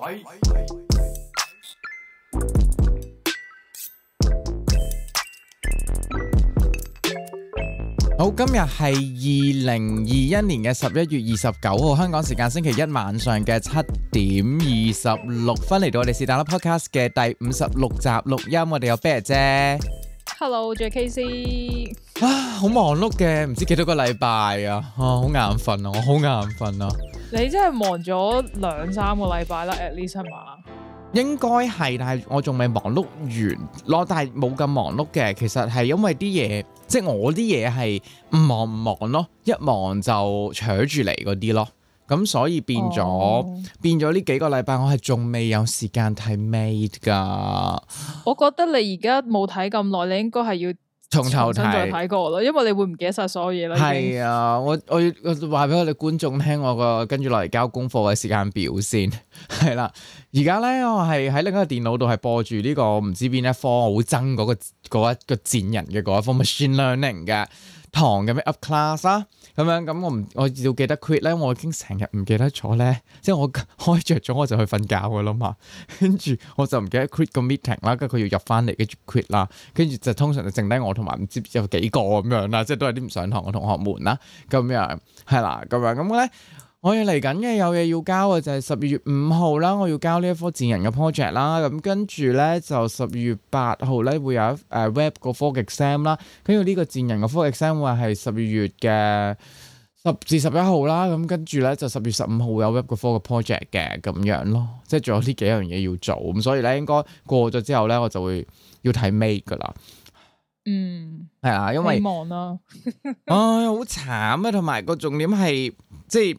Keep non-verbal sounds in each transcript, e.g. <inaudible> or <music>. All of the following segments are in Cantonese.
喂。好，今日係二零二一年嘅十一月二十九號，香港時間星期一晚上嘅七點二十六分，嚟到我哋是但粒 Podcast 嘅第五十六集錄音。我哋有 Bet 姐，Hello，J.K.C。Hello, K、啊，好忙碌嘅，唔知幾多個禮拜啊，啊，好眼瞓啊，我好眼瞓啊。你真係忙咗兩三個禮拜啦，at least 係嘛？應該係，但係我仲未忙碌完，我但係冇咁忙碌嘅。其實係因為啲嘢，即係我啲嘢係唔忙唔忙咯，一忙就扯住嚟嗰啲咯。咁所以變咗、oh. 變咗呢幾個禮拜，我係仲未有時間睇 made 噶。我覺得你而家冇睇咁耐，你應該係要。從頭睇，再睇過咯，因為你會唔記得晒所有嘢啦。係經啊，我我要話俾我哋觀眾聽我個跟住落嚟交功課嘅時間表先。係 <laughs> 啦、啊，而家咧我係喺另一個電腦度係播住呢、這個唔知邊一科我好憎嗰個嗰一、那個賤人嘅嗰一科 <music> machine learning 嘅堂嘅咩 <music> Upclass 啊。咁樣咁我唔我要記得 quit 咧，我已經成日唔記得咗咧，即係我開着咗我就去瞓覺噶啦嘛，跟住我就唔記得 quit 個 meeting 啦，跟住佢要入翻嚟跟住 quit 啦，跟住就通常就剩低我同埋唔知有幾個咁樣啦，即係都係啲唔上堂嘅同學們啦，咁樣係啦，咁樣咁咧。我要嚟緊嘅有嘢要交嘅就係十二月五號啦，我要交呢一科賤人嘅 project 啦。咁跟住咧就十二月八號咧會有一誒 web、呃 <music> 呃這個科嘅 exam 啦。跟住呢個賤人嘅科 exam 會係十二月嘅十至十一號啦。咁跟住咧就十月十五號有 web 個科嘅 project 嘅咁樣咯。即係仲有呢幾樣嘢要做。咁所以咧應該過咗之後咧我就會要睇 make 噶啦。嗯，係啊，因為望忙啊，唉、 <laughs> 哎，好慘啊。同埋個重點係即係。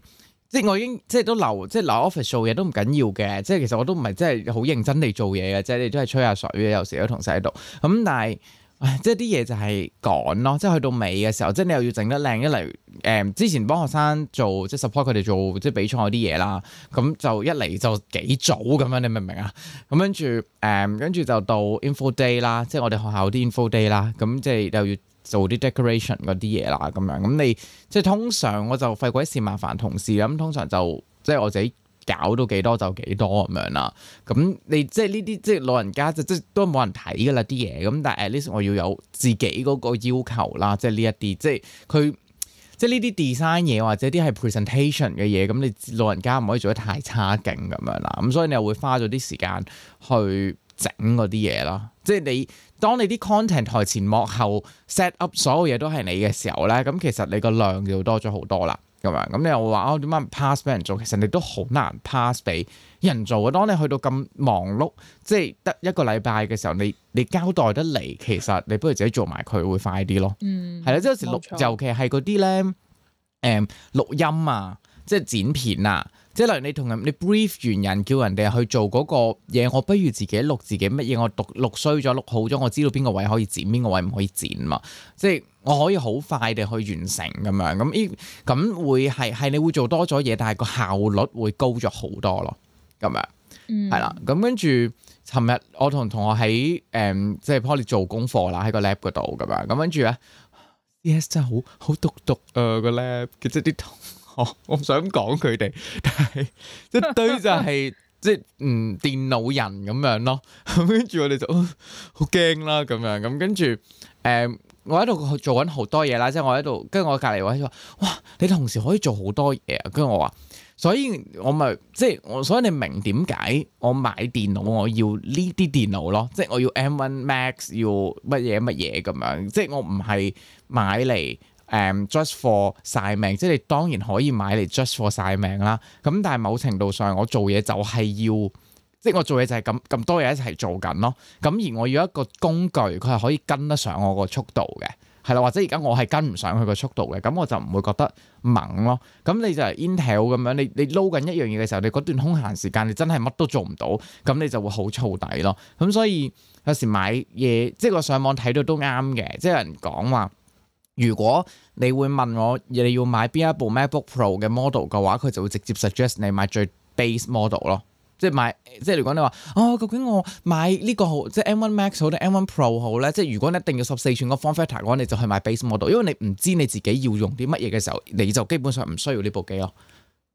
即我已經即係都留，即係留 office 做嘢都唔緊要嘅。即係其實我都唔係即係好認真地做嘢嘅，即係你都係吹下水。有時都同喺度。咁，但係即係啲嘢就係趕咯。即係去到尾嘅時候，即係你又要整得靚。一嚟誒、嗯，之前幫學生做即 support 佢哋做即比賽嗰啲嘢啦，咁就一嚟就幾早咁樣，你明唔明啊？咁跟住誒，跟、嗯、住就到 info day 啦，即係我哋學校啲 info day 啦，咁即係又要。做啲 decoration 嗰啲嘢啦，咁樣咁你即係通常我就費鬼事麻煩同事啦，咁通常就即係我自己搞到幾多就幾多咁樣啦。咁你即係呢啲即係老人家就即都冇人睇噶啦啲嘢。咁但係 at least 我要有自己嗰個要求啦，即係呢一啲即係佢即係呢啲 design 嘢或者啲係 presentation 嘅嘢。咁你老人家唔可以做得太差勁咁樣啦。咁所以你又會花咗啲時間去整嗰啲嘢咯。即係你當你啲 content 台前幕後 set up 所有嘢都係你嘅時候咧，咁其實你個量要多咗好多啦，咁樣咁你又話哦，點解唔 pass 俾人做，其實你都好難 pass 俾人做嘅。當你去到咁忙碌，即係得一個禮拜嘅時候，你你交代得嚟，其實你不如自己做埋佢會快啲咯。嗯，係啦，即係有時錄，尤其係嗰啲咧，誒錄音啊，即係剪片啊。即係例如你同人你 brief 完人叫人哋去做嗰個嘢，我不如自己錄自己乜嘢，我讀錄衰咗錄好咗，我知道邊個位可以剪，邊個位唔可以剪嘛。即係我可以好快地去完成，咁樣咁咁會係係你會做多咗嘢，但係個效率會高咗好多咯。咁樣係啦。咁、嗯、跟住，尋日我同同學喺誒、嗯、即係 poly 做功課啦，喺個 lab 度咁樣。咁跟住咧，CS 真係好好讀讀啊個 lab，其實啲。 <laughs> 我唔想講佢哋，但係一堆就係、是、即係嗯電腦人咁樣咯，咁跟住我哋就好驚啦咁樣，咁跟住誒我喺度做緊好多嘢啦，即係我喺度，跟住我隔籬位就話哇你同時可以做好多嘢，啊，跟住我話，所以我咪即係我所以你明點解我買電腦我要呢啲電腦咯，即係我要 M1 Max 要乜嘢乜嘢咁樣，即係我唔係買嚟。誒、um, just for 曬命，即係你當然可以買嚟 just for 曬命啦。咁但係某程度上，我做嘢就係要，即係我做嘢就係咁咁多嘢一齊做緊咯。咁而我要一個工具，佢係可以跟得上我個速度嘅，係啦。或者而家我係跟唔上佢個速度嘅，咁我就唔會覺得猛咯。咁你就係 Intel 咁樣，你你 load 緊一樣嘢嘅時候，你嗰段空閒時間，你真係乜都做唔到，咁你就會好燥底咯。咁所以有時買嘢，即係我上網睇到都啱嘅，即係有人講話。如果你會問我你要買邊一部 MacBook Pro 嘅 model 嘅話，佢就會直接 suggest 你買最 base model 咯，即係買，即係。即如果你話哦，究竟我買呢個好即係 M1 Max 好定 M1 Pro 好咧？即係如果你一定要十四寸個 Form Factor 嘅話，你就去買 base model，因為你唔知你自己要用啲乜嘢嘅時候，你就基本上唔需要呢部機咯。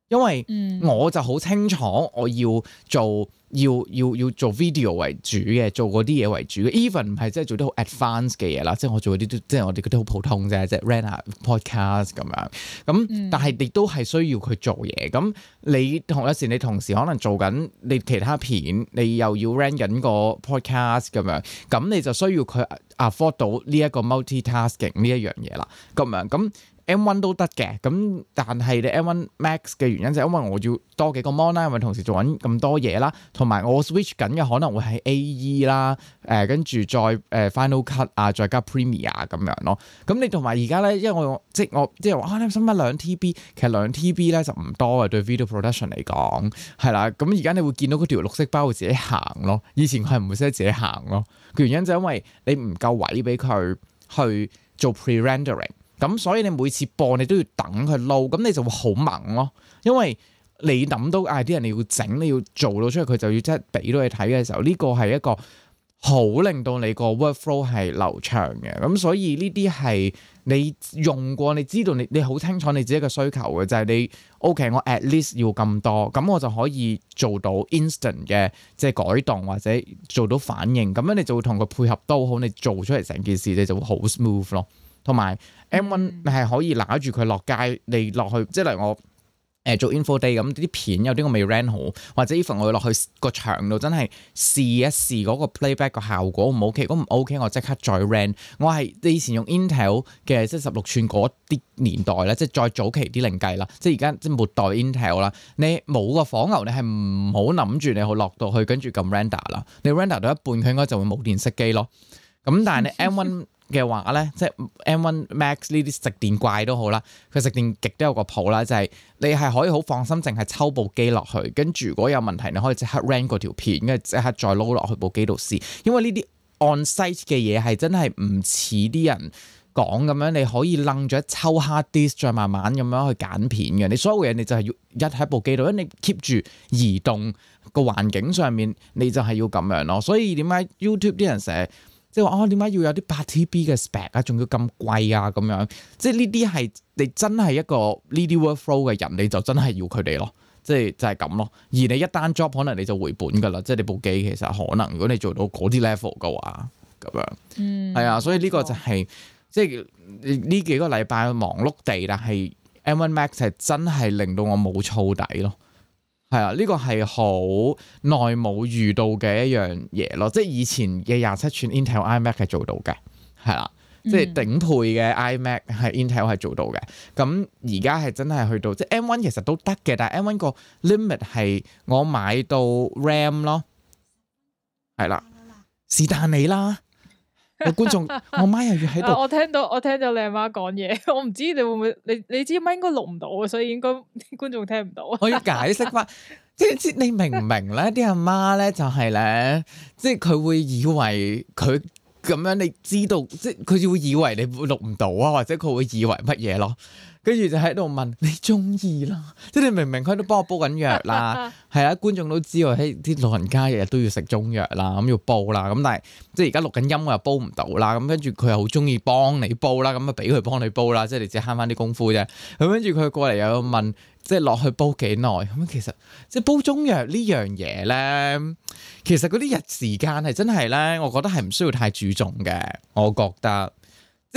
因為我就好清楚我要做。要要要做 video 為主嘅，做嗰啲嘢為主嘅，even 唔係即係做得好 advanced 嘅嘢啦，即係我做嗰啲都即係我哋嗰啲好普通啫，即係 run 下 podcast 咁樣，咁但係亦都係需要佢做嘢。咁你同一時，你同時可能做緊你其他片，你又要 run 緊個 podcast 咁樣，咁你就需要佢 afford 到呢一個 multitasking 呢一樣嘢啦，咁樣咁。M1 都得嘅，咁但係你 M1 Max 嘅原因就係因為我要多幾個 mon 啦，因為同時做緊咁多嘢啦，同埋我 switch 緊嘅可能會喺 AE 啦、呃，誒跟住再誒、呃、Final Cut 啊，再加 Premier 啊咁樣咯。咁你同埋而家咧，因為我即係我即係我使乜兩 TB，其實兩 TB 咧就唔多啊，對 video production 嚟講，係啦。咁而家你會見到嗰條綠色包會自己行咯，以前佢係唔會識得自己行咯。個原因就係因為你唔夠位俾佢去做 pre rendering。Rend ering, 咁、嗯、所以你每次播你都要等佢 load 咁你就會好猛咯。因為你諗到，唉、哎，啲人你要整，你要做到出嚟，佢就要即係俾到你睇嘅時候，呢個係一個好令到你個 workflow 係流暢嘅。咁、嗯、所以呢啲係你用過，你知道你你好清楚你自己嘅需求嘅，就係、是、你 OK，我 at least 要咁多，咁、嗯、我就可以做到 instant 嘅即係改動或者做到反應。咁、嗯、樣你就會同佢配合都好，你做出嚟成件事你就會好 smooth 咯。同埋 M1 你係可以攞住佢落街，你落去即係例如我誒做 info day 咁啲片有啲我未 render 好，或者 even 我落去個場度真係試一試嗰個 playback 個效果好唔好？O K，如果唔 O K 我即刻再 render。我係以前用 Intel 嘅即係十六寸嗰啲年代咧，即係再早期啲嚟計啦，即係而家即係末代 Intel 啦。你冇個火牛你係唔好諗住你去落到去跟住撳 render 啦。你 render 到一半佢應該就會冇電熄機咯。咁但係你 M1。嘅話咧，即係 M1 Max 呢啲食電怪都好啦，佢食電極都有個譜啦，就係、是、你係可以好放心，淨係抽部機落去，跟住如果有問題，你可以即刻 rent 嗰條片，跟住即刻再撈落去部機度試。因為呢啲 on site 嘅嘢係真係唔似啲人講咁樣，你可以擸咗一抽 hard disk 再慢慢咁樣去揀片嘅。你所有嘢你就係要一喺部機度，因為你 keep 住移動個環境上面，你就係要咁樣咯。所以點解 YouTube 啲人成日即係話哦，點解、啊、要有啲八 T B 嘅 spec 啊？仲要咁貴啊？咁樣即係呢啲係你真係一個呢啲 workflow 嘅人，你就真係要佢哋咯。即係就係咁咯。而你一單 job 可能你就回本噶啦。即係你部機其實可能如果你做到嗰啲 level 嘅話，咁樣係、嗯、啊。所以呢個就係、是、錯即係呢幾個禮拜忙碌地，但係 M1 Max 係真係令到我冇燥底咯。係啊，呢個係好耐冇遇到嘅一樣嘢咯，即係以前嘅廿七寸 Intel iMac 係做到嘅，係啦、嗯，即係頂配嘅 iMac 係 Intel 係做到嘅，咁而家係真係去到即係 M1 其實都得嘅，但係 M1 個 limit 係我買到 RAM 咯，係啦，是但你啦。觀眾，我媽又要喺度。我聽到我聽到你阿媽講嘢，我唔知你會唔會，你你知嗎？應該錄唔到啊，所以應該啲觀眾聽唔到。我要解釋翻，即係即你明唔明咧？啲阿媽咧就係咧，即係佢會以為佢咁樣，你知道， <laughs> 即係佢會以為你錄唔到啊，或者佢會以為乜嘢咯？跟住就喺度問你中意啦，即係你明明佢都幫我煲緊藥啦，係 <laughs> 啊，觀眾都知道，喺、哎、啲老人家日日都要食中藥啦，咁要煲啦，咁但係即係而家錄緊音我又煲唔到啦，咁跟住佢又好中意幫你煲啦，咁啊俾佢幫你煲啦，即係你自己慳翻啲功夫啫。咁跟住佢過嚟又問，即係落去煲幾耐？咁其實即係煲中藥呢樣嘢咧，其實嗰啲日時間係真係咧，我覺得係唔需要太注重嘅，我覺得。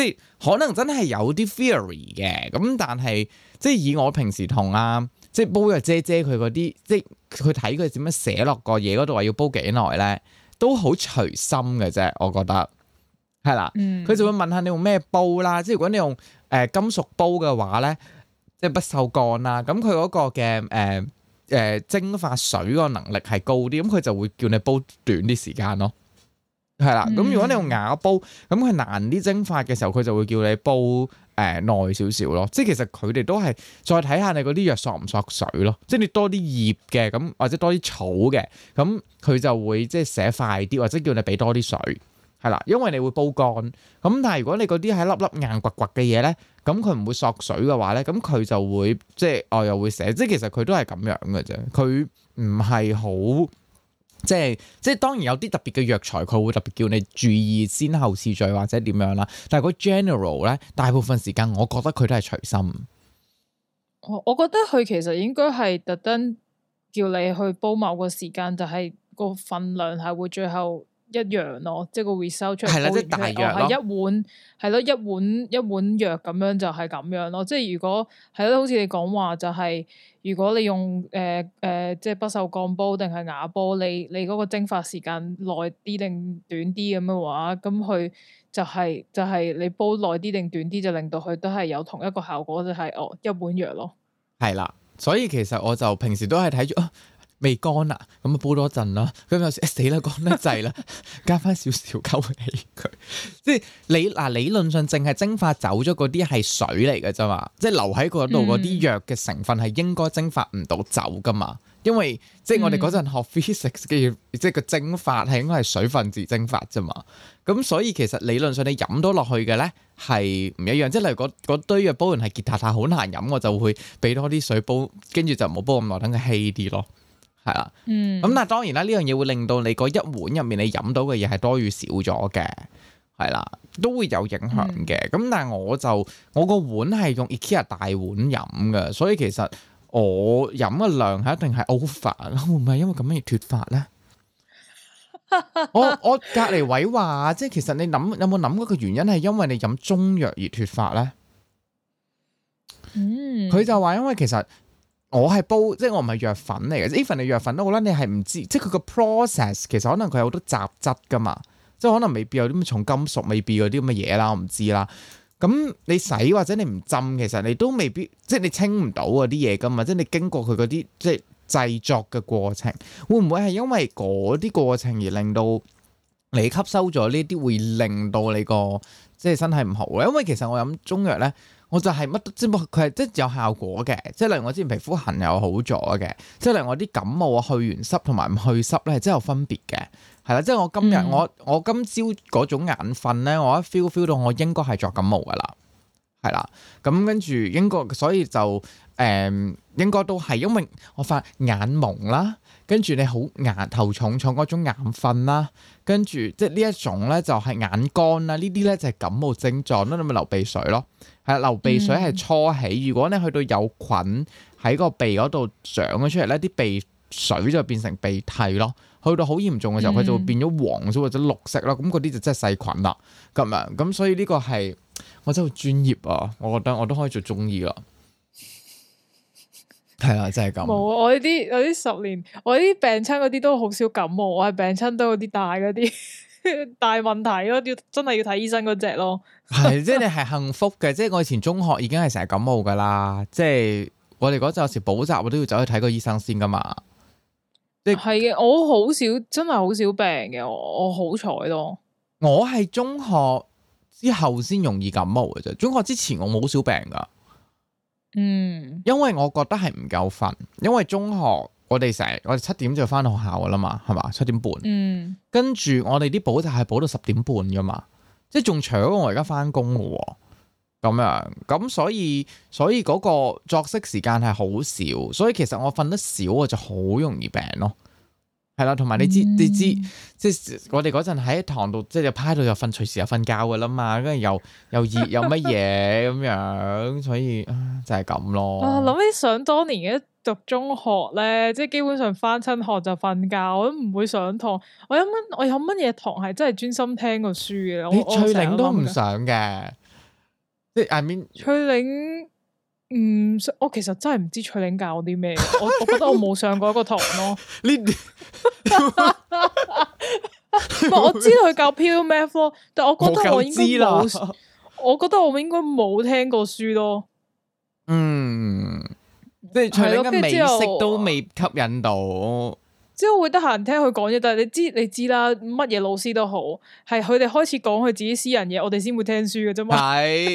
即係可能真係有啲 theory 嘅，咁但係即係以我平時同啊，即係煲嘅姐姐佢嗰啲，即係佢睇佢點樣寫落個嘢嗰度話要煲幾耐咧，都好隨心嘅啫，我覺得係啦。佢、嗯、就會問下你用咩煲啦，即係如果你用誒、呃、金屬煲嘅話咧，即係不鏽鋼啦，咁佢嗰個嘅誒誒蒸發水個能力係高啲，咁佢就會叫你煲短啲時間咯。係啦，咁如果你用瓦煲，咁佢難啲蒸發嘅時候，佢就會叫你煲誒耐少少咯。即係其實佢哋都係再睇下你嗰啲藥索唔索水咯。即係你多啲葉嘅咁，或者多啲草嘅咁，佢就會即係寫快啲，或者叫你俾多啲水。係啦，因為你會煲乾。咁但係如果你嗰啲係粒粒硬掘掘嘅嘢咧，咁佢唔會索水嘅話咧，咁佢就會即係哦又會寫。即係其實佢都係咁樣嘅啫，佢唔係好。即係即係，當然有啲特別嘅藥材，佢會特別叫你注意先後次序或者點樣啦。但係嗰 general 咧，大部分時間我覺得佢都係隨心。我我覺得佢其實應該係特登叫你去煲某個時間，就係個份量係會最後。一樣咯，即係個 research 出嚟，係啦，即係大藥咯，係一碗，係咯，一碗一碗藥咁樣就係咁樣咯。即係如果係咯，好似你講話就係、是，如果你用誒誒、呃呃，即係不鏽鋼煲定係瓦煲，你你嗰個蒸發時間耐啲定短啲咁嘅話，咁佢就係、是、就係、是、你煲耐啲定短啲，就令到佢都係有同一個效果，就係、是、哦一碗藥咯。係啦，所以其實我就平時都係睇住。未乾啦，咁啊煲多陣啦。咁有時死啦，乾得滯啦， <laughs> 加翻少少溝氣佢。 <laughs> 即係你嗱、啊、理論上淨係蒸發走咗嗰啲係水嚟嘅啫嘛，即係留喺嗰度嗰啲藥嘅成分係應該蒸發唔到走噶嘛。因為即係我哋嗰陣學 physics 嘅 <laughs> 即係個蒸發係應該係水分子蒸發啫嘛。咁所以其實理論上你飲多落去嘅咧，係唔一樣。即係例如嗰堆藥煲完係結塔塔，好難飲，我就會俾多啲水煲，跟住就唔好煲咁耐，等佢稀啲咯。係啦，咁、嗯、但係當然啦，呢樣嘢會令到你個一碗入面你飲到嘅嘢係多與少咗嘅，係啦，都會有影響嘅。咁、嗯、但係我就我個碗係用 IKEA 大碗飲嘅，所以其實我飲嘅量係一定係 over。會唔會因為咁樣而脱發咧？ <laughs> 我我隔籬位話，即係其實你諗有冇諗過個原因係因為你飲中藥而脱發咧？嗯，佢就話因為其實。我係煲，即係我唔係藥粉嚟嘅，呢份嘅藥粉都好啦。你係唔知，即係佢個 process 其實可能佢有好多雜質噶嘛，即係可能未必有啲咁重金屬，未必嗰啲咁嘅嘢啦，我唔知啦。咁你洗或者你唔浸，其實你都未必，即係你清唔到嗰啲嘢噶嘛。即係你經過佢嗰啲即係製作嘅過程，會唔會係因為嗰啲過程而令到你吸收咗呢啲會令到你個即係身體唔好咧？因為其實我飲中藥咧。我就係乜都知佢係即係有效果嘅。即係例如我之前皮膚痕又好咗嘅，即係例如我啲感冒啊，去完濕同埋唔去濕咧，係真係有分別嘅。係啦，即係我今日、嗯、我我今朝嗰種眼瞓咧，我一 feel feel 到我應該係作感冒噶啦，係啦。咁、嗯、跟住應該所以就誒、嗯、應該都係因為我發眼蒙啦，跟住你好眼頭重重嗰種眼瞓啦，跟住即係呢一種咧就係、是、眼乾啦，呢啲咧就係感冒症狀啦，你咪流鼻水咯。誒流鼻水係初起，嗯、如果你去到有菌喺個鼻嗰度長咗出嚟咧，啲鼻水就變成鼻涕咯。去到好嚴重嘅時候，佢、嗯、就會變咗黃色或者綠色啦。咁嗰啲就真係細菌啦。咁樣咁所以呢個係我真係好專業啊！我覺得我都可以做中醫啦。係啦，真係咁。冇啊，就是、有我呢啲我啲十年，我啲病親嗰啲都好少感冒，我係病親都嗰啲大嗰啲。 <laughs> <laughs> 大問題咯，要真係要睇醫生嗰隻咯。係 <laughs> 即係，你係幸福嘅。即係我以前中學已經係成日感冒噶啦。即係我哋嗰陣時補習，我都要走去睇個醫生先噶嘛。即係，係嘅。我好少，真係好少病嘅。我好彩囉。我係中學之後先容易感冒嘅啫。中學之前我冇少病噶。嗯，因為我覺得係唔夠瞓，因為中學。我哋成日，我哋七點就翻到學校噶啦嘛，係嘛？七點半，嗯、跟住我哋啲補習係補到十點半噶嘛，即係仲長過我而家翻工嘅喎，咁樣，咁所以所以嗰個作息時間係好少，所以其實我瞓得少我就好容易病咯。係啦，同埋你知、嗯、你知，即係我哋嗰陣喺堂度，即係就趴喺度就瞓，隨時就瞓覺噶啦嘛，跟住又又熱又乜嘢咁樣，所以就係咁咯。啊諗起想當年嘅讀中學咧，即係基本上翻親學就瞓覺，我都唔會上堂。我有乜我有乜嘢堂係真係專心聽過書嘅？你翠玲都唔上嘅，即係 I mean 翠玲。唔、嗯，我其實真係唔知翠玲教啲咩，我我覺得我冇上過一個堂咯、哦。呢，啲，我知道佢教 pure math，但我覺得我應該冇，我，知我覺得我應該冇聽過書咯。嗯，即係翠玲嘅美式都未吸引到。 <laughs> 即係我會得閒聽佢講嘢，但係你知你知啦，乜嘢老師都好，係佢哋開始講佢自己私人嘢，我哋先會聽書嘅啫嘛。係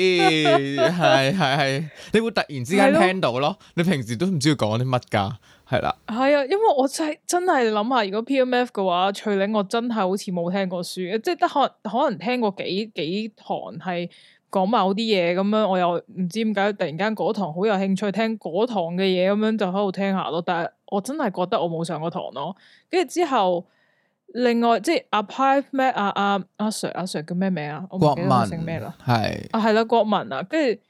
係係係，你會突然之間聽到咯，的你平時都唔知佢講啲乜噶，係啦。係啊，因為我真真係諗下，如果 PMF 嘅話，翠玲我真係好似冇聽過書，即係得可可能聽過幾幾堂係講某啲嘢咁樣，我又唔知點解突然間嗰堂好有興趣聽嗰堂嘅嘢，咁樣就喺度聽下咯，但係。我真係覺得我冇上過堂咯，跟住之後，另外即係阿派咩阿阿阿 Sir 阿 Sir 叫咩名啊？我唔記得佢姓咩啦。係啊，係啦，國文啊，跟住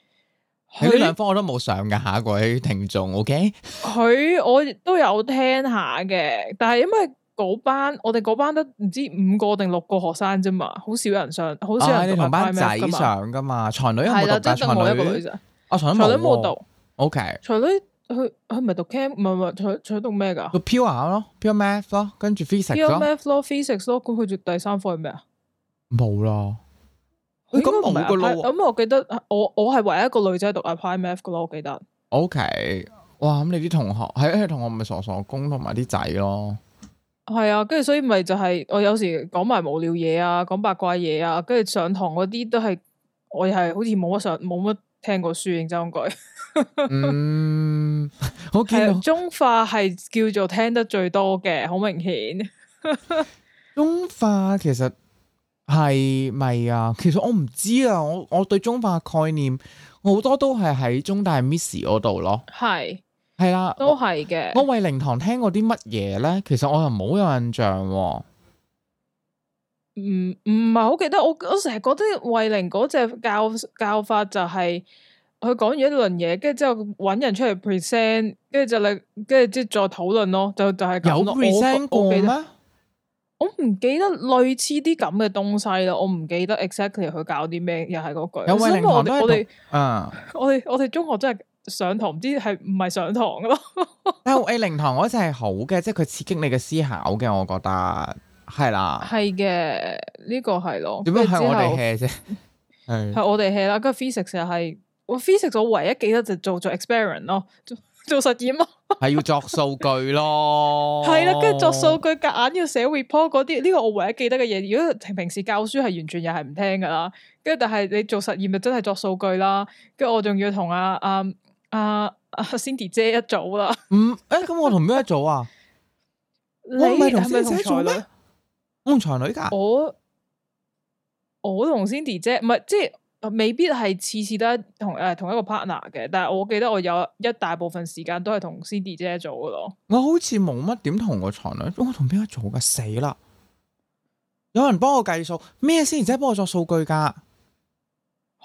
佢兩方我都冇上噶，下一位聽眾，OK？佢我都有聽下嘅，但係因為嗰班我哋嗰班都唔知五個定六個學生啫嘛，好少人上，好少人同班仔上噶嘛，才女係啦，即係另外一個，啊，才女冇讀，OK？才女。佢佢唔係讀 cam 唔係唔係佢在讀咩噶？讀 pure 咯，pure math 咯，跟住 physics 咯，pure math 咯，physics 咯。咁佢仲第三科係咩啊？冇咯。咁我唔係，咁我記得我我係唯一一個女仔讀 apply math 噶咯。我記得。O、okay. K，哇！咁你啲同學係係同我唔係傻傻公同埋啲仔咯。係啊，跟住所以咪就係、是、我有時講埋無聊嘢啊，講八卦嘢啊，跟住上堂嗰啲都係，我又係好似冇乜上冇乜。聽過書認真句， <laughs> 嗯，我 <laughs> 中化係叫做聽得最多嘅，好明顯。 <laughs> 中化其實係咪啊？其實我唔知啊，我我對中化概念，好多都係喺中大 Miss 嗰度咯。係係啦，的都係嘅。我為靈堂聽過啲乜嘢咧？其實我又冇有印象。唔唔係好記得，我我成日覺得衛靈嗰隻教教法就係佢講完一輪嘢，跟住之後搵人出嚟 present，跟住就嚟，跟住即係再討論咯，就就係咁咯。有 present，我記得，我唔記得類似啲咁嘅東西咯，我唔記得 exactly 佢教啲咩，又係嗰句。有衛靈堂都我哋，啊，我哋我哋中學真係上堂，唔知係唔係上堂咯。但係衛靈堂嗰隻係好嘅，即係佢刺激你嘅思考嘅，我覺得。係啦，係嘅，呢個係咯，點解係我哋 hea 啫？係後 <laughs> 我哋 hea 啦。跟住 physics 又係，我 physics 我唯一記得就做做 experiment 咯，做做實驗咯，係要作數據咯， <laughs> <laughs> 係啦，跟住作數據，夾硬要寫 report 嗰啲，呢個我唯一記得嘅嘢。如果平平時教書係完全又係唔聽噶啦，跟住但係你做實驗就真係作數據啦，跟住我仲要同阿阿阿 Cindy 姐一組啦。嗯，誒，咁我同咩一組啊？你唔係同 c i 臥床女噶？我我同 Cindy 姐唔係，即係未必係次次都同誒，同一個 partner 嘅，但係我記得我有一大部分時間都係同 Cindy 姐做嘅咯。我好似冇乜點同個床女，我同邊個做噶？死啦！有人幫我計數咩？Cindy 姐幫我做數據噶？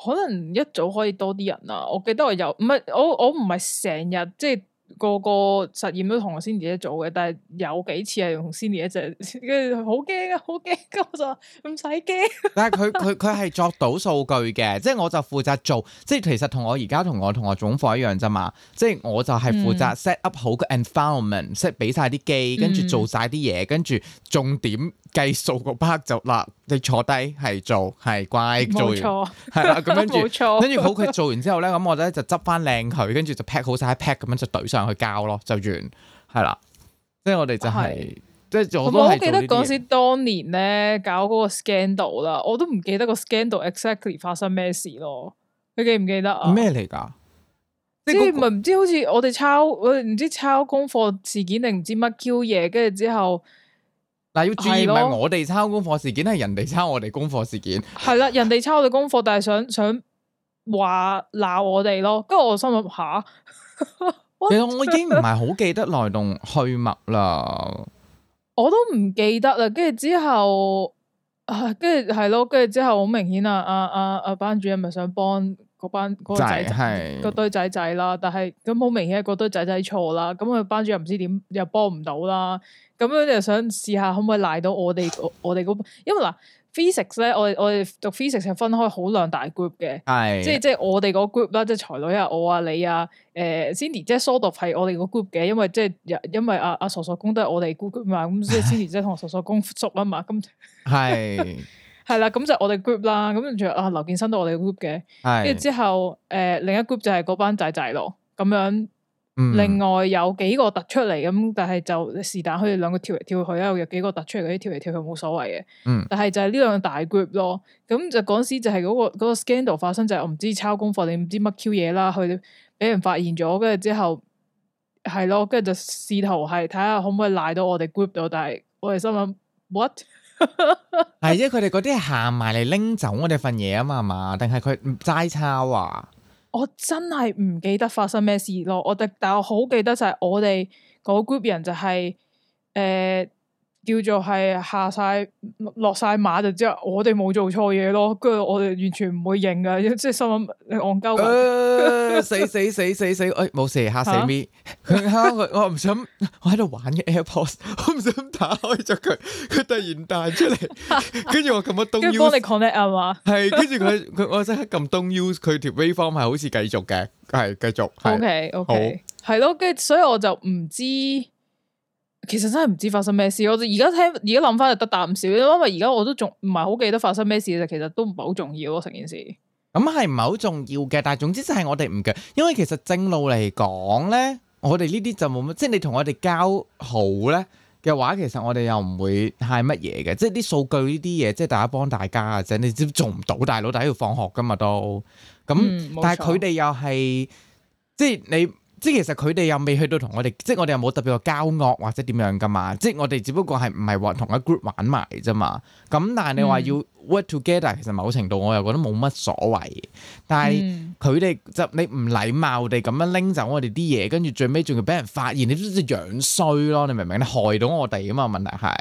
可能一早可以多啲人啊！我記得我有唔係我我唔係成日即係。個個實驗都同我 Senior 做嘅，但係有幾次係同 Senior 一隻，跟住好驚啊，好驚！咁我就話唔使驚。 <laughs> 但係佢佢佢係作到數據嘅，即係我就負責做，即係其實同我而家同我同學總課一樣咋嘛？即係我就係負責 set up 好個 environment，即係俾晒啲機，跟住做晒啲嘢，跟、嗯、住重點計數個 part 就啦，你坐低係做係乖做，係啊咁樣，跟住好佢做完之後咧，咁我咧就執翻靚佢，跟住就 pack 好晒，pack 咁樣就懟上。去交咯，就完係啦。即係我哋就係，即係好多。我我記得嗰時當年咧搞嗰個 scandal 啦，我都唔記得個 scandal exactly 發生咩事咯。你記唔記得啊？咩嚟噶？即係唔係唔知好似我哋抄我哋唔知抄功課事件定唔知乜 Q 嘢？跟住之後嗱要注意咯，唔係我哋抄功課事件係人哋抄我哋功課事件係啦，人哋抄我哋功課，但係想想話鬧我哋咯。跟住我心諗吓。啊，啊其實我我已經唔係好記得來龍去脈啦，我都唔記得啦。跟住之後，跟住係咯，跟住之後好明顯啊！阿阿阿班主任咪想幫嗰班、嗰個、仔係堆仔仔啦，但係咁好明顯、嗰個堆仔仔錯啦，咁佢班主任唔知點又幫唔到啦，咁樣又想試下可唔可以賴到我哋 <coughs> 我我哋因為嗱。Physics 咧，我我哋讀 Physics 係分開好兩大 group 嘅，係的，即係即係我哋個 group 啦，即係才女啊，我啊你啊，誒、呃、Cindy 即係疏獨係我哋個 group 嘅，因為即係因為阿、啊、阿傻傻公都係我哋 group 嘛，咁即係 Cindy 即係同傻傻公熟啊嘛，咁係係啦，咁就我哋 group 啦，咁跟住，啊劉建生都我哋 group 嘅，係的，跟住之後誒、呃、另一 group 就係嗰班仔仔咯，咁樣。嗯、另外有幾個突出嚟咁，但係就是但佢哋兩個跳嚟跳去啦，有幾個突出嚟嗰啲跳嚟跳去冇所謂嘅。嗯、但係就係呢兩大 group 咯。咁就嗰陣時就係嗰、嗰個嗰個 scandal 發生，就係、是、我唔知抄功課你唔知乜 Q 嘢啦，佢俾人發現咗，跟住之後係咯，跟住就試圖係睇下可唔可以賴到我哋 group 度。但係我哋心諗 what 係 <laughs> 啫，佢哋嗰啲行埋嚟拎走我哋份嘢啊嘛，係嘛？定係佢唔齋抄啊？我真係唔記得發生咩事咯，我哋，但係我好記得就係我哋嗰 group 人就係、是、誒。呃叫做係下晒落晒馬就即、是、係我哋冇做錯嘢咯，跟住我哋完全唔會認噶，即係心諗你戇鳩、呃。 <laughs> 死死死死死！哎，冇、欸、事，吓死 Me，佢、啊、我唔想，我喺度玩嘅 AirPods，我唔想打開咗佢，佢突然彈出嚟，跟住我撳乜東 U。跟住幫你 connect 啊嘛。係，跟住佢佢我即刻撳 Don't use，佢條 waveform 係好似繼續嘅，係繼續。OK, OK，係咯，跟住所以我就唔知。其實真係唔知發生咩事，我而家聽而家諗翻又得淡少，因為而家我都仲唔係好記得發生咩事，其實都唔係好重要咯，成件事。咁係唔係好重要嘅？但係總之就係我哋唔強，因為其實正路嚟講咧，我哋呢啲就冇乜，即係你同我哋交好咧嘅話，其實我哋又唔會太乜嘢嘅，即係啲數據呢啲嘢，即係大家幫大家嘅啫，你都做唔到，大佬，大家要放學㗎嘛都，咁但係佢哋又係即係你。即係其實佢哋又未去到同我哋，即係我哋又冇特別嘅交惡或者點樣㗎嘛。即係我哋只不過係唔係話同一 group 玩埋啫嘛。咁但係你話要 work together，嗯、其實某程度我又覺得冇乜所謂。但係佢哋就你唔禮貌地咁樣拎走我哋啲嘢，跟住最尾仲要俾人發現，你都隻樣衰咯。你明唔明？你害到我哋啊嘛。問題係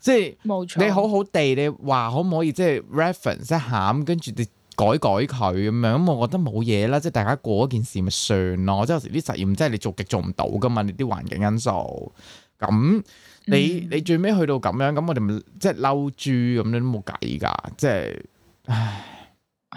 即係冇錯，你好好地，你話可唔可以即係 reference 一下，跟住你。改改佢咁樣，咁我覺得冇嘢啦，即係大家過一件事咪算咯。即係有時啲實驗真係你做極做唔到㗎嘛，你啲環境因素。咁你你最尾去到咁樣，咁我哋咪即係嬲豬咁樣都冇計㗎，即係，唉。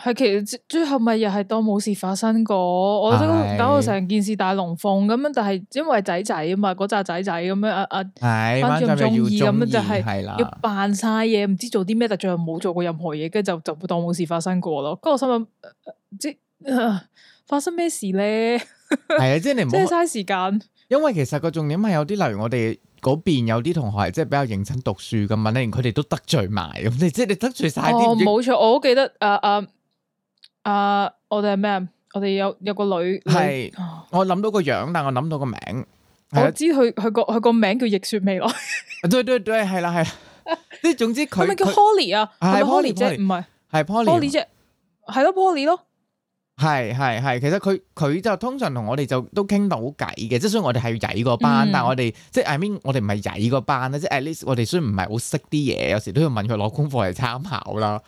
係其實最後咪又係當冇事發生過，我都搞到成件事大龍鳳咁樣，但係因為仔仔啊嘛，嗰紮仔仔咁樣啊啊，反正中意咁樣就係要扮晒嘢，唔知做啲咩，但最後冇做過任何嘢，跟住就就當冇事發生過咯。嗰我心諗、呃、即、呃、發生咩事咧？係啊，即係你唔即嘥時間。因為其實個重點係有啲例如我哋嗰邊有啲同學係即係比較認真讀書咁，連佢哋都得罪埋咁，即係你得罪晒啲。哦，冇錯，我好記得誒誒。呃呃呃呃啊、uh！我哋係咩？我哋有有個女係，我諗到個樣，但係我諗到個名。哎、我知佢佢個佢個名叫易雪未來 <laughs> 對對對，係啦係啦。即係總之佢咪 <laughs> 叫 Polly 啊？係 Polly 啫，唔係係 Polly 啫，係咯 Polly 咯。係係係，其實佢佢就通常同我哋就都傾到好偈嘅，即係雖然我哋係曳個班，嗯、但係我哋即係 I mean 我哋唔係曳個班咧，即係 at least 我哋雖然唔係好識啲嘢，有時都要問佢攞功課嚟參考啦。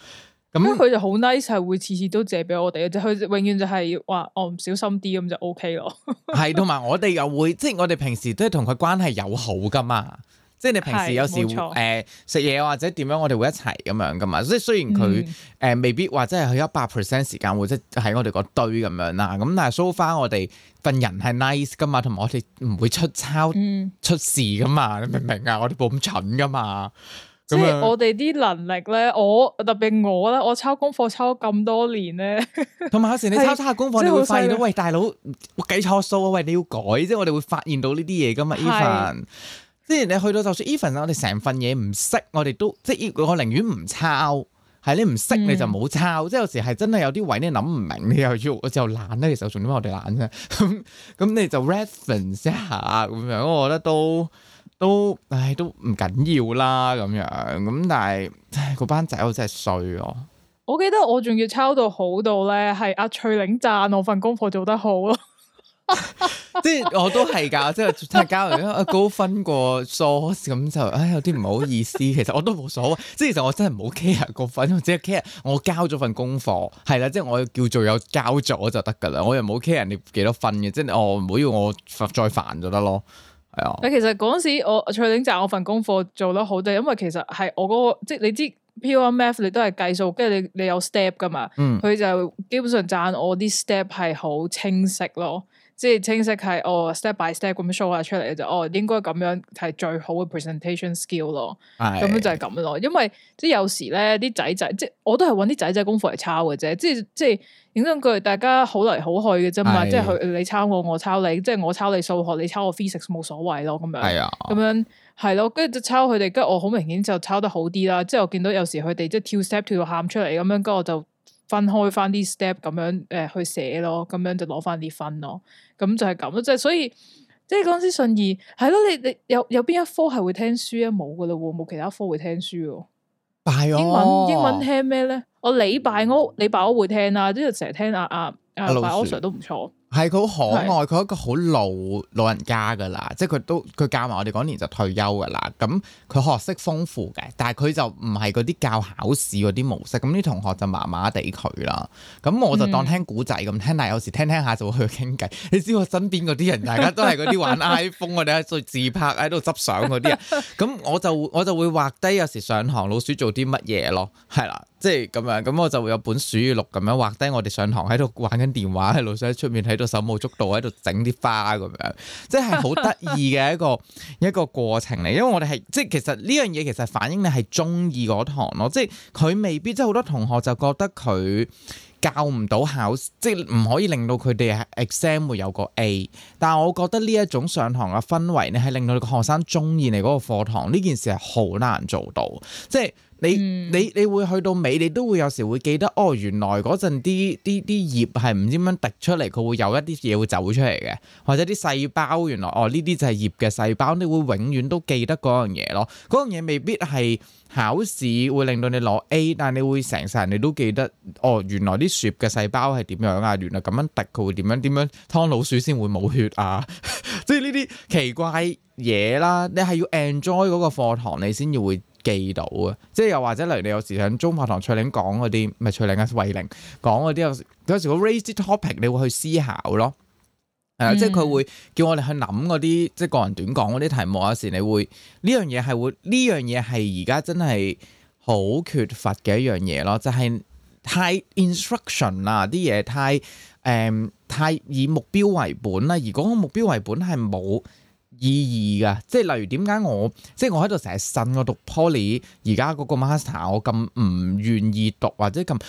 咁佢、嗯、就好 nice，係會次次都借俾我哋，即佢永遠就係話我唔小心啲咁就 OK 咯。係， <laughs> 同埋我哋又會，即係我哋平時都係同佢關係友好噶嘛。即係你平時有時誒食嘢，或者點樣，我哋會一齊咁樣噶嘛。即係雖然佢誒、嗯呃、未必話真係佢一百 percent 時間會即係喺我哋個堆咁樣啦。咁但係 so far，我哋份人係 nice 噶嘛，同埋我哋唔會出鈔出事噶嘛。嗯、你明唔明啊？我哋冇咁蠢噶嘛。即係我哋啲能力咧，我特別我咧，我抄功課抄咗咁多年咧。同 <laughs> 埋有時你抄抄下功課，是你會發現到，喂，大佬我計錯數啊，喂你要改，即係我哋會發現到呢啲嘢噶嘛。Even，是即係你去到就算 even，我哋成份嘢唔識，我哋都即係我寧願唔抄，係你唔識你就唔好抄。嗯、即係有時係真係有啲位你諗唔明，你又要我就懶咧，其實重點我哋懶啫。咁咁你就 reference 一下咁樣，我覺得都。都唉，都唔緊要啦，咁樣咁，但係個班仔我真係衰咯。我記得我仲要抄到好到咧，係阿翠玲讚我份功課做得好咯 <laughs> <laughs> 即係我都係噶，即係真係交完阿高分過數咁就唉，有啲唔好意思。其實我都冇所謂，即係其實我真係唔好 care 個分，即係 care 我交咗份功課係啦，即係我叫做有交咗就得噶啦。我又冇 care 人哋幾多分嘅，即係我唔好要我再煩就得咯。係啊，但其實嗰陣時我翠玲讚我份功課做得好多，就因為其實係我嗰個，即係你知 P o m f 你都係計數，跟住你你有 step 噶嘛，佢、嗯、就基本上讚我啲 step 係好清晰咯，即係清晰係哦 step by step 咁 show 下出嚟嘅，就哦應該咁樣係最好嘅 presentation skill 咯，咁、哎、樣就係咁咯，因為即係有時咧啲仔仔即係我都係搵啲仔仔功課嚟抄嘅啫，即係即係。形容佢大家好嚟好去嘅啫嘛，的即係佢你抄我，我抄你，即係我抄你數學，你抄我 physics 冇所謂咯，咁樣，咁的樣係咯，跟住就抄佢哋，跟住我好明顯就抄得好啲啦。即係我見到有時佢哋即係跳 step 跳到喊出嚟咁樣，跟住我就分開翻啲 step 咁樣誒、呃、去寫咯，咁樣就攞翻啲分咯。咁就係咁咯，即係所以即係嗰陣時信義係咯，你你有有邊一科係會聽書啊？冇噶啦喎，冇其他科會聽書。但的英文英文聽咩咧？我禮拜屋，禮拜屋會聽啊。即係成日聽阿阿阿老 Sir 都唔錯。係佢好可愛，佢一個好老老人家噶啦，是即係佢都佢教埋我哋嗰年就退休噶啦。咁佢學識豐富嘅，但係佢就唔係嗰啲教考試嗰啲模式。咁啲同學就麻麻地佢啦。咁我就當聽古仔咁聽，嗯、但係有時聽聽下就會去傾偈。你知我身邊嗰啲人，大家都係嗰啲玩 iPhone 嗰啲，喺度自拍喺度執相嗰啲啊。咁 <laughs> 我就我就會畫低有時上堂老鼠做啲乜嘢咯，係啦。即係咁樣，咁我就會有本鼠語錄咁樣畫低，或者我哋上堂喺度玩緊電話，老師喺出面喺度手舞足蹈喺度整啲花咁樣，即係好得意嘅一個一個過程嚟。因為我哋係即係其實呢樣嘢其實反映你係中意嗰堂咯，即係佢未必即係好多同學就覺得佢教唔到考，即係唔可以令到佢哋 exam 會有個 A。但係我覺得呢一種上堂嘅氛圍，呢，係令到你個學生中意你嗰個課堂呢件事係好難做到，即係。 <noise> 你你你會去到尾，你都會有時會記得哦，原來嗰陣啲啲啲葉係唔知點樣滴出嚟，佢會有一啲嘢會走出嚟嘅，或者啲細胞原來哦呢啲就係葉嘅細胞，你會永遠都記得嗰樣嘢咯。嗰樣嘢未必係考試會令到你攞 A，但係你會成世人你都記得哦，原來啲雪嘅細胞係點樣啊？原來咁樣滴佢會點樣點樣劏老鼠先會冇血啊？即係呢啲奇怪嘢啦，你係要 enjoy 嗰個課堂，你先至會。記到啊！即係又或者，例如你有時上中法堂翠玲講嗰啲，唔係翠玲啊慧玲講嗰啲有時，有時個 raise the topic，你會去思考咯。係、uh, 嗯、即係佢會叫我哋去諗嗰啲，即係個人短講嗰啲題目。有時你會呢樣嘢係會呢樣嘢係而家真係好缺乏嘅一樣嘢咯，就係、是、太 instruction 啦啲嘢，太誒、呃、太以目標為本啦。如果個目標為本係冇。意義㗎，即係例如點解我即係我喺度成日呻我讀 poly 而家嗰個 master，我咁唔願意讀或者咁，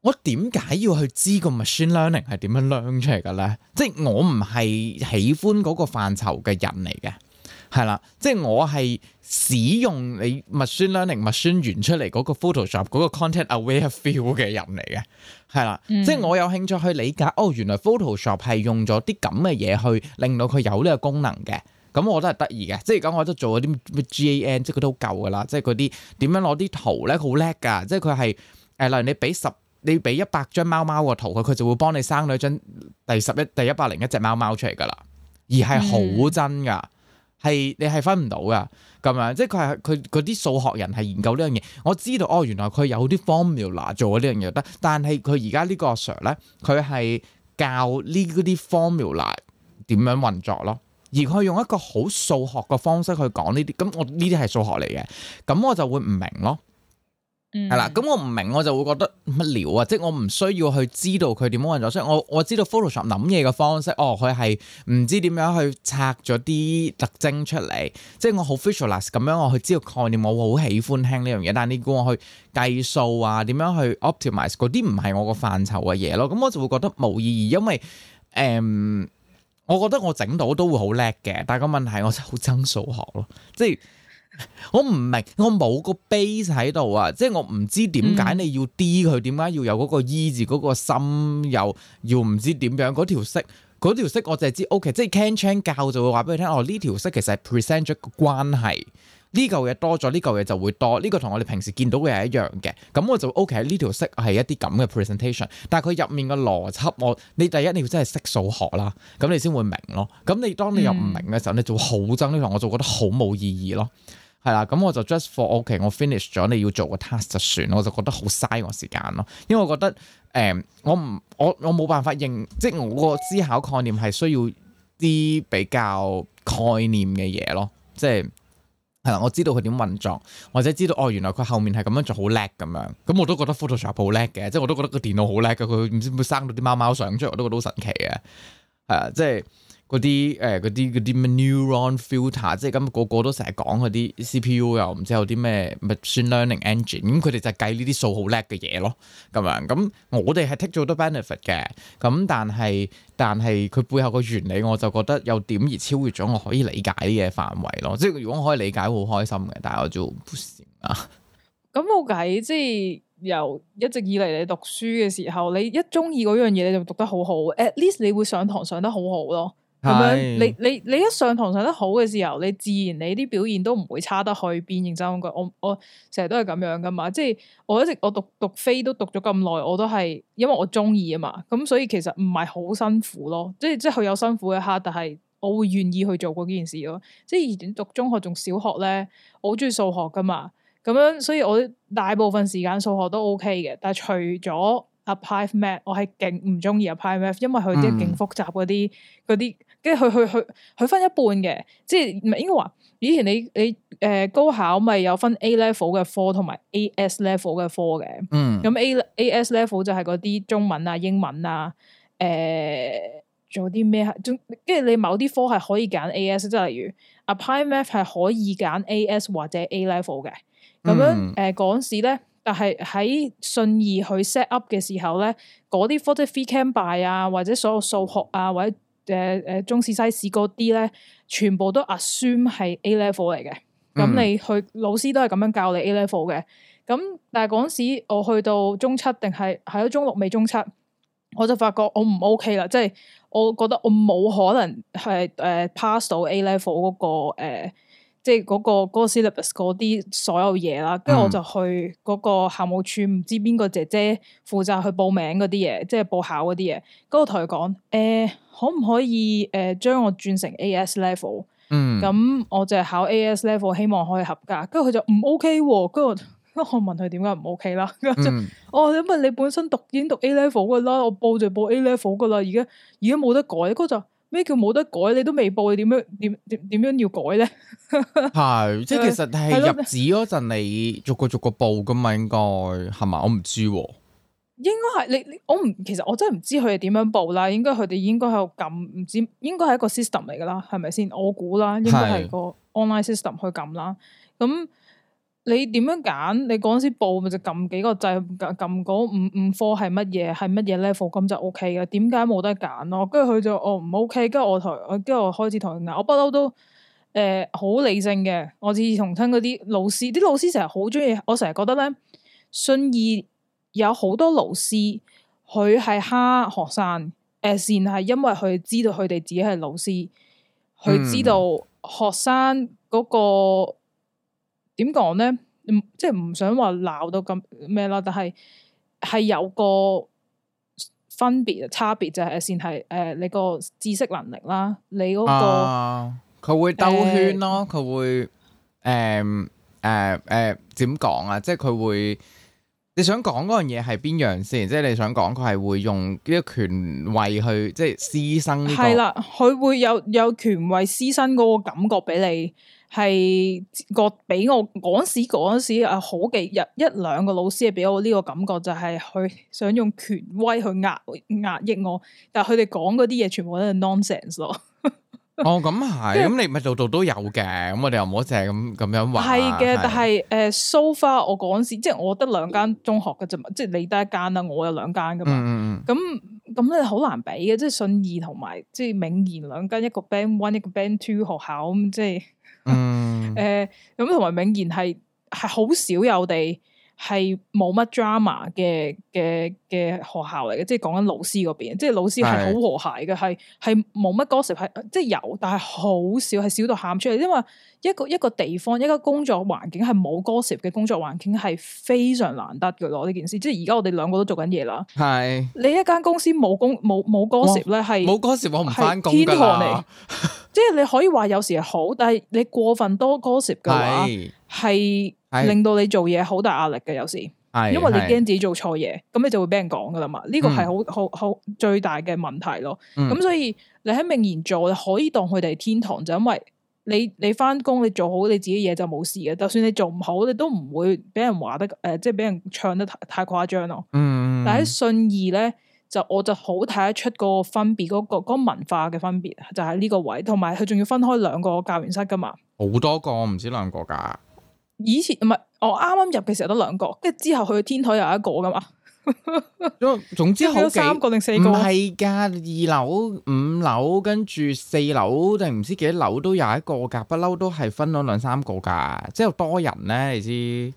我點解要去知個 machine learning 係點樣 learn 出嚟㗎咧？即係我唔係喜歡嗰個範疇嘅人嚟嘅，係啦，即係我係使用你 machine learning machine 完出嚟嗰個 photoshop 嗰個 content aware feel 嘅人嚟嘅，係啦，嗯、即係我有興趣去理解哦，原來 photoshop 係用咗啲咁嘅嘢去令到佢有呢個功能嘅。咁我都係得意嘅，即係咁我都做嗰啲咩 GAN，即係佢都好舊噶啦，即係嗰啲點樣攞啲圖咧，佢好叻噶，即係佢係誒，例如你俾十，你俾一百張貓貓個圖，佢佢就會幫你生咗一張第十一、第一百零一隻貓貓出嚟噶啦，而係好真噶，係、嗯、你係分唔到噶咁樣，即係佢係佢啲數學人係研究呢樣嘢。我知道哦，原來佢有啲 formula 做咗呢樣嘢得，但係佢而家呢個 Sir 咧，佢係教呢啲 formula 點樣運作咯。而佢用一個好數學嘅方式去講呢啲，咁我呢啲係數學嚟嘅，咁我就會唔明咯，係、嗯、啦，咁我唔明，我就會覺得乜料啊！即係我唔需要去知道佢點樣運作，所以我我知道 Photoshop 諗嘢嘅方式，哦，佢係唔知點樣去拆咗啲特徵出嚟，即係我好 visualist 咁樣我去知道概念，我會好喜歡聽呢樣嘢。但係你估我去計數啊，點樣去 optimize 嗰啲唔係我個範疇嘅嘢咯，咁我就會覺得冇意義，因為誒。嗯我覺得我整到都會好叻嘅，但係個問題我真係好憎數學咯，即係我唔明，我冇個 base 喺度啊，即係我唔知點解你要 d 佢，點解要有嗰個 e 字嗰、嗰個心又要唔知點樣嗰條式，嗰條式我就係知 OK，即係 can c h a n g 教就會話俾你聽，哦，呢條式其實 present 咗、er、個關係。呢嚿嘢多咗，呢嚿嘢就會多。呢、這個同我哋平時見到嘅係一樣嘅。咁我就 OK，呢條式係一啲咁嘅 presentation。但係佢入面嘅邏輯，我你第一你要真係識數學啦，咁你先會明咯。咁你當你又唔明嘅時候，嗯、你就好憎呢行，我就覺得好冇意義咯，係啦。咁我就 just for OK，我 finish 咗你要做個 task 就算。我就覺得好嘥我時間咯，因為我覺得誒、呃，我唔我我冇辦法認，即係我個思考概念係需要啲比較概念嘅嘢咯，即係。係啦，我知道佢點運作，或者知道哦，原來佢後面係咁樣做，好叻咁樣，咁我都覺得 Photoshop 好叻嘅，即係我都覺得個電腦好叻嘅，佢唔知會生到啲貓貓相出嚟，我都覺得好神奇嘅，係、呃、啊，即係。嗰啲誒嗰啲嗰啲咩 neuron filter，即係咁個個都成日講嗰啲 CPU 又唔知有啲咩 machine learning engine，咁佢哋就計呢啲數好叻嘅嘢咯，咁樣咁、嗯、我哋係 take 咗好多 benefit 嘅，咁但係但係佢背後個原理我就覺得有點而超越咗我可以理解嘅嘢範圍咯，即係如果我可以理解好開心嘅，但係我就唔善啊。咁冇計，即 <laughs> 係、嗯就是、由一直以嚟你讀書嘅時候，你一中意嗰樣嘢你就讀得好好，at least 你會上堂上得好好咯。咁樣，你你你一上堂上得好嘅時候，你自然你啲表現都唔會差得去邊。認真講句，我我成日都係咁樣噶嘛。即係我一直我讀讀飛都讀咗咁耐，我都係因為我中意啊嘛。咁所以其實唔係好辛苦咯。即係即係有辛苦一刻，但係我會願意去做嗰件事咯。即係以前讀中學仲小學咧，我好中意數學噶嘛。咁樣，所以我大部分時間數學都 OK 嘅。但係除咗 Applied Maths，我係勁唔中意 Applied Maths，因為佢即係勁複雜嗰啲嗰啲。嗯跟佢去去去分一半嘅，即係唔係應該話以前你你誒、呃、高考咪有分 A level 嘅科同埋 A S level 嘅科嘅。嗯。咁 A A S level 就係嗰啲中文啊、英文啊、誒、呃、仲有啲咩？跟住你某啲科係可以揀 A S，即係例如 Apply Math 係可以揀 A S 或者 A level 嘅。咁、嗯、樣誒，嗰、呃、時咧，但係喺信義去 set up 嘅時候咧，嗰啲科即係 Phy Chem Bio 啊，或者所有數學啊或者。誒誒、呃，中試西試嗰啲咧，全部都 assume 係 A level 嚟嘅。咁、嗯、你去老師都係咁樣教你 A level 嘅。咁但係嗰時我去到中七定係喺咗中六未中七，我就發覺我唔 OK 啦。即、就、係、是、我覺得我冇可能係誒、呃、pass 到 A level 嗰、那個即係嗰個嗰、那個 syllabus 嗰啲所有嘢啦。跟住、嗯、我就去嗰個校務處，唔知邊個姐姐負責去報名嗰啲嘢，即、就、係、是、報考嗰啲嘢。跟住我同佢講誒、呃可唔可以誒、呃、將我轉成 A S level？咁、嗯、我就係考 A S level，希望可以合格。跟住佢就唔 OK 喎、啊，跟住我問佢點解唔 OK 啦、啊？嗯、哦，因為你本身讀已經讀 A level 嘅啦，我報就報 A level 嘅啦，而家而家冇得改。嗰就咩叫冇得改？你都未報，你點樣點點點樣要改咧？係即係其實係入紙嗰陣，你逐個逐個報噶嘛，應該係嘛？我唔知喎、啊。應該係你你我唔，其實我真係唔知佢係點樣報啦。應該佢哋應該喺度撳，唔知應該係一個 system 嚟噶啦，係咪先？我估啦，應該係個 online system 去撳啦。咁是的 你點樣揀？你嗰陣時報咪就撳幾個掣，撳嗰五五科係乜嘢，係乜嘢 level 咁就 O K 噶。點解冇得揀咯？跟住佢就哦，唔 O K，跟住我同我跟住我開始同佢講，我不嬲都誒好、呃、理性嘅。我自從聽親嗰啲老師，啲老師成日好中意，我成日覺得咧信義。有好多老師，佢係蝦學生，誒、呃，先係因為佢知道佢哋自己係老師，佢知道學生嗰、那個點講咧，即係唔想話鬧到咁咩啦，但係係有個分別差別就係先係誒、呃，你個知識能力啦，你嗰、那個佢、呃、會兜圈咯，佢、呃、會誒誒誒點講啊，即係佢會。你想講嗰樣嘢係邊樣先？即係你想講佢係會用呢個權威去即係師生呢、這個係啦，佢會有有權威師生嗰、啊、個，個感覺俾你，係個俾我嗰時嗰時啊好幾日一兩個老師啊俾我呢個感覺就係、是、佢想用權威去壓壓抑我，但係佢哋講嗰啲嘢全部都係 nonsense 咯。 <laughs> 哦，咁係，咁 <laughs> 你咪度度都有嘅，咁我哋又唔好淨係咁咁樣話。係嘅，但係誒，so far 我嗰陣時，即係我得兩間中學嘅啫嘛，即係你得一間啦，我有兩間噶嘛。咁咁咧好難比嘅，即係信義同埋即係永賢兩間，一個 Band One，一個 Band Two 學校咁即係、嗯 <laughs> 呃。嗯。誒，咁同埋永賢係係好少有哋。係冇乜 drama 嘅嘅嘅學校嚟嘅，即係講緊老師嗰邊，即係老師係好和諧嘅，係係冇乜 gossip，係即係有，但係好少，係少到喊出嚟。因為一個一個地方一個工作環境係冇 gossip 嘅工作環境係非常難得嘅咯，呢件事。即係而家我哋兩個都做緊嘢啦。係是你一間公司冇工冇冇 gossip 咧，係冇 gossip，我唔翻工天堂嚟。 <laughs> 即係你可以話有時好，但係你過分多 gossip 嘅話，係是令到你做嘢好大壓力嘅。有時係是因為你驚自己做錯嘢，咁是你就會俾人講噶啦嘛。呢個係好好好最大嘅問題咯。咁、嗯、所以你喺明言做，你可以當佢哋天堂，就因為你你翻工，你做好你自己嘢就冇事嘅。就算你做唔好，你都唔會俾人話得誒、呃，即係俾人唱得太太誇張咯。嗯、但但喺信義咧。就我就好睇得出嗰個分別，嗰、嗰個那個文化嘅分別，就喺、係、呢個位。同埋佢仲要分開兩個教員室噶嘛。好多個唔知兩個噶。以前唔係我啱啱入嘅時候得兩個，跟住之後去天台又一個噶嘛。 <laughs> 總之好有三個定四個。唔係噶，二樓、五樓跟住四樓定唔知幾樓都有一個噶，不嬲都係分咗兩三個噶，即係多人咧，你知。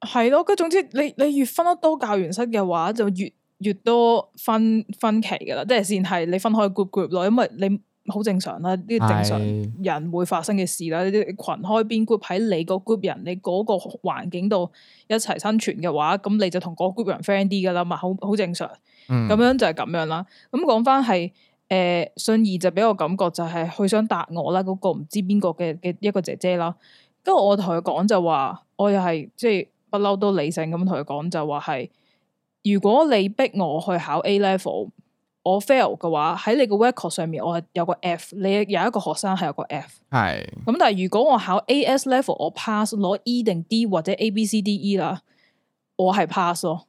係咯，跟總之你你越分得多教員室嘅話，就越越多分分歧噶啦，即係先係你分開 group group 咯，因為你好正常啦，啲正常人會發生嘅事啦，啲是群開邊 group 喺你個 group 人，你嗰個環境度一齊生存嘅話，咁你就同嗰 group 人 friend 啲噶啦嘛，好好正常。咁樣就係咁樣啦。咁講翻係誒，信義就俾我感覺就係佢想答我啦，嗰、嗰個唔知邊個嘅嘅一個姐姐啦。跟住我同佢講就話，我又係即係不嬲都理性咁同佢講就話、是、係。如果你逼我去考 A level，我 fail 嘅話，喺你個 record 上面，我係有個 F，你有一個學生係有個 F，係。咁是但係如果我考 A S level 我 pass 攞 E 定 D 或者 A B C D E 啦，我係 pass 咯。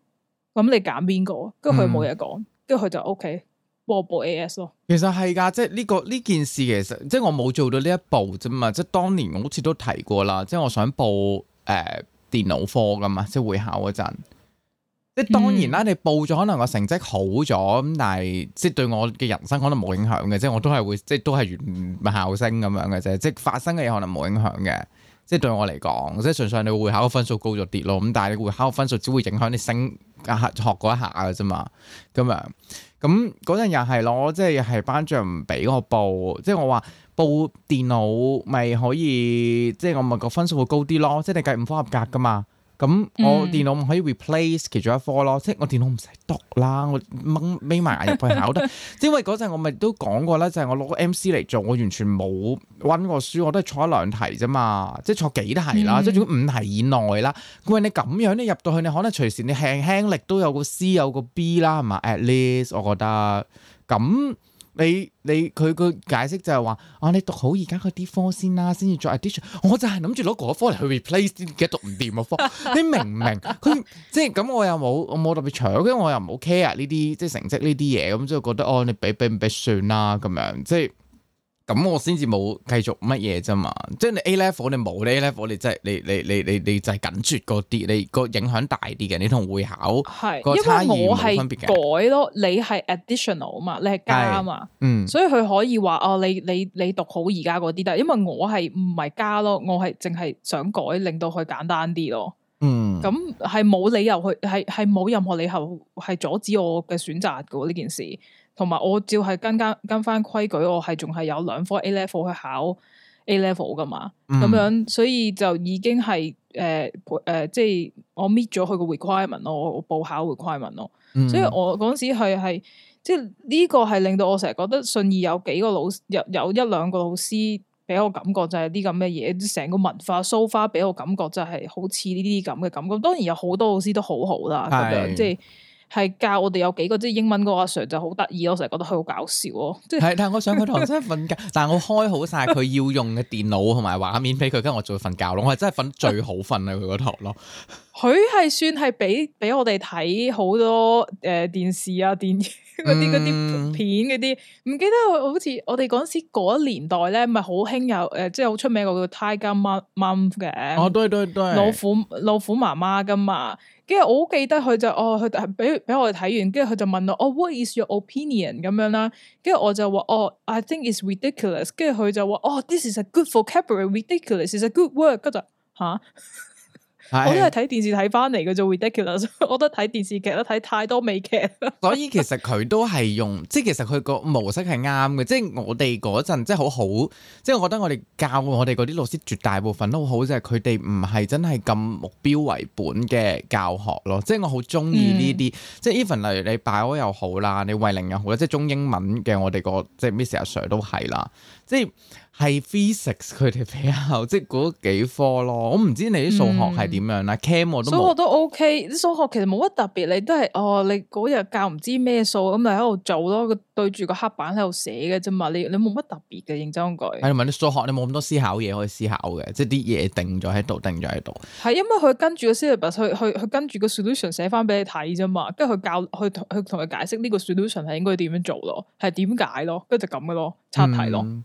咁你揀邊個？跟住佢冇嘢講，跟住佢就 OK 幫我報 A S 咯。其實係噶，即係、這、呢個呢件事其實即係我冇做到呢一步啫、呃、嘛。即係當年我好似都提過啦，即係我想報誒電腦科噶嘛，即係會考嗰陣。即當然啦，嗯、你報咗可能個成績好咗，咁但係即係對我嘅人生可能冇影響嘅，即係我都係會即係都係原校生咁樣嘅啫，即係發生嘅嘢，可能冇影響嘅，即係對我嚟講，即係純粹你會考個分數高咗啲咯，咁但係你會考個分數只會影響你升學學嗰一下嘅啫嘛，咁樣咁嗰陣又係咯，即係係班長唔俾我報，即係我話報電腦咪可以，即係我咪個分數會高啲咯，即係你計五科合格噶嘛。咁、嗯、我電腦唔可以 replace 其中一科咯，即係我電腦唔使讀啦，我掹眯埋眼入去考得。即係 <laughs> 因為嗰陣我咪都講過啦，就係、是、我攞個 MC 嚟做，我完全冇溫過書，我都係錯一兩題啫嘛，即係錯幾題啦，嗯、即係如果五題以內啦，佢話你咁樣你入到去，你可能隨時你輕輕力都有個 C 有個 B 啦，係嘛？At least 我覺得咁。你你佢個解釋就係話，哦、啊、你讀好而家嗰啲科先啦，先至做 addition。我就係諗住攞嗰科嚟去 replace，先 get 讀唔掂個科。 <laughs> 你明唔明？佢即係咁，我又冇，我冇特別搶，因為我又唔好 care 呢啲即係成績呢啲嘢，咁之後覺得，哦，你俾俾唔俾算啦、啊，咁樣即係。咁我先至冇繼續乜嘢啫嘛，即係你 A level 你冇 A level 你就係你你你你你就係緊絕嗰啲，你個影響大啲嘅，你同會考係，因為我係改咯，你係 additional 啊嘛，你係加啊嘛，嗯，所以佢可以話哦，你你你讀好而家嗰啲，但係因為我係唔係加咯，我係淨係想改，令到佢簡單啲咯，嗯，咁係冇理由去係係冇任何理由係阻止我嘅選擇嘅呢件事。同埋我照係跟跟跟翻規矩，我係仲係有兩科 A level 去考 A level 噶嘛，咁、嗯、樣，所以就已經係誒誒，即係我 meet 咗佢個 requirement 咯，我報考 requirement 咯、嗯，所以我嗰時係係，即係呢個係令到我成日覺得信義有幾個老師有有一兩個老師俾我感覺就係啲咁嘅嘢，成個文化 so far 俾我感覺就係好似呢啲咁嘅感覺。當然有好多老師都好好啦，咁是樣即係。係教我哋有幾個知英文嗰阿 Sir 就好得意，我成日覺得佢好搞笑咯。即係，但係我上佢堂真係瞓覺， <laughs> 但係我開好晒佢要用嘅電腦同埋畫面俾佢，跟住我就瞓覺咯。我係真係瞓最好瞓啊！佢嗰 <laughs> 堂咯。佢係算係俾俾我哋睇好多誒、呃、電視啊、電影嗰啲啲片嗰啲，唔記、呃哦、記得好似我哋嗰時嗰年代咧，咪好興有誒，即係好出名一個叫 Tiger Mum 嘅，哦，都係都老虎老虎媽媽噶嘛。跟住我好記得佢就哦，佢俾俾我哋睇完，跟住佢就問我哦、oh，What is your opinion 咁樣啦？跟住我就話哦、oh，I think it's ridiculous。跟住佢就話哦、oh，This is a good vocabulary，ridiculous is a good word。跟住嚇。Huh 是我都係睇電視睇翻嚟嘅就 ridiculous <laughs> 我覺得睇電視劇咧睇太多美劇。 <laughs> 所以其實佢都係用，即係其實佢個模式係啱嘅。即係我哋嗰陣即係好好，即係我覺得我哋教我哋嗰啲老師絕大部分都好，就係佢哋唔係真係咁目標為本嘅教學咯。即係我好中意呢啲，嗯、即係 even 例如你拜柯又好啦，你衛寧又好、那個、啦，即係中英文嘅我哋個即係 Miss 阿 Sir 都係啦，即係。係 physics 佢哋比較即係嗰幾科咯，我唔知你啲數學係點樣啦。Chem 我都數學都 OK，啲數學其實冇乜特別，你都係哦，你嗰日教唔知咩數咁咪喺度做咯，對住個黑板喺度寫嘅啫嘛，你你冇乜特別嘅認真句。係咪你數學你冇咁多思考嘢可以思考嘅？即係啲嘢定咗喺度，定咗喺度。係因為佢跟住個 syllabus 佢佢跟住個 solution 寫翻俾你睇啫嘛，跟住佢教佢佢同佢解釋呢個 solution 係應該點樣做樣咯，係點解咯，跟住就咁嘅咯，測題咯。嗯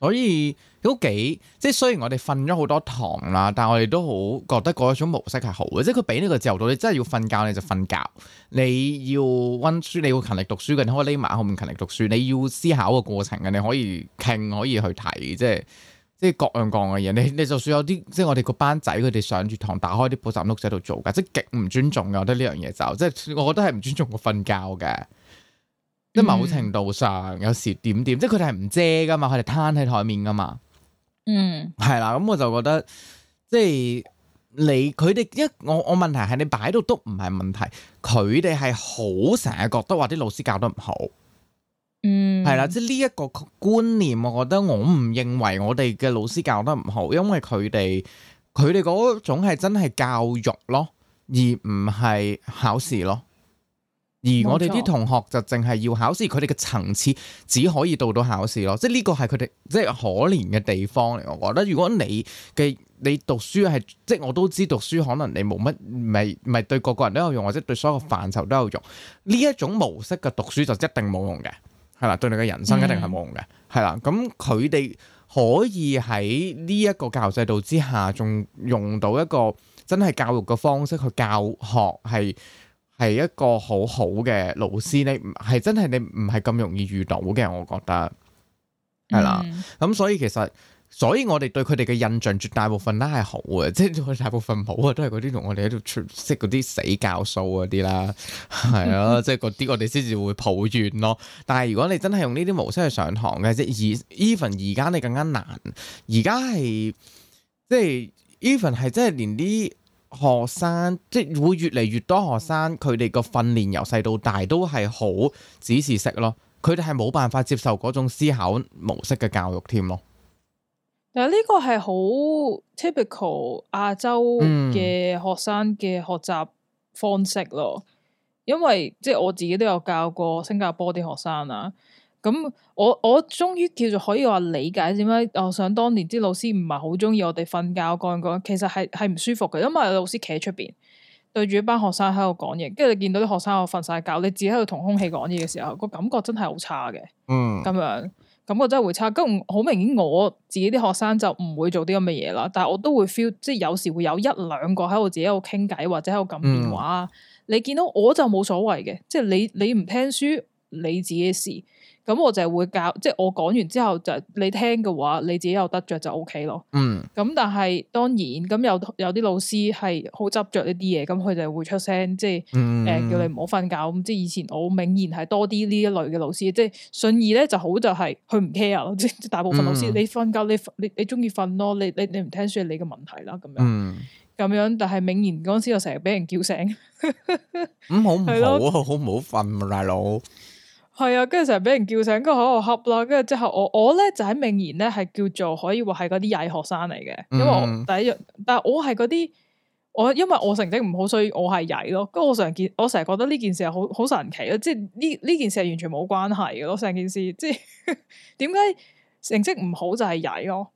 所以都幾即係雖然我哋瞓咗好多堂啦，但係我哋都好覺得嗰種模式係好嘅，即係佢俾呢個自由度你真，真係要瞓覺你就瞓覺，你要溫書你要勤力讀書嘅，你可以匿埋後面勤力讀書，你要思考個過程嘅，你可以傾可以去睇，即係即係各樣各樣嘅嘢。你你就算有啲即係我哋個班仔佢哋上住堂打開啲補習屋仔度做㗎，即係極唔尊重嘅。我，我覺得呢樣嘢就即係我覺得係唔尊重個瞓覺嘅。即某程度上，嗯、有時點點，即係佢哋係唔遮噶嘛，佢哋攤喺台面噶嘛，嗯，係啦，咁、嗯、我就覺得，即係你佢哋一我我問題係你擺到都唔係問題，佢哋係好成日覺得話啲老師教得唔好，嗯，係啦，即係呢一個觀念，我覺得我唔認為我哋嘅老師教得唔好，因為佢哋佢哋嗰種係真係教育咯，而唔係考試咯。而我哋啲同學就淨係要考試，佢哋嘅層次只可以到到考試咯。即係呢個係佢哋即係可憐嘅地方嚟。我覺得如果你嘅你讀書係，即係我都知讀書可能你冇乜，唔係唔係對個個人都有用，或者對所有範疇都有用。呢一種模式嘅讀書就一定冇用嘅，係啦，對你嘅人生一定係冇用嘅，係啦、嗯。咁佢哋可以喺呢一個教育制度之下，仲用到一個真係教育嘅方式去教學係。係一個好好嘅老師咧，係真係你唔係咁容易遇到嘅，我覺得係啦。咁所以其實，所以我哋對佢哋嘅印象絕大部分咧係好嘅，即係我哋大部分好啊，都係嗰啲同我哋喺度出識嗰啲死教書嗰啲啦，係啊，即係嗰啲我哋先至會抱怨咯。但係如果你真係用呢啲模式去上堂嘅，即係 even 而家你更加難，而家係即係 even 係真係連啲。學生即會越嚟越多學生，佢哋個訓練由細到大都係好指示式咯，佢哋係冇辦法接受嗰種思考模式嘅教育添咯。但係，呢個係好 typical 亞洲嘅學生嘅學習方式咯，嗯、因為即係我自己都有教過新加坡啲學生啊。咁我我終於叫做可以話理解點解。我想當年啲老師唔係好中意我哋瞓覺干干，其實係係唔舒服嘅，因為有老師企喺出邊對住一班學生喺度講嘢，跟住你見到啲學生我瞓晒覺，你自己喺度同空氣講嘢嘅時候，個感覺真係好差嘅。嗯，咁樣感覺真係會差。咁好明顯，我自己啲學生就唔會做啲咁嘅嘢啦。但係我都會 feel，即係有時會有一兩個喺我自己喺度傾偈，或者喺度撳電話。你見到我就冇所謂嘅，即係你你唔聽書，你自己事。咁我就會教，即係我講完之後就你聽嘅話，你自己有得着就 OK 咯。嗯。咁但係當然，咁有有啲老師係好執着呢啲嘢，咁佢就係會出聲，即係誒叫你唔好瞓覺。咁即係以前我泯然係多啲呢一類嘅老師，即係信義咧就好就係佢唔 care 咯。即係大部分老師，嗯、你瞓覺你你你中意瞓咯，你你你唔聽書你嘅問題啦咁樣。嗯。咁樣，但係泯然嗰陣時我成日俾人叫醒。咁、 <laughs> 嗯、好唔 <laughs> 咯好好唔好瞓啊，大佬？係啊，跟住成日俾人叫醒，跟住喺度恰啦。跟住之後我，我我咧就喺明賢咧係叫做可以話係嗰啲曳學生嚟嘅，嗯、哼因為我第一日，但我係嗰啲我因為我成績唔好，所以我係曳咯。跟住我成件，我成日覺得呢件事係好好神奇咯。即係呢呢件事係完全冇關係嘅咯，成件事即係點解成績唔好就係曳咯？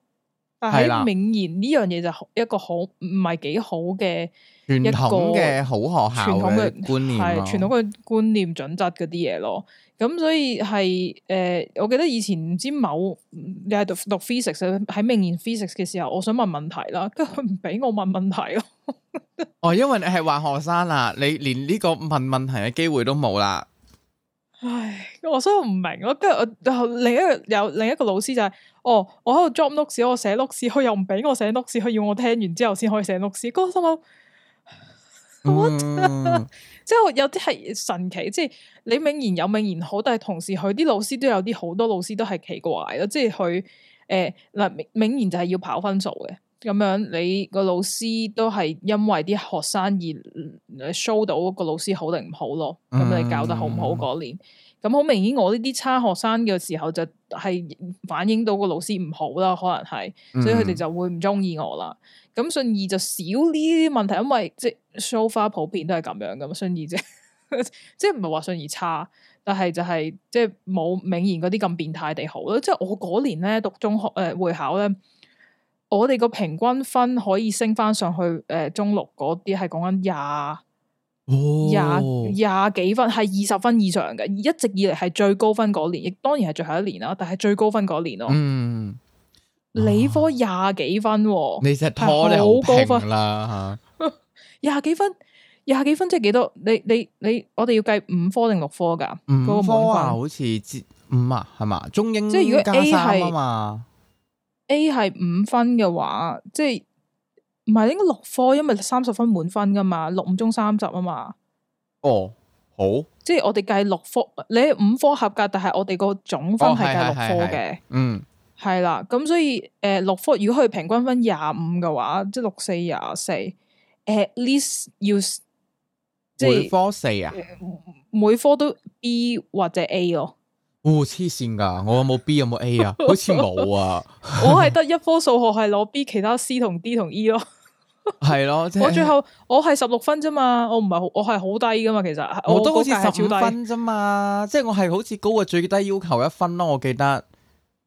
但係喺明賢呢樣嘢就一個好唔係幾好嘅傳統嘅好學校傳統嘅觀念係傳統嘅觀念準則嗰啲嘢咯。咁、嗯、所以係誒、呃，我記得以前唔知某你喺度讀 physics 喺明年 physics 嘅時候，我想問問題啦，跟住佢唔俾我問問題咯。 <laughs> 哦，因為你係壞學生啦，你連呢個問問題嘅機會都冇啦。唉，我所以唔明咯。跟住我另一有另一個老師就係、是，哦，我喺度 job notes，我寫 notes，佢又唔俾我寫 notes，佢要我聽完之後先可以寫 notes。嗰心諗 w 即係有啲係神奇，即係你明賢有明賢好，但係同時佢啲老師都有啲好多老師都係奇怪咯，即係佢誒嗱明賢就係要跑分數嘅，咁樣你個老師都係因為啲學生而 show 到個老師好定唔好咯，咁、嗯、你教得好唔好嗰年？嗯嗯嗯咁好明顯，我呢啲差學生嘅時候就係反映到個老師唔好啦，可能係，所以佢哋就會唔中意我啦。咁信義就少呢啲問題，因為即係 so far 普遍都係咁樣噶，信義即係 <laughs> 即係唔係話信義差，但係就係即係冇明言嗰啲咁變態地好啦。即係我嗰年咧讀中學誒、呃、會考咧，我哋個平均分可以升翻上去誒、呃、中六嗰啲係講緊廿。廿廿幾分係二十分以上嘅，一直以嚟係最高分嗰年，亦當然係最後一年啦。但係最高分嗰年咯，嗯，理、啊、科廿幾分，你真係拖得好高分啦吓，廿幾分，廿幾 <laughs> 分即係幾多,多？你你你，我哋要計五科定六科㗎？五科個啊，好似接五啊，係嘛？中英即係如果 A 係、啊、A 係五分嘅話，即係。唔係應該六科，因為三十分滿分噶嘛，六五中三十啊嘛。哦，好，即係我哋計六科，你五科合格，但係我哋個總分係計六科嘅、哦。嗯，係啦，咁所以誒、呃、六科如果佢平均分廿五嘅話，即係六四廿四，at least 要即係每科四啊，每科都 B 或者 A 咯。哦，黐線噶，我有冇 B 有冇 A 啊？ <laughs> 好似冇啊， <laughs> 我係得一科數學係攞 B，其他 C 同 D 同 E 咯。係咯， <laughs> 就係、我最後我係十六分啫嘛，我唔係我係好低噶嘛，其實我,我都好似十分啫嘛，即係我係好似高過最低要求一分咯，我記得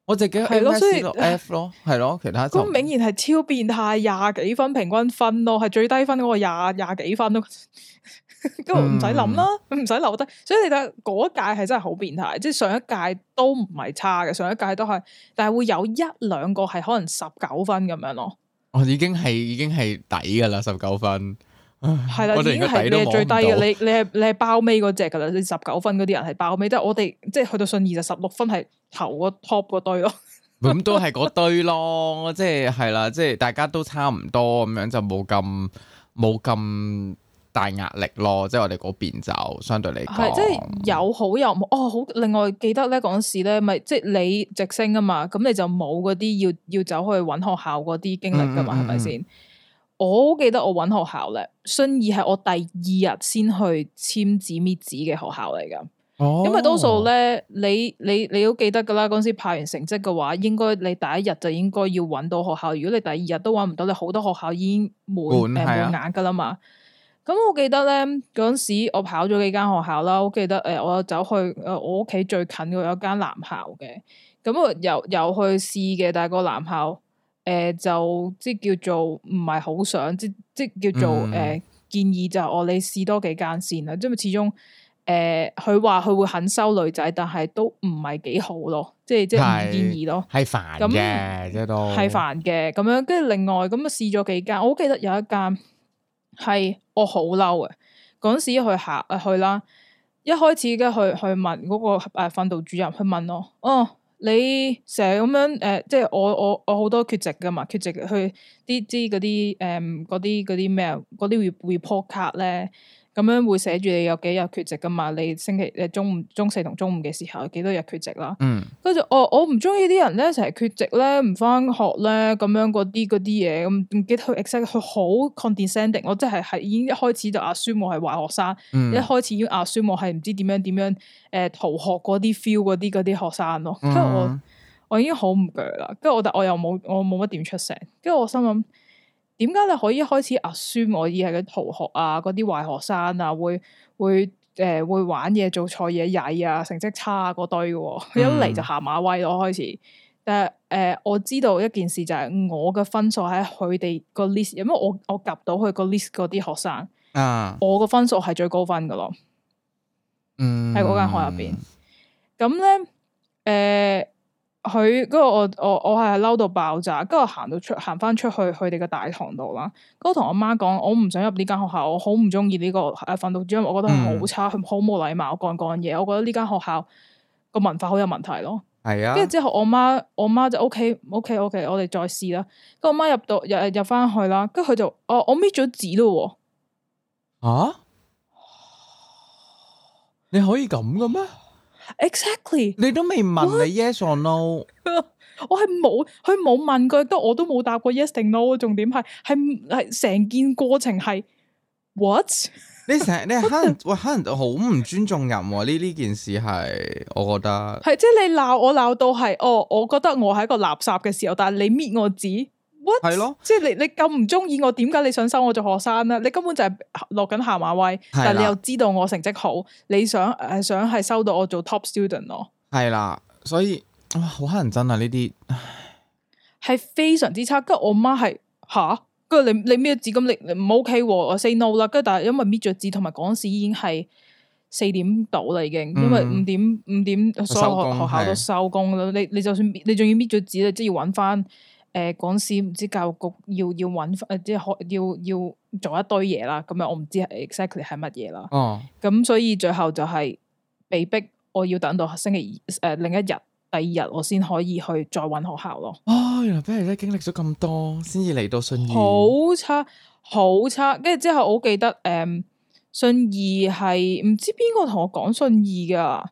我自己係咯，所以 F 咯，係咯，其他咁明顯係超變態廿幾分平均分咯，係最低分嗰個廿廿幾分咯，咁唔使諗啦，唔使、嗯、留低。所以你睇嗰一屆係真係好變態，即係上一屆都唔係差嘅，上一屆都係，但係會有一兩個係可能十九分咁樣咯。我已經係已經係底噶啦，十九分，係啦，的我哋個底都望唔到。係你係最低你係你係包尾嗰隻噶啦，你十九分嗰啲人係包尾，但係我哋即係去到信義就十六分係頭個 top 嗰堆咯。咁都係嗰堆咯，即係係啦，即係大家都差唔多咁樣就，就冇咁冇咁。大壓力咯，即係我哋嗰邊就相對嚟講，係即係有好有冇，哦好。另外記得咧，嗰陣時咧咪即係你直升啊嘛，咁你就冇嗰啲要要走去搵學校嗰啲經歷噶嘛，係咪先？我記得我搵學校咧，信義係我第二日先去簽紙搣紙嘅學校嚟噶，哦，因為多數咧你你你都記得噶啦，嗰陣時派完成績嘅話，應該你第一日就應該要搵到學校，如果你第二日都搵唔到你，你好多學校已經滿係冇眼噶啦嘛。咁我記得咧嗰陣時，我跑咗幾間學校啦。我記得誒、呃，我走去誒、呃，我屋企最近嘅有一間男校嘅。咁啊，有有去試嘅，但係個男校誒、呃、就即係叫做唔係好想，即即係叫做誒建議就我、係、你試多幾間先啦、呃。即係始終誒，佢話佢會肯收女仔，但係都唔係幾好咯，即係即係唔建議咯。係煩嘅，樣即都係煩嘅。咁樣跟住另外咁啊試咗幾間，我好記得有一間。係我好嬲啊，嗰時去下去啦，一開始嘅去去問嗰個誒訓導主任去問囉，哦，你成日咁樣誒、呃，即係我我我好多缺席噶嘛，缺席去啲啲嗰啲誒嗰啲嗰啲咩嗰啲 report card 咧。咁樣會寫住你有幾日缺席㗎嘛？你星期誒中午、中四同中五嘅時候有幾多日缺席啦、嗯哦？嗯，跟住我我唔中意啲人咧，成日缺席咧，唔返學咧，咁樣嗰啲嗰啲嘢，咁唔記得佢 e x c 佢好 condescending，我即係係已經一開始就 assume 我係壞學生，嗯、一開始已經 assume 我係唔知點樣點樣誒逃學嗰啲 feel 嗰啲嗰啲學生咯。跟住我、嗯、哼 我已經好唔鋸啦，跟住我但我又冇我冇乜點出聲，跟住我心諗。點解你可以開始 assume 我以係個逃學啊，嗰啲壞學生啊，會會誒、呃、會玩嘢做錯嘢曳啊，成績差嗰、啊、堆嘅、啊， <laughs> 一嚟就下馬威咯開始。但係誒、呃，我知道一件事就係我嘅分數喺佢哋個 list，因為我我夾到佢個 list 嗰啲學生啊，我嘅分數係最高分嘅咯，嗯，喺嗰間學入邊。咁咧誒。佢嗰個我我我係嬲到爆炸，跟住行到出行翻出去佢哋嘅大堂度啦，跟住我同我媽講，我唔想入呢間學校，我好唔中意呢個誒、啊、訓導主任，我覺得好差，好冇、嗯、禮貌，講講嘢，我覺得呢間學校個文化好有問題咯。係啊，跟住之後我媽我媽就 O K O K O K，我哋再試啦。跟住我媽入到入入翻去啦，跟住佢就哦我搣咗紙咯，啊，你可以咁嘅咩？Exactly，你都未問你 yes or no， <laughs> 我係冇，佢冇問過，都我都冇答過 yes 定 no。重點係係係成件過程係 what？ <laughs> 你成你可能喂，可能好唔尊重人呢、啊？呢件事係我覺得係即係你鬧我鬧到係哦，我覺得我係一個垃圾嘅時候，但係你搣我紙。係咯，即係你你咁唔中意我，點解你想收我做學生咧？你根本就係落緊下馬威，但係你又知道我成績好，你想誒、呃、想係收到我做 top student 咯？係啦，所以哇，好乞人憎啊！呢啲係非常之差。跟住我媽係吓，跟住你你搣咗紙咁，你唔 ok，我 say no 啦。跟住但係因為搣咗紙，同埋嗰時已經係四點到啦，已經因為五點五點、嗯、所有學校都收工啦。你你就算你仲要搣咗紙咧，即係要搵翻。誒，嗰、呃、時唔知教育局要要搵誒，即係要要做一堆嘢啦。咁樣我唔知 exactly 係乜嘢啦。哦。咁所以最後就係被逼，我要等到星期二誒、呃、另一日，第二日我先可以去再搵學校咯。哦，原來畀人哋經歷咗咁多，先至嚟到信義。好差，好差。跟住之後，我好記得，誒、嗯，信義係唔知邊個同我講信義噶。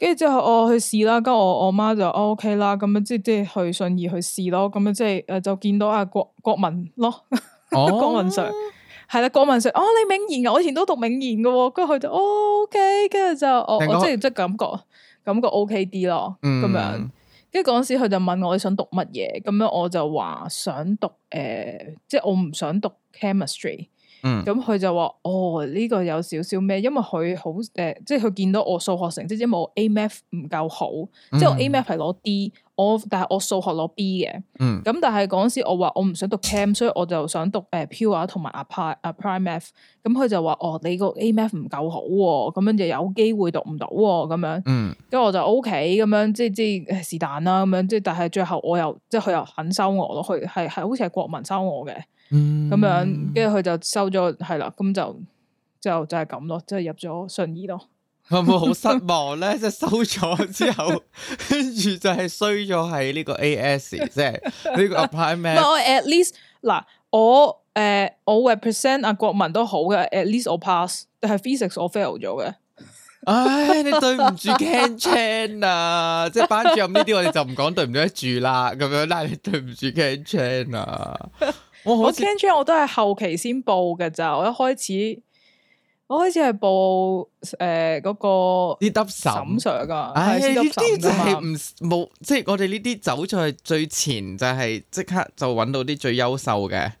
跟住之後我去試啦，跟住我我媽就 O K 啦，咁樣即係即係去信義去試咯，咁樣即係誒就見到阿、啊、國國文咯，哦、 <laughs> 國文上係啦，國文上哦，你敏賢啊，我以前都讀敏賢噶，跟住佢就 O K，跟住就我過我即係即係感覺感覺 O K 啲咯，咁樣，跟住嗰時佢就問我你想讀乜嘢？咁樣我就話想讀誒、呃，即係我唔想讀 chemistry。咁佢、嗯、就話哦呢、呢個有少少咩？因為佢好誒，即係佢見到我數學成績，因為我 A Math 唔夠好，嗯、即係我 A Math 係攞 D，我但係我數學攞 B 嘅。咁、嗯、但係嗰時我話我唔想讀 Cam，所以我就想讀誒 Pure 同埋啊 Pr 啊 Prime Math，咁佢就話哦你個 A Math 唔夠好，咁樣就有機會讀唔到咁樣。咁、嗯、我就 OK 咁樣，即係即係是但啦咁樣。即係但係最後我又即係佢又肯收我咯，佢係係好似係國民收我嘅。咁、嗯、樣，跟住佢就收咗，係啦，咁就，就就就係咁咯，即係入咗順義咯。係咪好失望咧？即係 <laughs> 收咗之後，跟住就係衰咗喺呢個 A S，即係呢個 Applied Maths 我 at least 嗱，我誒、呃、我 represent 阿國民都好嘅，at least passed, 我 pass，但係 physics 我 fail 咗嘅。唉、 <laughs> 哎，你對唔住 Ken Chan 啊！即係 <laughs> 班主任呢啲，我哋就唔講對唔對得住啦。咁樣，但係你對唔住 Ken Chan 啊！我我 c 我都係後期先報嘅咋。我一開始我開始係報誒嗰、呃那個啲 Dub 沈 Sir 噶，係係唔冇，即係我哋呢啲走在最前就係即刻就揾到啲最優秀嘅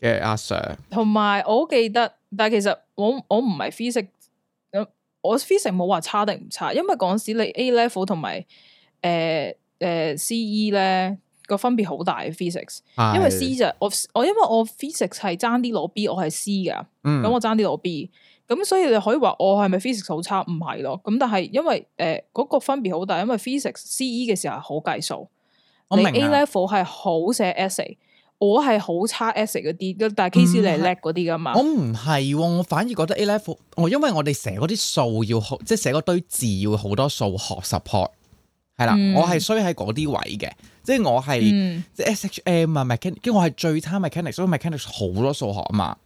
嘅阿 Sir。同埋我好記得，但係其實我我唔係 physics，我 physics 冇話差定唔差，因為嗰時你 A level 同埋誒誒 C E 咧。呃呃個分別好大，physics，嘅的因為 C 就的我我因為我 physics 係爭啲攞 B，我係 C 噶，咁、嗯、我爭啲攞 B，咁所以你可以話我係咪 physics 好差？唔係咯，咁但係因為誒嗰、呃嗰個分別好大，因為 physics CE 嘅時候好計數，我你 A level 係好寫 essay，我係好差 essay 嗰啲，但係 K C 你係叻嗰啲噶嘛？嗯、我唔係、哦，我反而覺得 A level，我、哦、因為我哋寫嗰啲數要好，即係寫嗰堆字要好多數學 support，係啦，嗯、我係衰喺嗰啲位嘅。即係我係、嗯、即 SHM 啊 mechanic 我係最差 mechanic 所以 mechanic 好多數學啊嘛。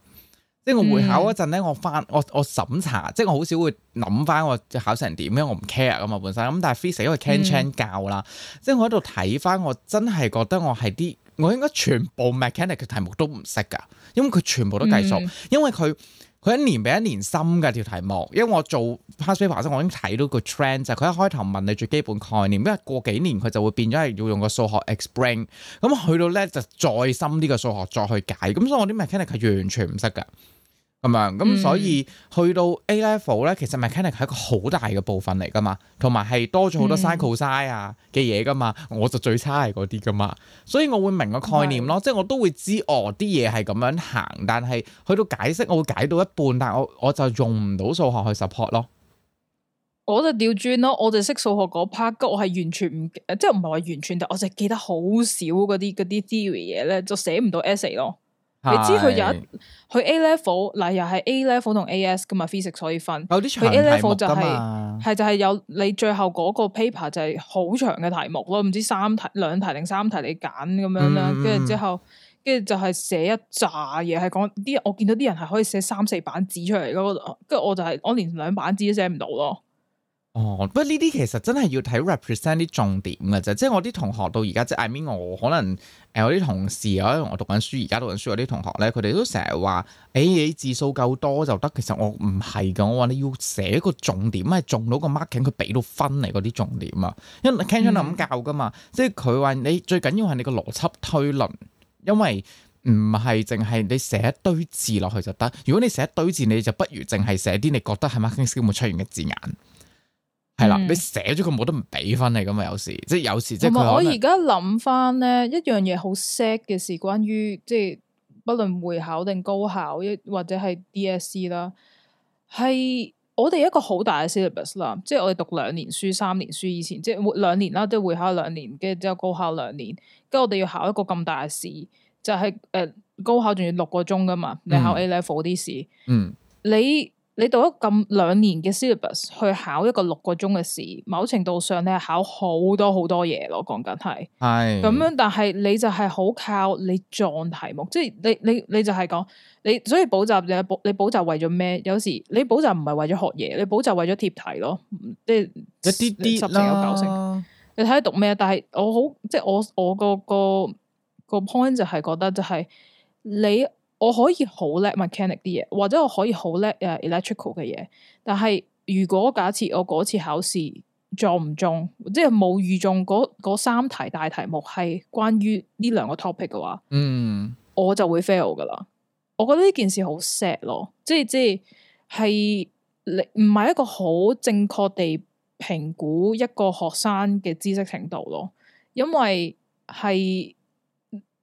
即係我會考嗰陣咧，我翻我我審查，即係我好少會諗翻我考成點，因為我唔 care 啊嘛本身。咁但係 physics 因為 can change 教啦，嗯、即係我喺度睇翻，我真係覺得我係啲我應該全部 mechanic 嘅題目都唔識噶，因為佢全部都計數，嗯、因為佢。佢一年比一年深嘅條題目，因為我做 past paper 先，我已經睇到個 trend 就係佢一開頭問你最基本概念，因為過幾年佢就會變咗係要用個數學 explain，咁去到咧就再深啲嘅數學再去解，咁所以我啲 mechanic 係完全唔識㗎。咁樣，咁、嗯嗯、所以去到 A level 咧，其實 Mechanic 係一個好大嘅部分嚟噶嘛，同埋係多咗好多 cycle size 啊嘅嘢噶嘛，嗯、我就最差係嗰啲噶嘛，所以我會明個概念咯，嗯、即係我都會知哦啲嘢係咁樣行，但係去到解釋我會解到一半，但係我，我就用唔到數學去 support 咯，我就掉轉咯，我就識數學嗰 part，我係完全唔，即係唔係話完全，但我就記得好少嗰啲啲 theory 嘢咧，就寫唔到 essay 咯。你知佢有一佢 A level，嗱又係 A level 同 AS 噶嘛，physics 所以分。有啲長嘅題目噶嘛，係就係有你最後嗰個 paper 就係好長嘅題目咯，唔知三題兩題定三題你揀咁樣啦，跟住、嗯、之後，跟住就係寫一紮嘢，係講啲我見到啲人係可以寫三四版紙出嚟咯，跟住我就係我連兩版紙都寫唔到咯。哦，不過呢啲其實真係要睇 represent 啲重點噶啫，即係我啲同學到而家，即係 I mean 我可能誒、呃，我啲同事啊，因為我讀緊書，而家讀緊書，我啲同學咧，佢哋都成日話誒，你字數夠多就得，其實我唔係噶，我話你要寫個重點，係中到個 m a r k i n 佢俾到分嚟嗰啲重點啊，因 canton 林、嗯、教噶嘛，即係佢話你最緊要係你個邏輯推論，因為唔係淨係你寫一堆字落去就得，如果你寫一堆字，你就不如淨係寫啲你覺得喺 marking 書會出現嘅字眼。係啦，嗯、你寫咗佢冇得唔俾分嚟噶嘛？有時不不即係有時有即係我而家諗翻咧，一樣嘢好 sad 嘅事，關於即係不論會考定高考，一或者係 DSE 啦，係我哋一個好大嘅 syllabus 啦。即係我哋讀兩年書、三年書以前，即係兩年啦，即係會考兩年，跟住之後高考兩年，跟住我哋要考一個咁大嘅試，就係、是、誒高考仲要六個鐘噶嘛，你考 A level 啲試，嗯，你。嗯你讀咗咁兩年嘅 syllabus，去考一個六個鐘嘅試，某程度上你係考好多好多嘢咯。講緊係，係咁是樣，但係你就係好靠你撞題目，即係你你你就係講你，所以補習你補你補習為咗咩？有時你補習唔係為咗學嘢，你補習為咗貼題咯，即係一啲啲啦，十成有九成。你睇下讀咩？但係我好即係我我個個個 point 就係覺得就係、是、你。我可以好叻 mechanic 啲嘢，或者我可以好叻誒 electrical 嘅嘢。但係如果假設我嗰次考試撞唔中，即係冇預中嗰嗰三題大題目，係關於呢兩個 topic 嘅話，嗯，我就會 fail 噶啦。我覺得呢件事好 sad 咯，即係即係，係你唔係一個好正確地評估一個學生嘅知識程度咯，因為係。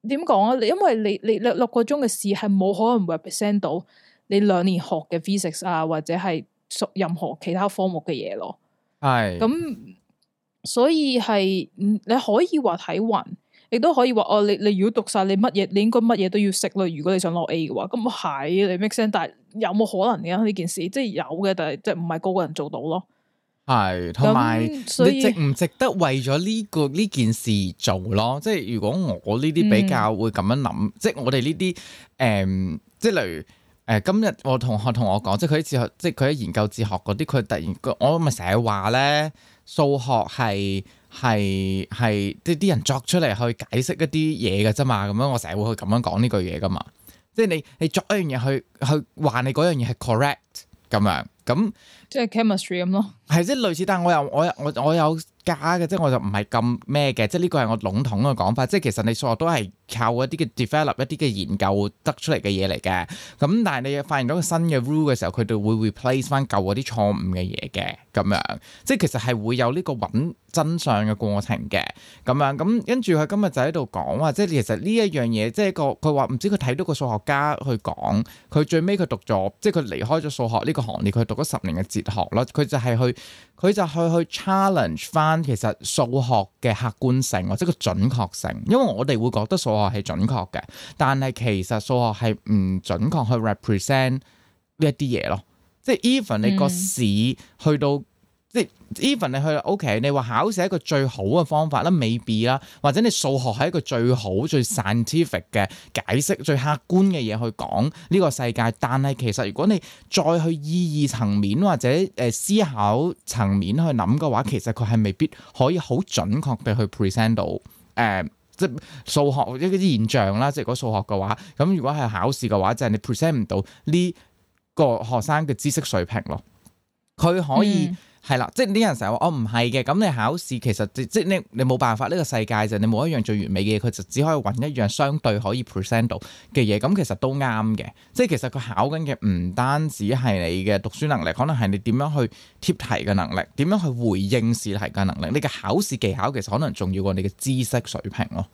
點講啊？你因為你你，你六六個鐘嘅事係冇可能 represent 到你兩年學嘅 physics 啊，或者係屬任何其他科目嘅嘢咯。係咁唉，所以係你可以話睇運，亦都可以話哦。你你如果讀晒你乜嘢，你應該乜嘢都要識咯。如果你想攞 A 嘅話，咁係你 make sense，但係有冇可能嘅呢件事？即係有嘅，但係即係唔係個個人做到咯。係，同埋你值唔值得為咗呢、呢個呢件事做咯？即係如果我呢啲比較會咁樣諗、嗯呃，即係我哋呢啲誒，即係例如誒、呃，今日我同學同我講，即係佢喺自學，即係佢喺研究哲學嗰啲，佢突然，我咪成日話咧，數學係係係，即係啲人作出嚟去解釋一啲嘢㗎啫嘛。咁樣我成日會咁樣講呢句嘢㗎嘛。即係你你作一樣嘢去去話你嗰樣嘢係 correct 咁樣咁。即係 chemistry 咁咯，係即係類似，但係我又我有我有我有加嘅，即係我就唔係咁咩嘅，即係呢個係我籠統嘅講法。即係其實你數學都係靠一啲嘅 develop 一啲嘅研究得出嚟嘅嘢嚟嘅。咁但係你又發現到新嘅 rule 嘅時候，佢哋會 replace 翻舊嗰啲錯誤嘅嘢嘅，咁樣即係其實係會有呢個搵真相嘅過程嘅。咁樣咁跟住佢今日就喺度講話，即係其實呢一樣嘢，即係個佢話唔知佢睇到個數學家去講，佢最尾佢讀咗，即係佢離開咗數學呢個行列，佢讀咗十年嘅。哲學咯，佢就係去，佢就去去 challenge 翻其實數學嘅客觀性，或者個準確性。因為我哋會覺得數學係準確嘅，但係其實數學係唔準確去 represent 呢一啲嘢咯。即係 even 你個市去到。即係 even 你去 OK，你話考試係一個最好嘅方法啦，未必啦，或者你數學係一個最好、最 scientific 嘅解釋、最客觀嘅嘢去講呢個世界。但係其實如果你再去意義層面或者誒、呃、思考層面去諗嘅話，其實佢係未必可以好準確地去 present 到誒、呃，即係數學或者啲現象啦。即係如果數學嘅話，咁如果係考試嘅話，就係、是、你 present 唔到呢個學生嘅知識水平咯。佢可以、嗯。係啦、 <noise> 嗯，即係啲人成日話我唔係嘅，咁、哦、你考試其實即即你你冇辦法呢、這個世界就你冇一樣最完美嘅嘢，佢就只可以揾一樣相對可以 present 到嘅嘢，咁其實都啱嘅。即係其實佢考緊嘅唔單止係你嘅讀書能力，可能係你點樣去貼題嘅能力，點樣去回應試題嘅能力，你嘅考試技巧其實可能重要過你嘅知識水平咯、哦。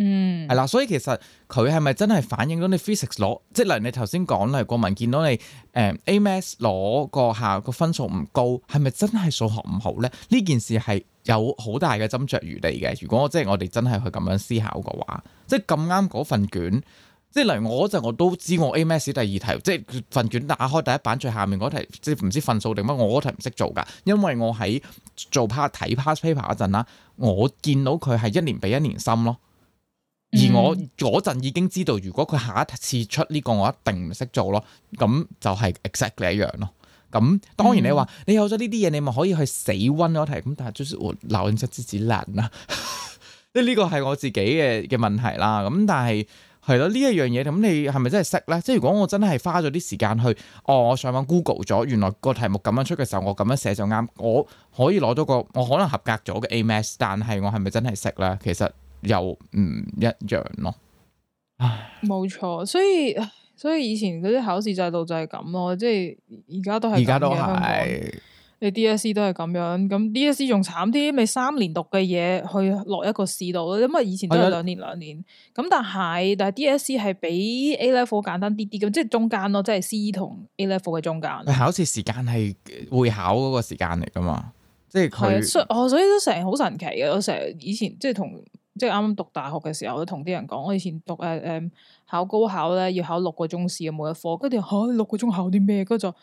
嗯，係啦，所以其實佢係咪真係反映到你 physics 攞，即係例如你頭先講，例如國民見到你誒、呃、A Maths 攞個下個分數唔高，係咪真係數學唔好咧？呢件事係有好大嘅斟酌餘地嘅。如果我即係我哋真係去咁樣思考嘅話，即係咁啱嗰份卷，即係例如我嗰陣我都知我 A Maths 第二題，即係份卷打開第一版最下面嗰題，即係唔知分數定乜，我嗰題唔識做噶，因為我喺做 past 睇 past paper 嗰陣啦，我見到佢係一年比一年深咯。而我嗰陣已經知道，如果佢下一次出呢個，我一定唔識做咯。咁就係 exactly 一樣咯。咁當然你話你有咗呢啲嘢，你咪可以去死溫嗰題。咁但係就是我留咗啲紙爛啦。即係呢個係我自己嘅嘅問題啦。咁但係係咯呢一樣嘢，咁你係咪真係識咧？即係如果我真係花咗啲時間去，哦，我上網 Google 咗，原來個題目咁樣出嘅時候，我咁樣寫就啱，我可以攞到個我可能合格咗嘅 A Maths，但係我係咪真係識咧？其實。又唔一樣咯，唉，冇錯，所以所以以前嗰啲考試制度就係咁咯，即係而家都係而家都係港是你 DSE 都係咁樣，咁 DSE 仲慘啲，咪三年讀嘅嘢，去落一個試度，因為以前都係兩年兩年，咁的但係但係 DSE 係比 A level 簡單啲啲，咁即係中間咯，即係 C 同 A level 嘅中間。考試時間係會考嗰個時間嚟噶嘛？即係佢，我所以都成日好神奇嘅，我成日以前即係同。即係啱啱讀大學嘅時候，都同啲人講，我以前讀誒誒、嗯、考高考咧，要考六個鐘試，每一科。跟住吓六個鐘考啲咩？跟住就，啊、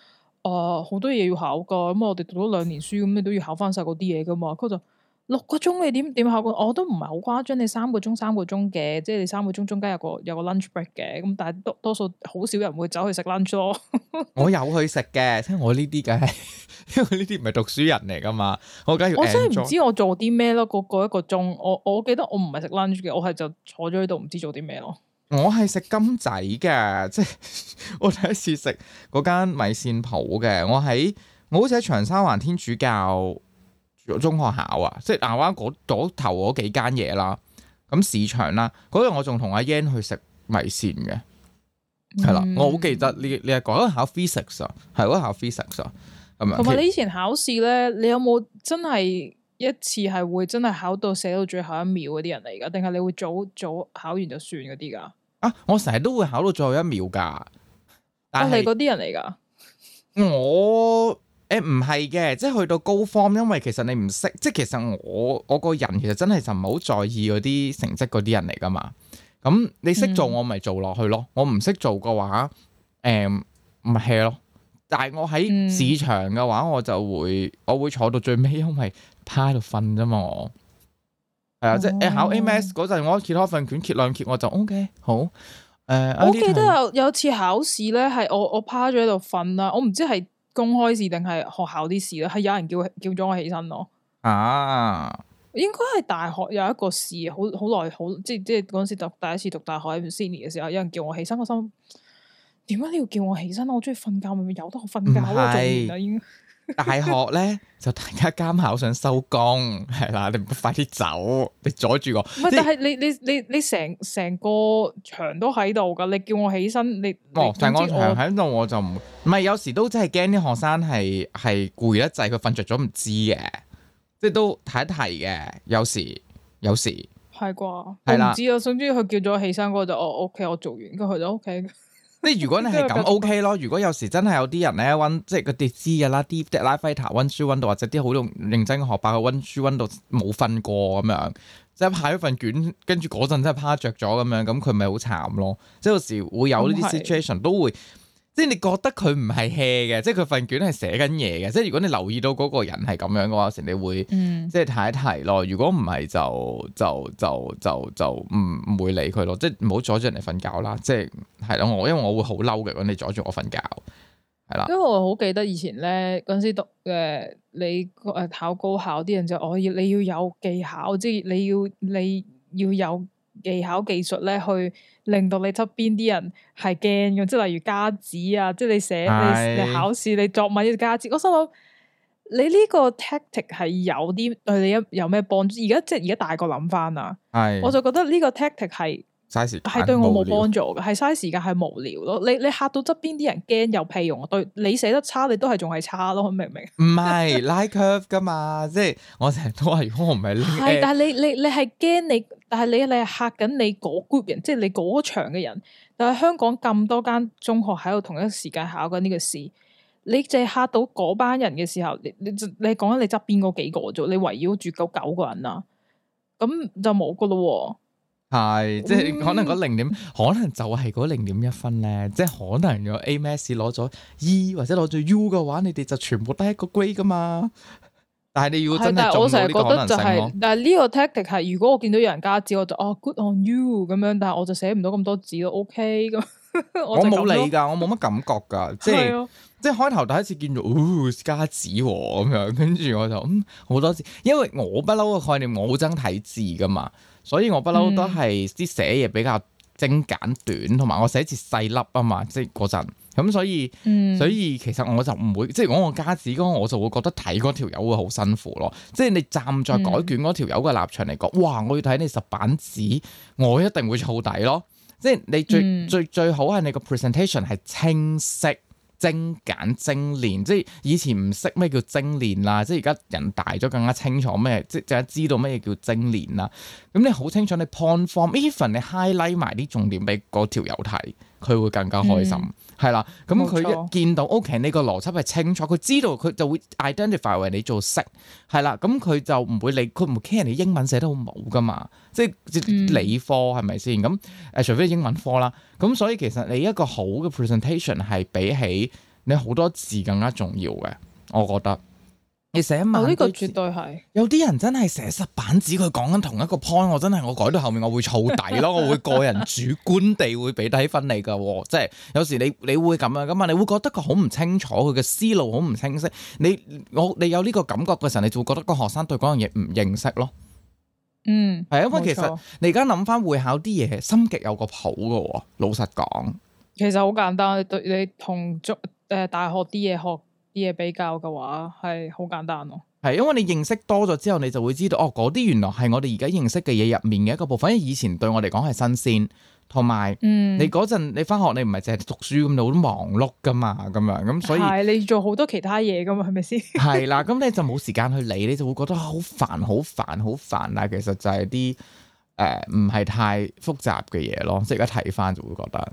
呃、好多嘢要考噶。咁我哋讀咗兩年書，咁你都要考翻晒嗰啲嘢噶嘛？佢就六個鐘你點點考？我都唔係好誇張，你三個鐘三個鐘嘅，即係你三個鐘中間有個有個 lunch break 嘅。咁但係多多數好少人會走去食 lunch 咯。我有去食嘅，即係我呢啲梗係。 <laughs> 因為呢啲唔係讀書人嚟噶嘛，我真係唔知我做啲咩咯。嗰、嗰、嗰、個、一個鐘，我我記得我唔係食 lunch 嘅，我係就坐咗喺度，唔知做啲咩咯。我係食金仔嘅，即係我第一次食嗰間米線鋪嘅。我喺我好似喺長沙灣天主教中學校啊，即係南灣嗰嗰頭嗰幾間嘢啦。咁市場啦，嗰日我仲同阿 Yan 去食米線嘅，係啦、嗯，我好記得你呢一個。我考 physics 啊，係我考 physics 啊。同埋你以前考試咧，你有冇真係一次係會真係考到寫到最後一秒嗰啲人嚟噶？定係你會早早考完就算嗰啲噶？啊，我成日都會考到最後一秒噶，但係嗰啲人嚟噶。我誒唔係嘅，即係去到高 form，因為其實你唔識，即係其實我我個人其實真係就唔好在意嗰啲成績嗰啲人嚟噶嘛。咁你識做我咪做落去咯，嗯、我唔識做嘅話，誒咪 hea 咯。但係我喺市場嘅話，我就會、嗯、我會坐到最尾，因為趴喺度瞓啫嘛。我係啊，即係考 AMS 嗰陣，我其他份卷揭兩揭，我就 OK 好。誒、呃，我記得有有次考試咧，係我我趴咗喺度瞓啦，我唔知係公開試定係學校啲事啦，係有人叫叫咗我起身咯。啊，應該係大學有一個試，好好耐好，即係即係嗰陣時讀第一次讀大學喺 senior 嘅時候，有人叫我起身，我心。點解你要叫我起身？我中意瞓覺，咪咪由得我瞓覺。唔係是，我大學咧 <laughs> 就大家監考想收工，係啦，你快啲走，你阻住我。唔係，但係你你你你成成個場都喺度噶你叫我起身，你哦，成總個場喺度，我就唔唔係。有時都真係驚啲學生係係攰得滯，佢瞓着咗唔知嘅，即係都提一提嘅。有時有時係啩，我唔知啊。總之佢叫咗我起身，嗰個就我 OK 我做完，佢就 OK。即係如果你係咁 OK 咯，如果有時真係有啲人咧温，即係佢哋知噶啦，啲 deadline fighter 温書温到，或者啲好認真嘅學霸嘅温書温到冇瞓過咁樣，即係派一份卷，跟住嗰陣真係趴着咗咁樣，咁佢咪好慘咯，即係有時會有呢啲 situation 都會。即係你覺得佢唔係 hea 嘅，即係佢份卷係寫緊嘢嘅。即係如果你留意到嗰個人係咁樣嘅話，成你會、嗯、即係睇一提咯。如果唔係就就就就就唔唔會理佢咯。即係唔好阻住人哋瞓覺啦。即係係咯，我因為我會好嬲嘅。如果你阻住我瞓覺，係啦。因為我好記得以前咧，嗰陣時讀誒你誒考高考啲人就我要你要有技巧，即係你要你要有。技巧技術咧，去令到你側邊啲人係驚嘅，即係例如加字啊，即係你寫你考試你作文要加字。我心諗你呢個 tactic 係有啲對你有咩幫助？而家即係而家大個諗翻啦，係是我就覺得呢個 tactic 係。係對我冇幫助嘅，係嘥時間，係無聊咯。你你嚇到側邊啲人驚有屁用，對你寫得差，你都係仲係差咯，明唔明？唔係是 <laughs> like curve 噶嘛，即係我成日都話，如果我唔係，係但係你你你係驚你，但係你你係嚇緊你嗰 group 人，即係你嗰場嘅人。但係香港咁多間中學喺度同一時間考緊呢個試，你淨係嚇到嗰班人嘅時候，你你你講緊你側邊嗰幾個啫，你圍繞住九九個人啊，咁就冇噶咯。係，即係可能嗰零點，嗯、可能就係嗰零點一分咧。即係可能個 A，M，S a 攞咗 E 或者攞咗 U 嘅話，你哋就全部得一個 grade 噶嘛。但係你要真係，我成日覺得就係、是，但係呢個 tactic 係，如果我見到有人加字，我就哦、oh, good on you 咁樣，但係我就寫唔到咁多字。O，K，咁 <laughs> 我冇理噶，我冇乜感覺噶， <laughs> 即係、啊、即係開頭第一次見到，oh, 加哦加字咁樣，跟住我就嗯好、oh, 多字，因為我不嬲嘅概念，我好憎睇字噶嘛。所以我不嬲都係啲寫嘢比較精簡短，同埋、嗯、我寫字細粒啊嘛，即係嗰陣咁，所以、嗯、所以其實我就唔會，即如果我加紙嗰個，我就會覺得睇嗰條友會好辛苦咯。即係你站在改卷嗰條友嘅立場嚟講，哇、嗯！我要睇你十板紙，我一定會燥底咯。即係你最、嗯、最最好係你個 presentation 係清晰。精簡精煉，即係以前唔識咩叫精煉啦，即係而家人大咗更加清楚咩，即係更加知道咩叫精煉啦。咁你好清楚你 point form，even 你 highlight 埋啲重點俾嗰條友睇，佢會更加開心。嗯係啦，咁佢一見到，冇錯 OK，呢個邏輯係清楚，佢知道佢就會 identify 為你做識，係啦，咁佢就唔會理，佢唔會 care 人哋英文寫得好冇噶嘛，即係理科係咪先？咁誒、嗯嗯，除非英文科啦，咁所以其實你一個好嘅 presentation 係比起你好多字更加重要嘅，我覺得。寫一萬字，哦這個絕對係、有啲人真係寫實版紙，佢講緊同一個 point，我真係我改到後面我會燥底咯， <laughs> 我會個人主觀地會俾低分你噶，即係有時你你會咁樣㗎嘛，你會覺得佢好唔清楚，佢嘅思路好唔清晰，你我你有呢個感覺嘅時候，你就會覺得個學生對嗰樣嘢唔認識咯。嗯，係啊，咁其實錯你而家諗翻會考啲嘢，心極有個譜噶。老實講，其實好簡單，你你同中誒大學啲嘢學。嘢比較嘅話係好簡單咯，係因為你認識多咗之後，你就會知道哦，嗰啲原來係我哋而家認識嘅嘢入面嘅一個部分，因為以前對我嚟講係新鮮，同埋，嗯，嗯，你嗰陣你返學你唔係淨係讀書咁，你好忙碌㗎嘛，咁樣咁，所以係你做好多其他嘢㗎嘛，係咪先？係 <laughs> 啦，咁你就冇時間去理，你就會覺得好煩，好煩，好煩，但係其實就係啲誒唔係太複雜嘅嘢咯。即係而家睇返就會覺得。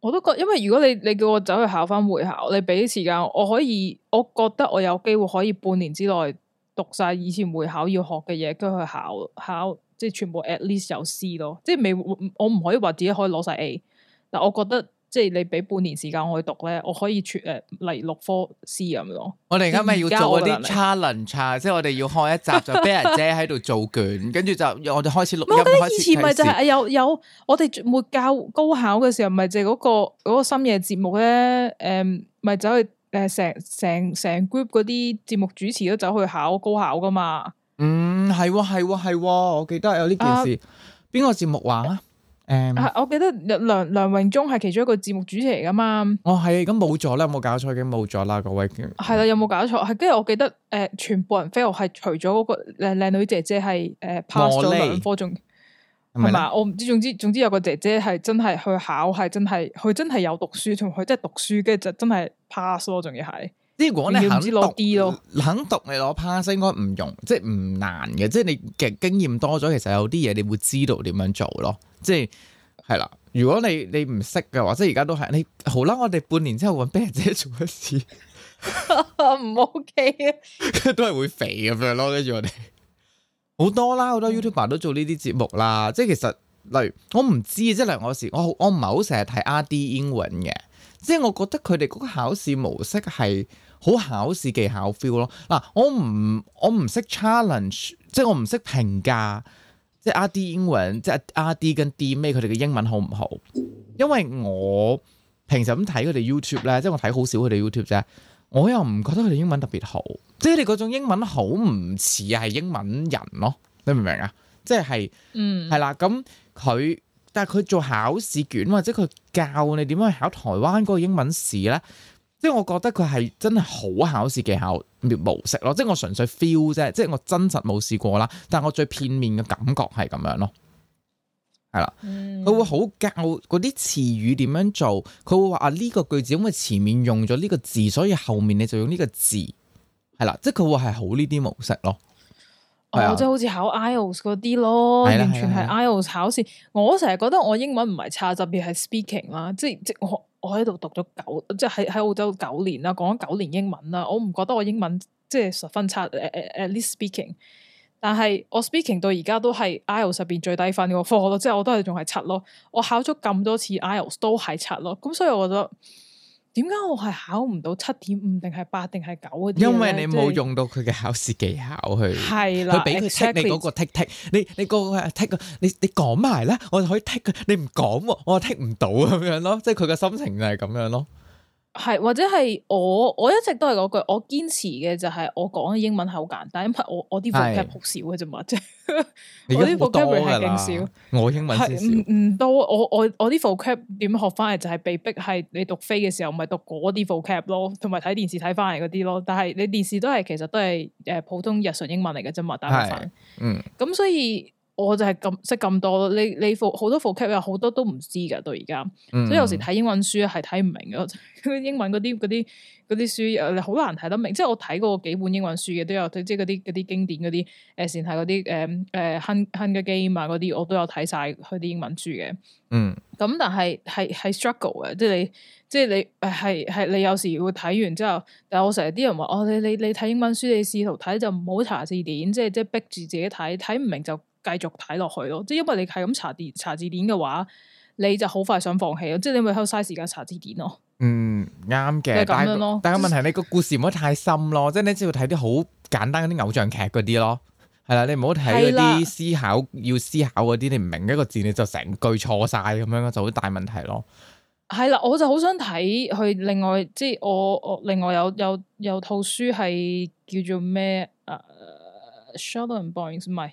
我都覺，因為如果你你叫我走去考翻會考，你俾啲時間，我可以，我覺得我有機會可以半年之內讀晒以前會考要學嘅嘢，跟住去考考，即係全部 at least 有 C 咯，即係未我唔可以話自己可以攞晒 A，但我覺得。即係你俾半年時間我去讀咧，我可以誒嚟、呃、六科 C 咁樣。我哋而家咪要做啲 challenge，即係我哋要開一集 <laughs> 就俾人姐喺度做卷，跟住就我哋開始錄音。我哋是以前咪就係有有、有，我哋冇教高考嘅時候，咪就嗰個嗰、嗰個深夜節目咧，誒、嗯，咪走去誒、呃，成成成、成 group 嗰啲節目主持都走去考高考噶嘛？嗯，係喎係喎係喎，我記得有呢件事。邊、啊、個節目話啊？誒、um,，我記得梁梁、梁榮忠係其中一個節目主持嚟噶嘛？哦係咁冇咗啦，有冇搞錯？已經冇咗啦，各位。係、嗯、啦，有冇搞錯？係跟住我記得，誒、呃，全部人 fail，係除咗嗰個靚靚女姐姐係誒、呃、pass 咗兩科，仲係咪？我唔知，總之總之有個姐姐係真係去考，係真係佢真係有讀書，同佢真係讀書，跟住就真係 pass 咯，仲要係。即係如果你肯讀，咯肯讀你攞 pass 應該唔用，即係唔難嘅。即係你嘅經驗多咗，其實有啲嘢你會知道點樣做咯。即係係啦，如果你你唔識嘅話，即係而家都係你好啦，我哋半年之後揾 bear 姐做嘅事，唔 OK 啊，都係會肥咁樣咯。跟住我哋好多啦，好多 YouTuber 都做呢啲節目啦。嗯、即係其實例如我唔知即係兩個事，我我唔係好成日睇 RD 英文嘅，即係我覺得佢哋嗰個考試模式係。好考試技巧 feel 咯，嗱我唔我唔識 challenge，即係我唔識評價，即係阿 D 英文，即係阿 D 跟 D 咩佢哋嘅英文好唔好？因為我平時咁睇佢哋 YouTube 咧，即係我睇好少佢哋 YouTube 啫，我又唔覺得佢哋英文特別好，即係佢嗰種英文好唔似係英文人咯，你明唔明啊？即係係、嗯嗯，嗯，係啦，咁佢但係佢做考試卷或者佢教你點樣去考台灣嗰個英文試咧？即係我覺得佢係真係好考試技巧模式咯，即係我純粹 feel 啫，即係我真實冇試過啦，但係我最片面嘅感覺係咁樣咯，係啦，佢、嗯、會好教嗰啲詞語點樣做，佢會話啊呢個句子因為前面用咗呢個字，所以後面你就用呢個字，係啦，即係佢會係好呢啲模式咯。哦，oh, Yeah. 即係好似考 IELTS 嗰啲咯，Yeah. 完全係 IELTS 考試。Yeah. 我成日覺得我英文唔係差，特別係 speaking 啦，即係即我我喺度讀咗九，即係喺喺澳洲九年啦，講咗九年英文啦，我唔覺得我英文即係十分差誒誒誒，least speaking。但係我 speaking 到而家都係 IELTS 入邊最低分個科咯，即係我都係仲係七咯。我考咗咁多次 IELTS 都係七咯，咁所以我覺得。點解我係考唔到七點五定係八定係九嗰啲咧？因為你冇用到佢嘅考試技巧去係啦，佢俾佢剔你嗰個剔剔，你你嗰個剔個，你個你講埋啦，我就可以剔個，你唔講喎，我剔唔到咁樣咯，即係佢嘅心情就係咁樣咯。係或者係我我一直都係嗰句，我堅持嘅就係我講嘅英文係好簡單，因為我我啲 vocab 好少嘅啫嘛，即係是 <laughs> 我啲 vocab 係更少。我英文唔唔多。我我我啲 vocab 點學翻嚟就係、是、被逼係你讀飛嘅時候，咪讀嗰啲 vocab 咯，同埋睇電視睇翻嚟嗰啲咯。但係你電視都係其實都係誒、呃、普通日常英文嚟嘅啫嘛，打翻嗯。咁所以。我就係咁識咁多咯，呢呢好多副劇啊，好多都唔知㗎到而家，所以有時睇英文書係睇唔明嘅， <laughs> 英文嗰啲嗰啲嗰啲書好難睇得明。即係我睇過幾本英文書嘅，都有即係嗰啲啲經典嗰啲，誒先睇嗰啲誒誒 Hunger Games 啊嗰啲，我都有睇晒。佢啲英文書嘅。嗯，咁但係係係 struggle 嘅，即係你即係你係係你有時會睇完之後，但係我成日啲人話，我、哦、你你睇英文書，你試圖睇就唔好查字典，即係即係逼住自己睇，睇唔明就，繼續睇落去咯，即係因為你係咁查字查字典嘅話，你就好快想放棄咯。即係你咪喺度嘥時間查字典、嗯、咯。嗯但，啱嘅、就是，但係問題你個故事唔好太深咯，就是、即係你只要睇啲好簡單啲偶像劇嗰啲咯，係啦，你唔好睇嗰啲思考啦要思考嗰啲，你唔明一個字你就成句錯晒咁樣就好大問題咯。係啦，我就好想睇佢。另外，即係我我另外有有有，有，有套書係叫做咩啊，Sheldon Boyce 唔係。Uh,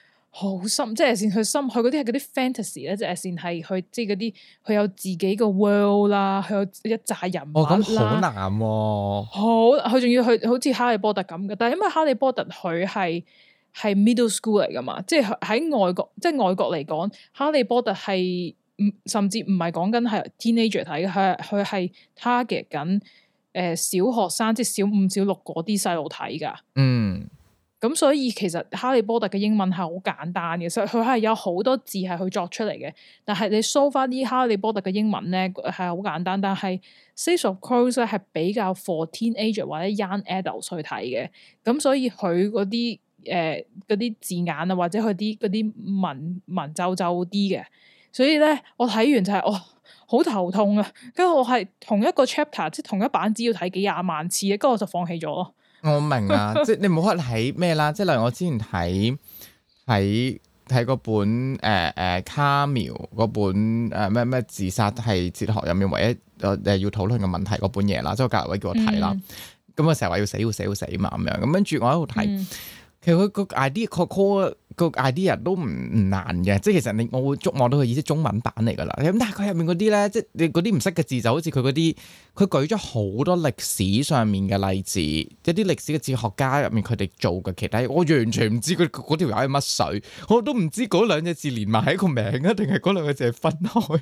好深，即係阿仙佢深，佢嗰啲係嗰啲 fantasy 咧，即係阿仙係佢即係嗰啲，佢有自己個 world 啦，佢有一紮人物咁、哦哦、好難喎。好，佢仲要去好似哈利波特咁嘅，但係因為哈利波特佢係係 middle school 嚟噶嘛，即係喺外國，即係外國嚟講，哈利波特係唔甚至唔係講緊係 teenager 睇嘅，佢佢係 target 緊誒、呃、小學生，即係小五、小六嗰啲細路睇噶。嗯。咁所以其實《哈利波特》嘅英文係好簡單嘅，所以佢係有好多字係佢作出嚟嘅。但係你搜翻啲《哈利波特》嘅英文咧係好簡單，但係《Sees of Course》咧係比較 for teenager 或者 young adult 去睇嘅。咁所以佢嗰啲誒啲字眼啊，或者佢啲嗰啲文文縐縐啲嘅。所以咧，我睇完就係、是、哦，好頭痛啊！跟住我係同一個 chapter 即係同一版，只要睇幾廿萬次，跟住我就放棄咗咯。 <laughs> 我明啊，即係你唔好話睇咩啦，即係例如我之前睇睇睇嗰本誒誒、呃啊、卡繆，嗰本誒咩咩自殺係哲學入面唯一誒、呃、要討論嘅問題嗰本嘢啦，即係隔日我叫我睇啦，咁啊成日話要死要死要死嘛咁樣，咁跟住我喺度睇，嗯、其實佢 ide 個 idea coco。個 idea 都唔唔難嘅，即係其實你我會觸摸到佢意思中文版嚟㗎啦。咁但係佢入面嗰啲咧，即係你嗰啲唔識嘅字，就好似佢嗰啲，佢舉咗好多歷史上面嘅例子，即一啲歷史嘅哲學家入面佢哋做嘅其他，我完全唔知佢條友係乜水，我都唔知嗰兩隻字連埋喺一個名啊，定係嗰兩個字係分開。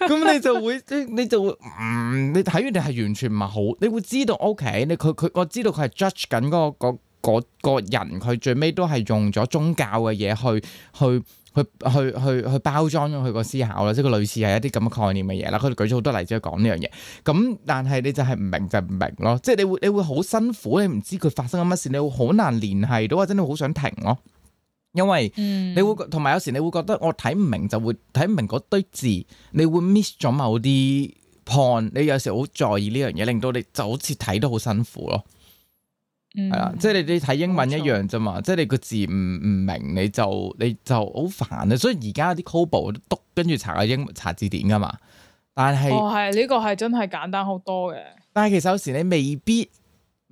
咁 <laughs> 你就會，你你就會唔、嗯，你睇完你係完全唔係好，你會知道 OK，你佢佢我知道佢係 judge 緊嗰、嗰個、嗰個嗰個人佢最尾都係用咗宗教嘅嘢去去去去去去包裝咗佢個思考啦，即係個類似係一啲咁嘅概念嘅嘢啦。佢哋舉咗好多例子去講呢樣嘢。咁但係你就係唔明就唔明咯，即係你會你會好辛苦，你唔知佢發生緊乜事，你會好難聯繫到，或者你好想停咯。因為你會同埋、嗯、有時你會覺得我睇唔明就會睇唔明嗰堆字，你會 miss 咗某啲 point，你有時好在意呢樣嘢，令到你就好似睇得好辛苦咯。係啊，嗯、即係你你睇英文一樣啫嘛。錯即係你個字唔唔明，你就你就好煩啊。所以而家啲 cable 篤跟住查下英文、查字典㗎嘛。但係哦，係呢、呢個係真係簡單好多嘅。但係其實有時你未必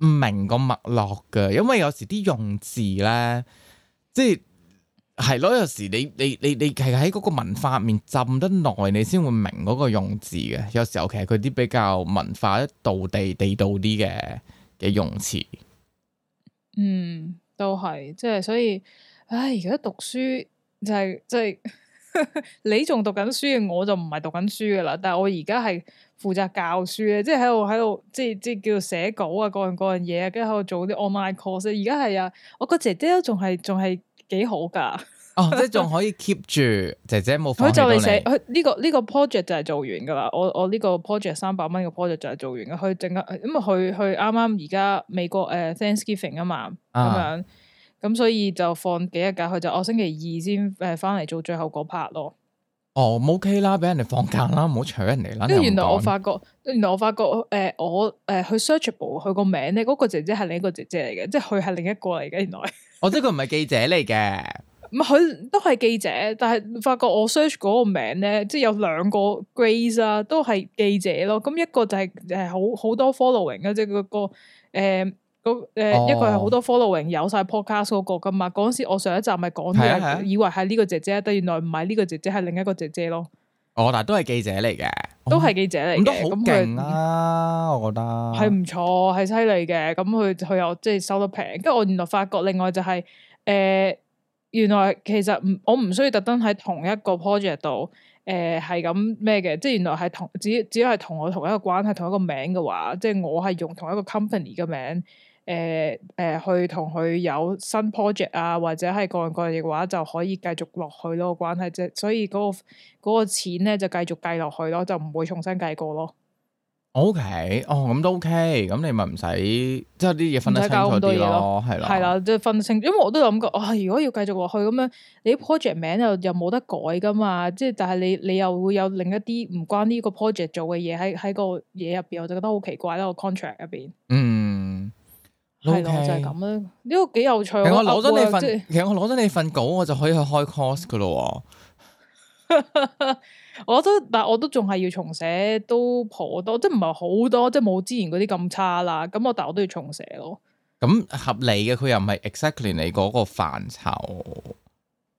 唔明個脈絡㗎，因為有時啲用字咧，即係係咯。有時你你你你係喺嗰個文化面浸得耐，你先會明嗰個用字嘅。有時候其實佢啲比較文化一道地地道啲嘅嘅用詞。嗯，都係，即係所以，唉，而家讀書就係即係你仲讀緊書，我就唔係讀緊書噶啦。但係我而家係負責教書咧，即係喺度喺度即係即係叫做寫稿啊，各樣各樣嘢啊，跟住喺度做啲 online course。而家係啊，我個姐姐都仲係仲係幾好噶。哦，oh, <laughs> 即係仲可以 keep 住姐姐冇佢，呢個呢個，就嚟寫佢呢個呢個 project 就係做完噶啦，我我呢個 project 三百蚊嘅 project 就係做完嘅。佢陣間因為啱啱，uh, 啊，佢佢啱啱而家美國誒 Thanksgiving 啊嘛，咁樣咁所以就放幾日假，佢就我星期二先誒翻嚟做最後嗰 part 咯。哦，OK 啦，俾人哋放假啦，唔好搶人哋。跟住 <laughs> 原來我發覺，原來我發覺誒，呃，我誒去，呃，searchable 佢個名咧，嗰，嗰個姐姐係另一個姐姐嚟嘅，即係佢係另一個嚟嘅。原來哦，即係佢唔係記者嚟嘅。唔係佢都係記者，但係發覺我 search 嗰個名咧，即係有兩個 Grace 啊，都係記者咯。咁一個就係、是、誒，好、呃、好多 following 啊、呃，即係個個誒，誒、呃哦、一個係好多 following 有晒 podcast 嗰個噶嘛。嗰陣時我上一集咪講，是啊是啊以為係呢個姐姐，但原來唔係呢個姐姐，係另一個姐姐咯。哦，但都係記者嚟嘅，哦、都係記者嚟嘅，咁好勁啊！他我覺得係唔錯，係犀利嘅。咁佢佢又即係收得平。跟住我原來發覺，另外就係、是、誒。呃原來其實唔，我唔需要特登喺同一個 project 度，誒係咁咩嘅？即係原來係同只只要係同我同一個關係、同一個名嘅話，即係我係用同一個 company 嘅名，誒、呃、誒、呃、去同佢有新 project 啊，或者係各人各人嘅話，就可以繼續落去咯關係啫。所以嗰個嗰個錢咧就繼續計落去咯，就唔會重新計過咯。O、okay, K，哦，咁都 O K，咁你咪唔使即係啲嘢分得清楚啲咯，係咯，係啦了，即係了分得清，因為我都有諗過，哦，如果要繼續落去咁樣，你啲 project 名又又冇得改噶嘛，即係但係你你又會有另一啲唔關呢個 project 做嘅嘢喺喺個嘢入邊，我就覺得好奇怪咯，contract 入邊，面嗯，okay, 就係咁啦，呢、這個幾有趣，我攞咗你份，其實、就是、我攞咗你份稿，我就可以去開 course 㗎咯喎。嗯 <laughs> 我覺得，但我都仲係要重寫，都頗多，即係唔係好多，即係冇之前嗰啲咁差啦。咁我但我都要重寫咯。咁合理嘅，佢又唔係 exactly 你嗰個範疇。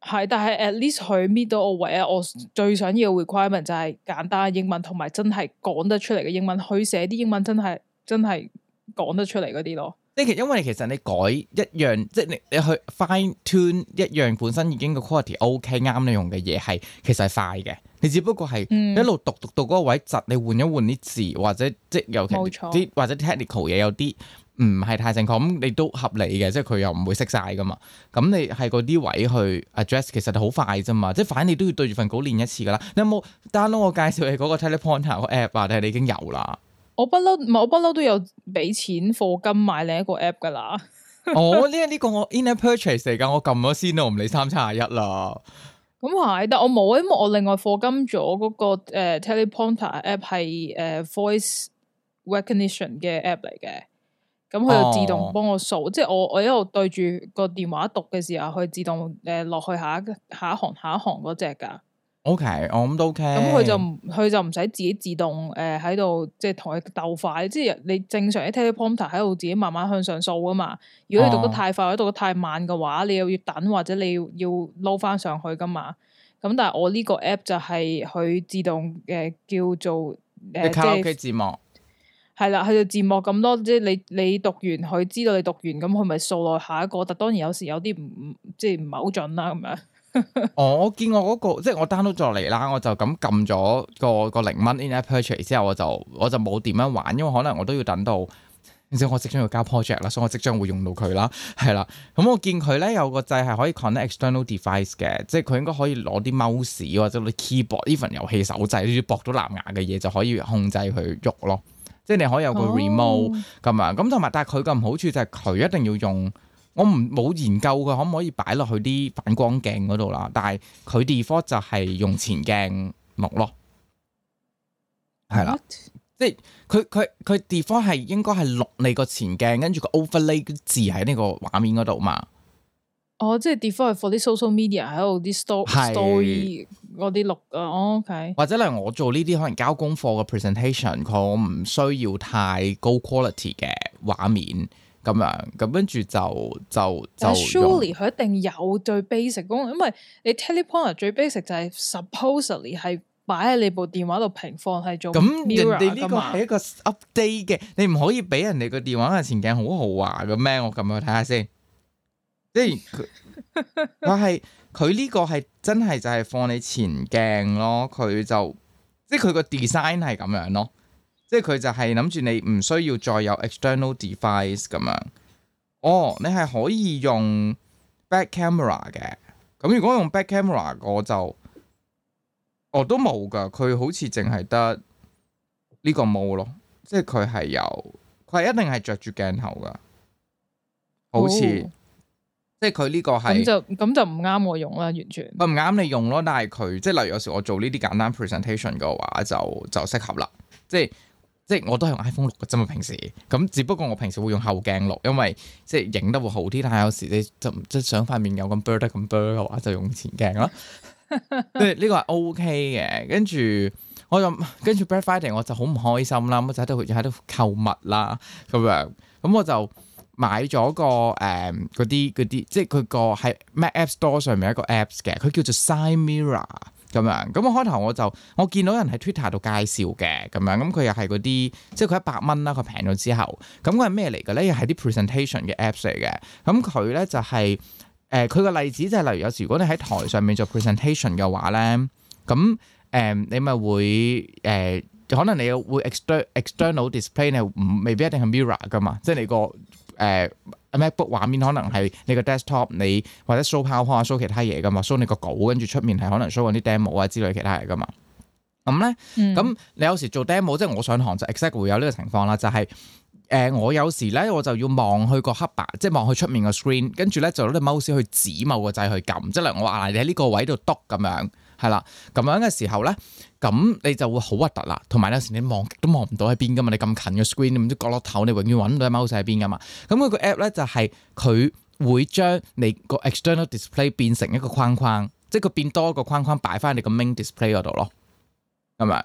係， <noise> 但係 at least 佢 meet 到我位啊！我最想要 requirement 就係簡單英文，同埋真係講得出嚟嘅英文。佢寫啲英文真係真係講得出嚟嗰啲咯。因為其實你改一樣，即係你你去 fine tune 一樣本身已經個 quality OK 啱你用嘅嘢係其實係快嘅。你只不過係一路讀、嗯、讀到嗰個位窒，你換一換啲字或者即係有啲或者 technical 嘢有啲唔係太正確咁，你都合理嘅，即係佢又唔會識晒㗎嘛。咁你喺嗰啲位去 address，其實好快啫嘛。即係反正你都要對住份稿練一次㗎啦。你有冇 download 我介紹你嗰個 teleprompter app 啊？定係你已經有啦？我不嬲，唔係我不嬲都有俾錢貨金買另一個 app 噶啦。我呢呢個我 in-app purchase 嚟噶，我撳咗先咯，唔理三七廿一啦。咁係，但我冇，因為我另外貨金咗嗰、嗰個、呃、teleprompter app 係誒、呃、voice recognition 嘅 app 嚟嘅。咁、嗯、佢就自動幫我掃，哦、即係我我一路對住個電話讀嘅時候，佢自動誒落、呃、去下一下一行下一行嗰隻㗎。O K，我諗都 O K。咁佢、okay, okay. 嗯、就佢就唔使自己自動誒喺度，即係同佢鬥快。即係你正常一 teleprompter 喺度自己慢慢向上掃啊嘛。如果你讀得太快，哦、或者讀得太慢嘅話，你又要等或者你要要撈翻上去噶嘛。咁、嗯、但係我呢個 app 就係、是、佢自動誒叫做，你靠屋企字幕係啦，佢就字幕咁多，即係你你讀完佢知道你讀完，咁佢咪掃落下一個。但係當然有時有啲唔即係唔係好準啦咁樣。我見我嗰個即係我 download 咗落嚟啦，我就咁撳咗個個零蚊 in-app purchase 之後，我就我就冇點樣玩，因為可能我都要等到，然之後我即將要交 project 啦，所以我即將會用到佢啦，係啦。咁我見佢咧有個掣係可以 connect external device 嘅，即係佢應該可以攞啲 mouse 或者啲 keyboard，even 遊戲手掣，你要駁到藍牙嘅嘢就可以控制佢喐咯。即係你可以有個 remote 咁樣，咁同埋，但係佢個好處就係佢一定要用。我唔冇研究佢可唔可以擺落去啲反光鏡嗰度啦，但係佢 default 就係用前鏡錄咯，係啦，What? 即係佢佢佢 default 係應該係錄你個前鏡，跟住個 overlay 字喺呢個畫面嗰度嘛。哦、oh，即係 default 係 for 啲 social media 喺度啲 story 嗰啲錄啊。Oh, OK。或者例如我做呢啲可能交功課嘅 presentation，我唔需要太高 quality 嘅畫面。咁樣，咁跟住就就就，就就但係 Surely 佢一定有對 basic 功能，因為你 telephone 最 basic 就係 supposedly 係擺喺你部電話度平放，係做咁人哋呢個係一個 update 嘅，你唔可以俾人哋個電話嘅前鏡好豪華嘅咩？我咁樣睇下先，即係佢，佢係佢呢個係真係就係放你前鏡咯，佢就即係佢個 design 係咁樣咯。即係佢就係諗住你唔需要再有 external device 咁樣，哦，你係可以用 back camera 嘅。咁如果用 back camera，我就我、哦、都冇噶，佢好似淨係得呢個冇咯。即係佢係有，佢係一定係着住鏡頭噶，好似、哦、即係佢呢個係。咁就咁就唔啱我用啦，完全。唔啱你用咯，但係佢即係例如有時我做呢啲簡單 presentation 嘅話，就就適合啦，即係。即係我都係用 iPhone 六嘅啫嘛，平時咁，只不過我平時會用後鏡錄，因為即係影得會好啲。但係有時你就唔即係想塊面有咁 bird 得咁 bird 嘅話，就用前鏡啦。即係呢個係 OK 嘅。跟住我就跟住 Black Friday 我就好唔開心啦。咁就喺度又喺度購物啦咁樣。咁、嗯、我就買咗個誒嗰啲嗰啲，即係佢、嗰個喺 Mac App Store 上面有一個 Apps 嘅，佢叫做 Sign Mirror。咁樣，咁我開頭我就我見到人喺 Twitter 度介紹嘅，咁樣，咁佢又係嗰啲，即係佢一百蚊啦，佢平咗之後，咁佢係咩嚟嘅咧？又係啲 presentation 嘅 apps 嚟嘅，咁佢咧就係、是，誒、呃，佢個例子就係、是、例如有時如果你喺台上面做 presentation 嘅話咧，咁誒、呃，你咪會誒、呃，可能你會 external external display 咧，未必一定係 mirror 噶嘛，即係你個。誒、呃、MacBook 畫面可能係你個 desktop，你或者 show power, power show 其他嘢噶嘛，show 你個稿，跟住出面係可能 show 嗰啲 demo 啊之類其他嘢噶嘛。咁咧，咁、嗯、你有時做 demo，即係我上堂就 exactly 有呢個情況啦，就係、是、誒我有時咧我就要望去個黑白，即係望去出面 screen，個 screen，跟住咧就攞隻 mouse 去指某個掣去撳，即係例如我話你喺呢個位度篤咁樣，係啦，咁樣嘅時候咧。咁你就會好核突啦，同埋有，有時你望都望唔到喺邊噶嘛，你咁近嘅 screen，你唔知角落頭你永遠揾唔到貓仔喺邊噶嘛。咁嗰個 app 咧就係、是、佢會將你個 external display 變成一個框框，即係佢變多一個框框擺翻你個 main display 嗰度咯。係咪？咁、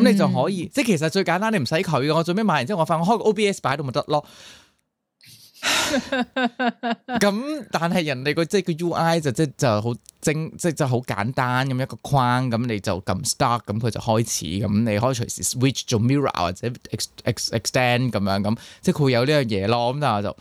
嗯、你就可以，即係其實最簡單，你唔使佢嘅，我最尾買完之後，我發我開個 OBS 擺到咪得咯。咁， <laughs> 但係人哋個即係個 UI 就即就好精，即就好簡單咁一個框，咁你就撳 Start，咁佢就開始，咁你可以隨時 Switch 做 Mirror 或者 ex ex extend 咁樣，咁即係佢會有呢樣嘢咯。咁但係就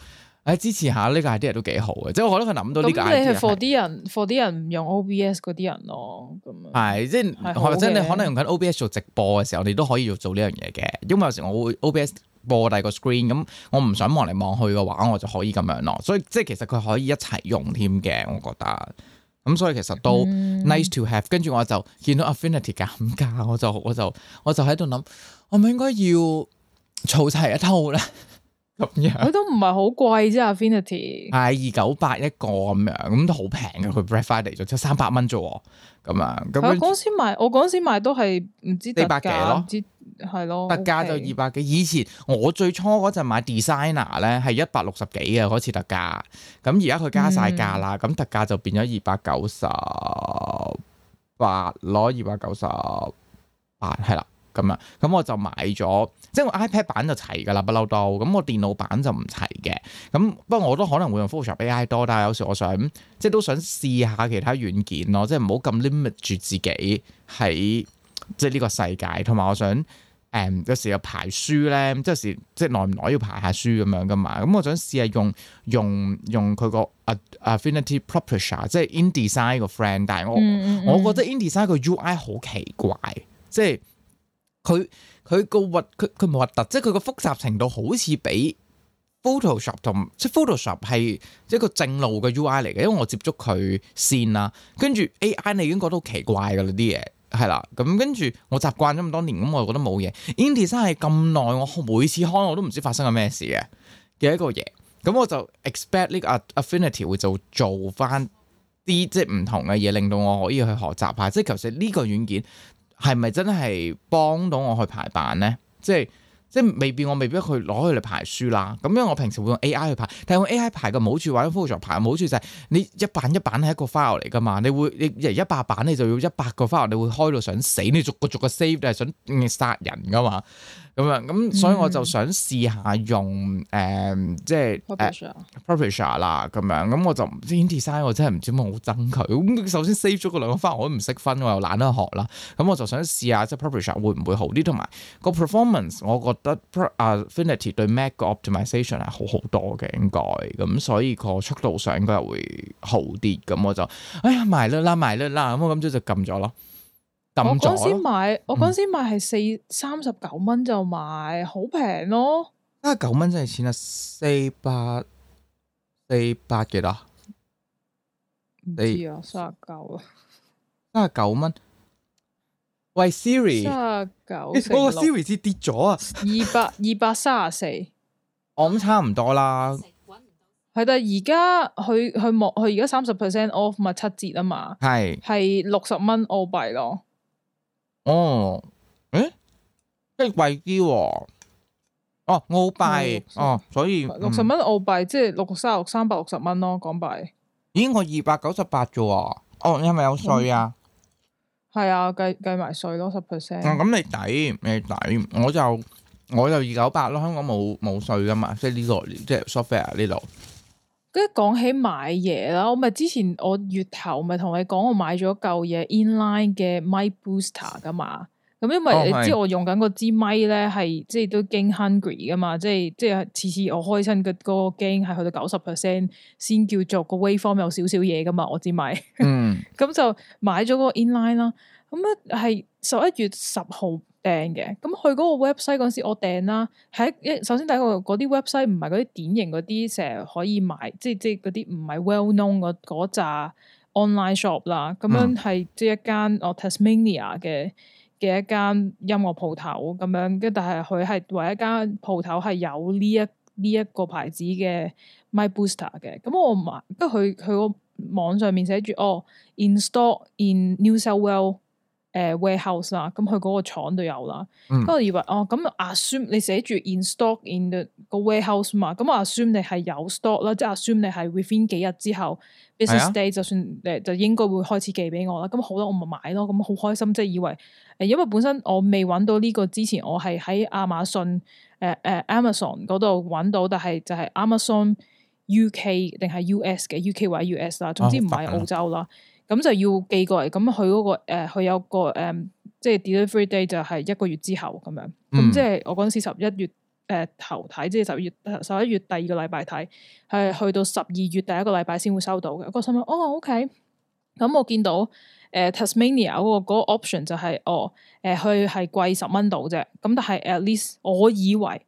誒支持下呢個 idea 都幾好嘅，即係我覺得佢諗到呢個 idea。咁你係 for 啲人，for 啲人用 OBS 啲人咯，咁係即係，或者你可能用緊 OBS 做直播嘅時候，你都可以做呢樣嘢嘅，因為有時我會 OBS。播第二個 screen 咁，我唔想望嚟望去嘅話，我就可以咁樣咯。所以即係其實佢可以一齊用添嘅，我覺得。咁所以其實都、嗯、nice to have。跟住我就見到 you know, Affinity 減價，我就我就我就喺度諗，我咪應該要儲齊一套咧。咁 <laughs> 樣佢都唔係好貴啫、啊、，Affinity 係二九八、哎、一個咁樣，咁都好平嘅。佢 b refine 嚟咗就三百蚊啫，咁樣。我嗰時買，我嗰時買都係唔知百幾咯。知係咯，特價就二百幾。以前我最初嗰陣買 Designer 咧，係一百六十幾嘅嗰次特價。咁而家佢加晒價啦，咁、嗯、特價就變咗二百九十八咯，二百九十八係啦咁啊。咁我就買咗，即係我 iPad 版就齊㗎啦，不嬲都。咁我電腦版就唔齊嘅。咁不過我都可能會用 Photoshop AI 多，但係有時我想即係都想試下其他軟件咯，即係唔好咁 limit 住自己喺即係呢個世界，同埋我想。誒、um，有時排呢有排書咧，即係時即係耐唔耐要排下書咁樣噶嘛？咁、嗯、我想試下用用用佢個啊 Affinity Publisher，即係 InDesign 個 friend，但係我、嗯嗯、我覺得 InDesign 個 UI 好奇怪，即係佢佢個核佢佢核突，即係佢個複雜程度好似比 Photoshop 同即 Photoshop 係一個正路嘅 UI 嚟嘅，因為我接觸佢先啦，跟住 AI 你已經覺得好奇怪嘅啦啲嘢。係啦，咁跟住我習慣咗咁多年，咁我就覺得冇嘢。InDesign 係咁耐，我每次開我都唔知發生緊咩事嘅嘅一個嘢。咁我就 expect 呢個 affinity 會做做翻啲即係唔同嘅嘢，令到我可以去學習下。即係其實呢個軟件係咪真係幫到我去排版咧？即係。即係未必，我未必去攞佢嚟排書啦。咁因為我平時會用 AI 去排，但係用 AI 排嘅冇處，或者複雜排嘅冇處就係你一版一版係一個 file 嚟㗎嘛。你會你一百版你就要一百個 file，你會開到想死，你逐個逐個 save 係想、嗯、殺人㗎嘛。咁樣咁，所以我就想試下用誒，即係 professional 啦咁樣。咁我就唔知 Affinity 山，我真係唔知好憎佢。咁首先 save 咗個兩個分，我都唔識分，我又懶得學啦。咁我就想試下即係、就是、professional 會唔會好啲，同埋個 performance，我覺得 Affinity 對 Mac 個 optimization 係好好多嘅，應該咁。所以個速度上應該係會好啲。咁我就哎呀，埋嘞啦，埋嘞啦，咁我咁早就撳咗咯。我嗰時買，我嗰時買係四三十九蚊就買，好平咯。三十九蚊真係錢啊！四百四百幾多？唔知啊，三十九啊。三十九蚊？喂，Siri，我個 Siri 先跌咗啊！二百二百三十四，我諗 <laughs> 差唔多啦。係，但而家佢佢冇佢而家三十 percent off 咪七折啊嘛，係係六十蚊澳幣咯。哦，誒、欸，即係貴啲喎。哦，澳幣，嗯、哦，所以六十蚊澳幣即係六三六三百六十蚊咯，港幣。咦，我二百九十八啫喎。哦，你係咪有稅啊？係、嗯、啊，計計埋稅咯，十 percent。咁、嗯嗯嗯嗯嗯、你抵，你抵。我就我就二九八咯，香港冇冇稅噶嘛，即係呢度，即係 Sofia 呢度。跟住講起買嘢啦，我咪之前我月頭咪同你講，我買咗嚿嘢 inline 嘅 mic booster 噶嘛。咁因為你知我用緊嗰支咪咧，係即係都驚 hungry 噶嘛。即係即係次次我開親個嗰個 gain 係去到九十 percent 先叫做個 waveform 有少少嘢噶嘛。我支咪，咁、嗯 <laughs> 嗯、就買咗個 inline 啦。咁咧係十一月十號，訂嘅，咁佢嗰個 website 嗰時我訂啦，係一首先第一個嗰啲 website 唔係嗰啲典型嗰啲成日可以買，即係即係嗰啲唔係 well known 嗰扎 online shop 啦，咁樣係即係一間哦 Tasmania 嘅嘅一間音樂鋪頭咁樣，跟但係佢係唯一間鋪頭係有呢一呢一個牌子嘅 My Booster 嘅，咁我唔買，跟佢佢個網上面寫住哦，in store in New South Wales。誒、呃、warehouse 啦，咁佢嗰個廠都有啦。不、嗯、我以為哦，咁 assume 你寫住 in stock in the 個 warehouse 嘛，咁 assume 你係有 stock 啦，即係 assume 你係 within 幾日之後 business day、啊、就算誒，就應該會開始寄俾我啦。咁好啦，我咪買咯，咁好開心，即係以為誒，因為本身我未揾到呢個之前，我係喺亞馬遜誒誒 Amazon 嗰度揾到，但係就係 Amazon UK 定係 US 嘅 UK 或 US 啦，總之唔係澳洲啦。哦咁就要寄過嚟，咁佢嗰個佢、呃、有個誒、呃，即係 delivery day 就係一個月之後咁樣，咁即係我嗰陣時十一月誒、呃、頭睇，即係十一月、十一月第二個禮拜睇，係去到十二月第一個禮拜先會收到嘅。我心諗哦，OK，咁、嗯、我見到誒、呃、Tasmania 嗰個 option 就係、是、哦誒，佢、呃、係貴十蚊到啫，咁但係 at least 我以為。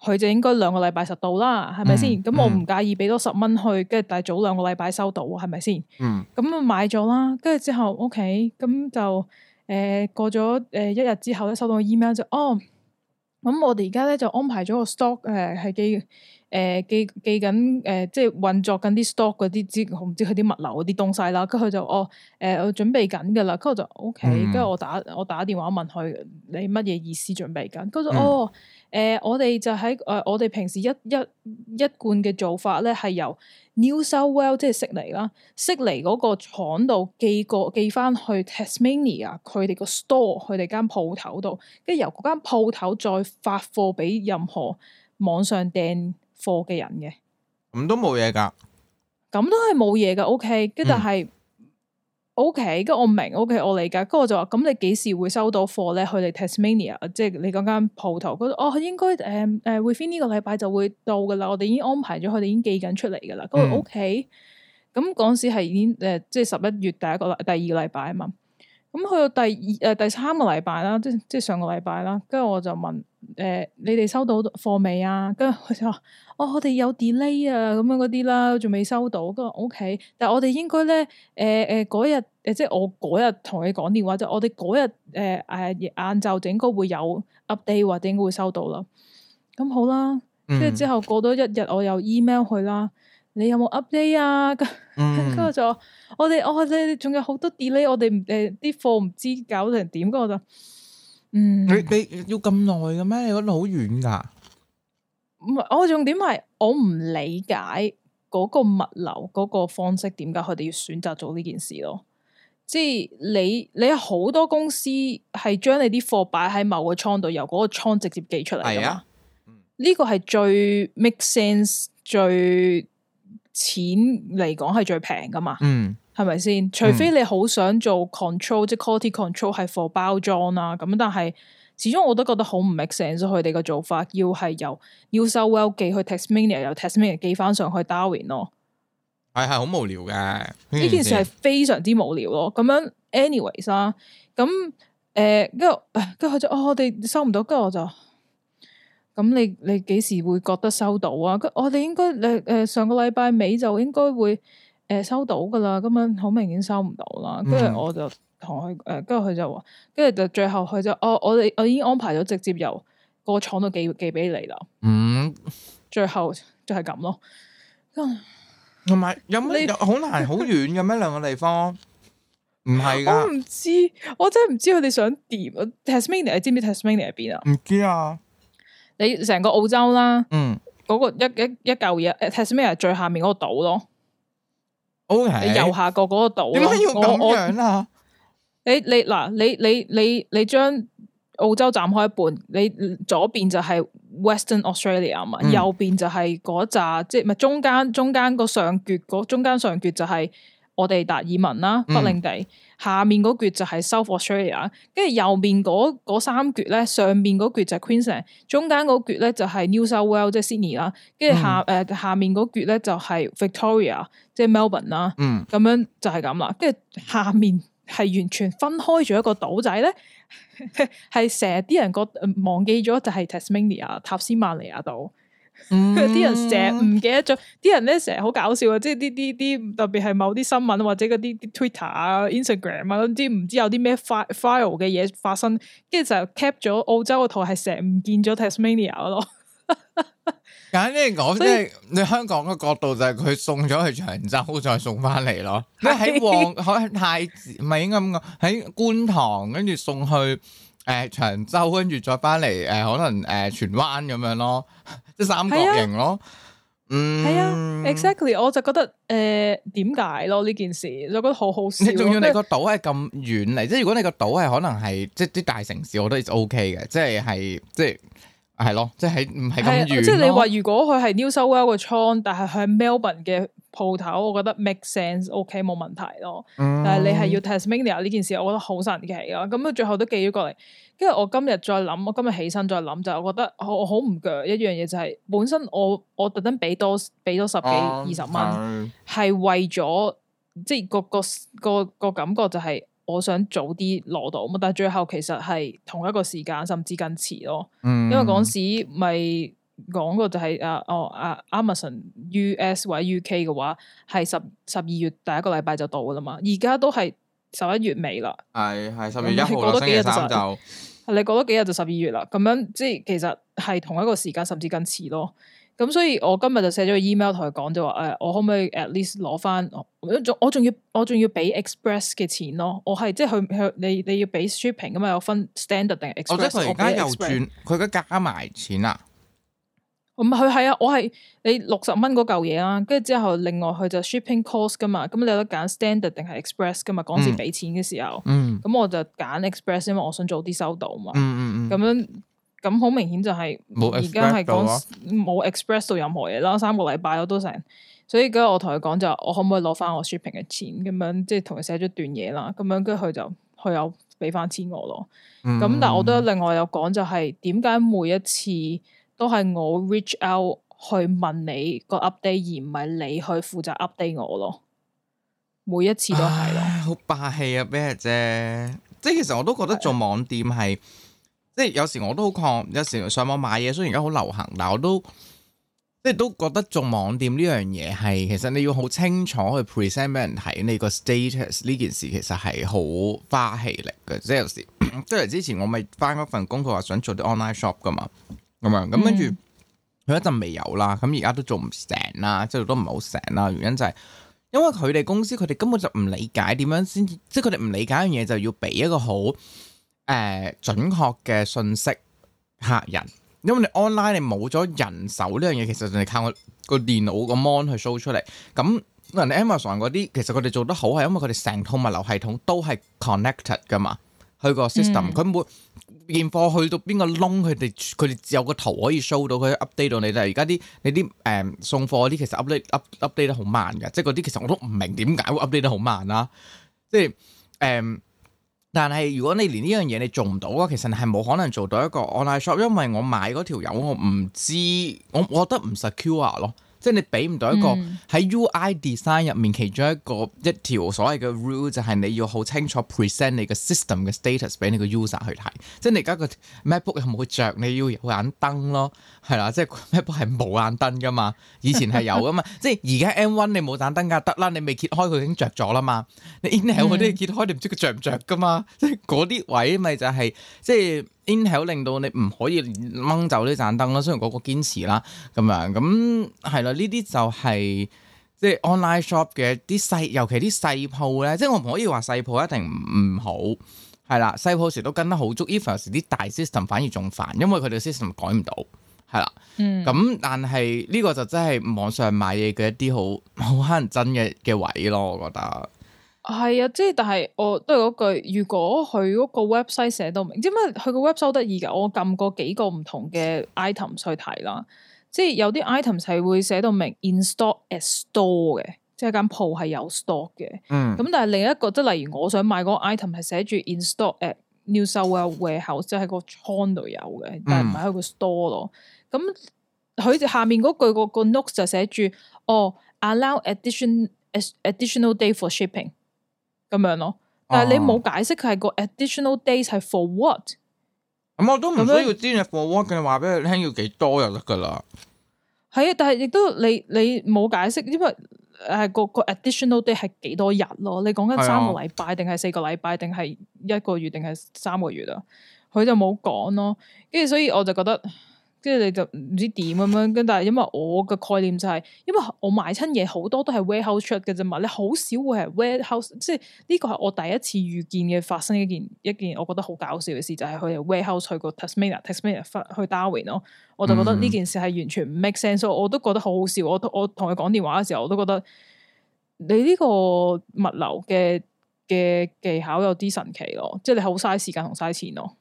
佢就應該兩個禮拜實到啦，係咪先？咁我唔介意俾多十蚊去，跟住大早兩個禮拜收到，係咪先？咁、嗯、買咗啦，跟住之後 OK，咁就誒、呃、過咗誒、呃、一日之後咧，收到個 email 就哦，咁我哋而家咧就安排咗個 stock 誒係幾。誒寄，寄緊誒，即係運作緊啲 stock 嗰啲，知我唔知佢啲物流嗰啲東西啦。跟住佢就哦，誒、呃、我準備緊噶啦。跟住我就 OK，跟住我打我打電話問佢你乜嘢意思準備緊。跟住我誒，我哋就喺誒、呃、我哋平時一一一,一貫嘅做法咧，係由 New South Wales 即係悉尼啦，悉尼嗰個廠度寄過寄翻去 Tasmania 佢哋個 store 佢哋間鋪頭度，跟住由嗰間鋪頭再發貨俾任何網上訂貨嘅人嘅，咁都冇嘢噶，咁都係冇嘢噶。O K，跟但係 O K，跟我唔明 O、OK, K，我理解。跟住我就話，咁你幾時會收到貨咧？佢哋 Tasmania，即係你嗰間鋪頭，佢我、哦、應該誒誒，會、呃、呢、呃、個禮拜就會到噶啦。我哋已經安排咗，佢哋已經寄緊出嚟噶啦。佢話 O K，咁嗰時係已誒，即係十一月第一個第二個禮拜啊嘛。咁去到第二誒、呃、第三個禮拜啦，即、就、即、是就是、上個禮拜啦。跟住我就問誒、呃，你哋收到貨未啊？跟住我就。哦，我哋有 delay 啊，咁樣嗰啲啦，仲未收到。咁我 OK，但係我哋應該咧，誒誒嗰日，誒即係我嗰日同你講電話就是我，我哋嗰日誒誒晏晝整應該會有 update 或者應該會收到啦。咁、嗯、好啦，跟住之後過多一日我又 email 佢啦，你有冇 update 啊？咁跟住就我哋、哦、我哋仲有好多 delay，我哋誒啲貨唔知搞成點，咁我就嗯，你你要咁耐嘅咩？你嗰度好遠噶？唔係，我重點係我唔理解嗰個物流嗰個方式點解佢哋要選擇做呢件事咯。即係你你好多公司係將你啲貨擺喺某個倉度，由嗰個倉直接寄出嚟噶嘛？呢是、啊、個係最 make sense 最錢嚟講係最平噶嘛？嗯吧，係咪先？除非你好想做 control 即係 quality control 係貨包裝啦、啊，咁但係。始終我都覺得好唔 make sense，佢哋嘅做法要係由要收 Well 寄去 Tasmania，由 Tasmania 寄翻上去 Darwin 咯。係係好無聊嘅，呢件事係非常之無聊咯。咁 <laughs> 樣，anyways 啦，咁、anyway, 誒、啊，跟住跟住佢就、哦、我哋收唔到，跟住我就咁你你幾時會覺得收到啊？我哋應該誒誒上個禮拜尾就應該會誒、呃、收到噶啦，咁樣好明顯收唔到啦。跟住我就。嗯同佢誒，跟住佢就話，跟住就最後佢就哦，我哋我已經安排咗，直接由個廠度寄寄俾你啦。嗯，最後就係咁咯。同埋有冇好難好遠嘅咩兩個地方？唔係噶，我唔知，我真係唔知佢哋想點。Tasmania，你知唔知 Tasmania 喺邊啊？唔知啊？你成個澳洲啦，嗯，嗰個一一一嚿嘢，Tasmania 最下面嗰個島咯。O K，你右下角嗰個島，點解要咁樣啊？你你嗱，你你你你將澳洲斬開一半，你左邊就係 Western Australia 嘛、嗯，右邊就係嗰扎即係咪中間，中間個上橛，中間上橛就係我哋達爾文啦，北領地，嗯、下面嗰橛就係 South Australia，跟住右面嗰三橛咧，上面嗰橛就 Queensland，中間嗰橛咧就係 New South Wales 即 Sydney 啦，跟住下誒下面嗰橛咧就係 Victoria 即 Melbourne 啦，嗯，咁樣就係咁啦，跟住下面。係完全分開咗一個島仔咧，係成日啲人個、嗯、忘記咗就係 Tasmania 塔斯曼尼亞島，啲、嗯、人成日唔記得咗，啲人咧成日好搞笑啊！即係啲啲啲，特別係某啲新聞或者嗰啲 Twitter 啊、Instagram 啊嗰啲，唔知有啲咩 file 嘅嘢發生，跟住就 cap 咗澳洲個圖，係成日唔見咗 Tasmania 咯。簡單啲講，即係以你香港嘅角度就係佢送咗去長洲，再送翻嚟咯。是即係喺旺，海太子唔係應該咁講，喺觀塘，跟住送去誒長洲，跟、呃、住再翻嚟誒可能誒荃灣咁樣咯，即係三角形咯。啊、嗯，係啊，exactly，我就覺得誒點解咯呢件事，就覺得好好笑。你仲要你個島係咁遠嚟，即係如果你個島係可能係即係啲大城市，我覺得 O K 嘅，即係係即係、okay。即係咯，即係唔係咁即係你話，如果佢係 New South Wales 嘅倉，但係佢 Melbourne 嘅鋪頭，我覺得 make sense，OK，、okay，冇問題咯。嗯、但係你係要 Tasmania 呢件事，我覺得好神奇啊。咁佢最後都寄咗過嚟。跟住我今日再諗，我今日起身再諗，就是、我覺得我好唔鋸一樣嘢，就係本身我我特登俾多俾多十幾二十蚊、啊，係為咗即係個個個個感覺就係、是。我想早啲攞到，但係最後其實係同一個時間，甚至更遲咯。嗯、因為嗰時咪講過就係、是、啊，哦、啊，阿 Amazon U S 或者 U K 嘅話係十十二月第一個禮拜就到㗎啦嘛，而家都係十一月尾啦。係係十月一號我哋嘅就，就你過多幾日就十二月啦，咁樣即係其實係同一個時間，甚至更遲咯。咁、嗯、所以，我今日就寫咗個 email 同佢講就話：誒、哎，我可唔可以 at least 攞翻？我仲我仲要我仲要俾 express 嘅錢咯。我係即係佢佢你你要俾 shipping 噶嘛？有分 standard 定 express。哦。即我即係佢而家又轉，佢而家加埋錢啦，啊。唔、嗯，佢係啊，我係你六十蚊嗰嚿嘢啦，跟住之後另外佢就 shipping cost 噶嘛。咁你有得揀 standard 定係 express 噶嘛？嗰時俾錢嘅時候，嗯，咁我就揀 express，因為我想早啲收到嘛。嗯咁，嗯嗯、樣。咁好明顯就係而家係講冇 express 到任何嘢啦，三個禮拜我都成，所以嗰日我同佢講就我可唔可以攞翻我 shipping 嘅錢咁樣，即係同佢寫咗段嘢啦，咁樣跟住佢就佢有俾翻錢我咯。咁、嗯、但係我都有另外有講就係點解每一次都係我 reach out 去問你個 update 而唔係你去負責 update 我咯，每一次都係。好霸氣啊咩啫，即係其實我都覺得做網店係。即係有時我都好抗，有時上網買嘢雖然而家好流行，但我都即係都覺得做網店呢樣嘢係其實你要好清楚去 present 俾人睇你個 status 呢件事其實係好花氣力嘅。即係有時即係 <coughs> 之前我咪返嗰份工，佢話想做啲 online shop 噶嘛，咁樣咁跟住佢、嗯、一陣未有啦，咁而家都做唔成啦，即係都唔係好成啦。原因就係、是、因為佢哋公司佢哋根本就唔理解點樣先，即係佢哋唔理解一樣嘢就要俾一個好。誒準確嘅信息客人，因為你 online 你冇咗人手呢樣嘢，其實仲係靠個個電腦個 mon 去 show 出嚟。咁人哋 Amazon 嗰啲，其實佢哋做得好係因為佢哋成套物流系統都係 connect 噶嘛，佢個 system 佢每件貨去到邊個窿，佢哋佢哋只有個圖可以 show 到佢，update 到你。但係而家啲你啲誒送貨嗰啲，其實 update update 得好慢㗎，即係嗰啲其實我都唔明點解會 update 得好慢啦。即係誒。但係如果你連呢樣嘢你做唔到嘅，其實你係冇可能做到一個 online shop，因為我買嗰條友我唔知，我我覺得唔 secure 咯。即係你俾唔到一個喺、嗯、UI design 入面其中一個一條所謂嘅 rule，就係你要好清楚 present 你嘅 system 嘅 status 俾你個 user 去睇。即係你而家個 MacBook 有冇着？你要眼燈咯。係啦，即係 MacBook 係冇眼燈燈噶嘛，以前係有噶嘛。 <laughs> 即係而家 M1 你冇盞燈噶得啦，你未揭開佢已經着咗啦嘛。你 Intel 嗰啲揭開，開你唔知佢着唔着噶嘛， <laughs> 就是、即係嗰啲位咪就係即係 Intel 令到你唔可以掹走呢盞燈啦。雖然嗰個堅持啦咁樣，咁係啦，呢啲就係、是、即係 online shop 嘅啲細，尤其啲細鋪咧，即係我唔可以話細鋪一定唔好係啦。細鋪時都跟得好足 even 有時啲大 system 反而仲煩，因為佢哋 system 改唔到。係啦，咁但係呢個就真係網上買嘢嘅一啲好好可能真嘅嘅位咯，我覺得係啊、嗯，即係但係我都係嗰句，如果佢嗰個 website 寫到明，知解佢個 website 好得意噶，我撳過幾個唔同嘅 item 去睇啦、就是，即係有啲 item 係會寫到明，install at store 嘅，即係間鋪係有 store 嘅，嗯，咁但係另一個即係例如我想買嗰個 item 係寫住 install at new store warehouse，即係喺個倉度有嘅，但係唔係喺個 store 咯、嗯。咁佢就下面嗰句、嗰個、嗰個、notes 就寫住哦，allow additional additional day for shipping 咁樣咯。但係你冇解釋佢係個 additional days 係 for what？咁、嗯嗯、樣我都唔需要知你 for what，你話俾佢聽要幾多就得噶啦。係啊，但係亦都你你冇解釋，因為誒、嗰個個 additional day 係幾多日咯？你講緊三個禮拜，定係的四個禮拜，定係一個月，定係三個月啊？佢就冇講咯，跟住所以我就覺得。跟住你就唔知點咁樣，跟但係因為我嘅概念就係，因為我買親嘢好多都係 warehouse 出嘅啫嘛，你好少會係 warehouse，即係呢個係我第一次遇見嘅發生一件一件我覺得好搞笑嘅事，就係佢哋 warehouse 去個 Tasmania，Tasmania 去 Darwin 咯，我就覺得呢件事係完全唔 make sense，所以我都覺得好好笑。我我同佢講電話嘅時候，我都覺得你呢個物流嘅嘅技巧有啲神奇咯，即係你好嘥時間同嘥錢咯。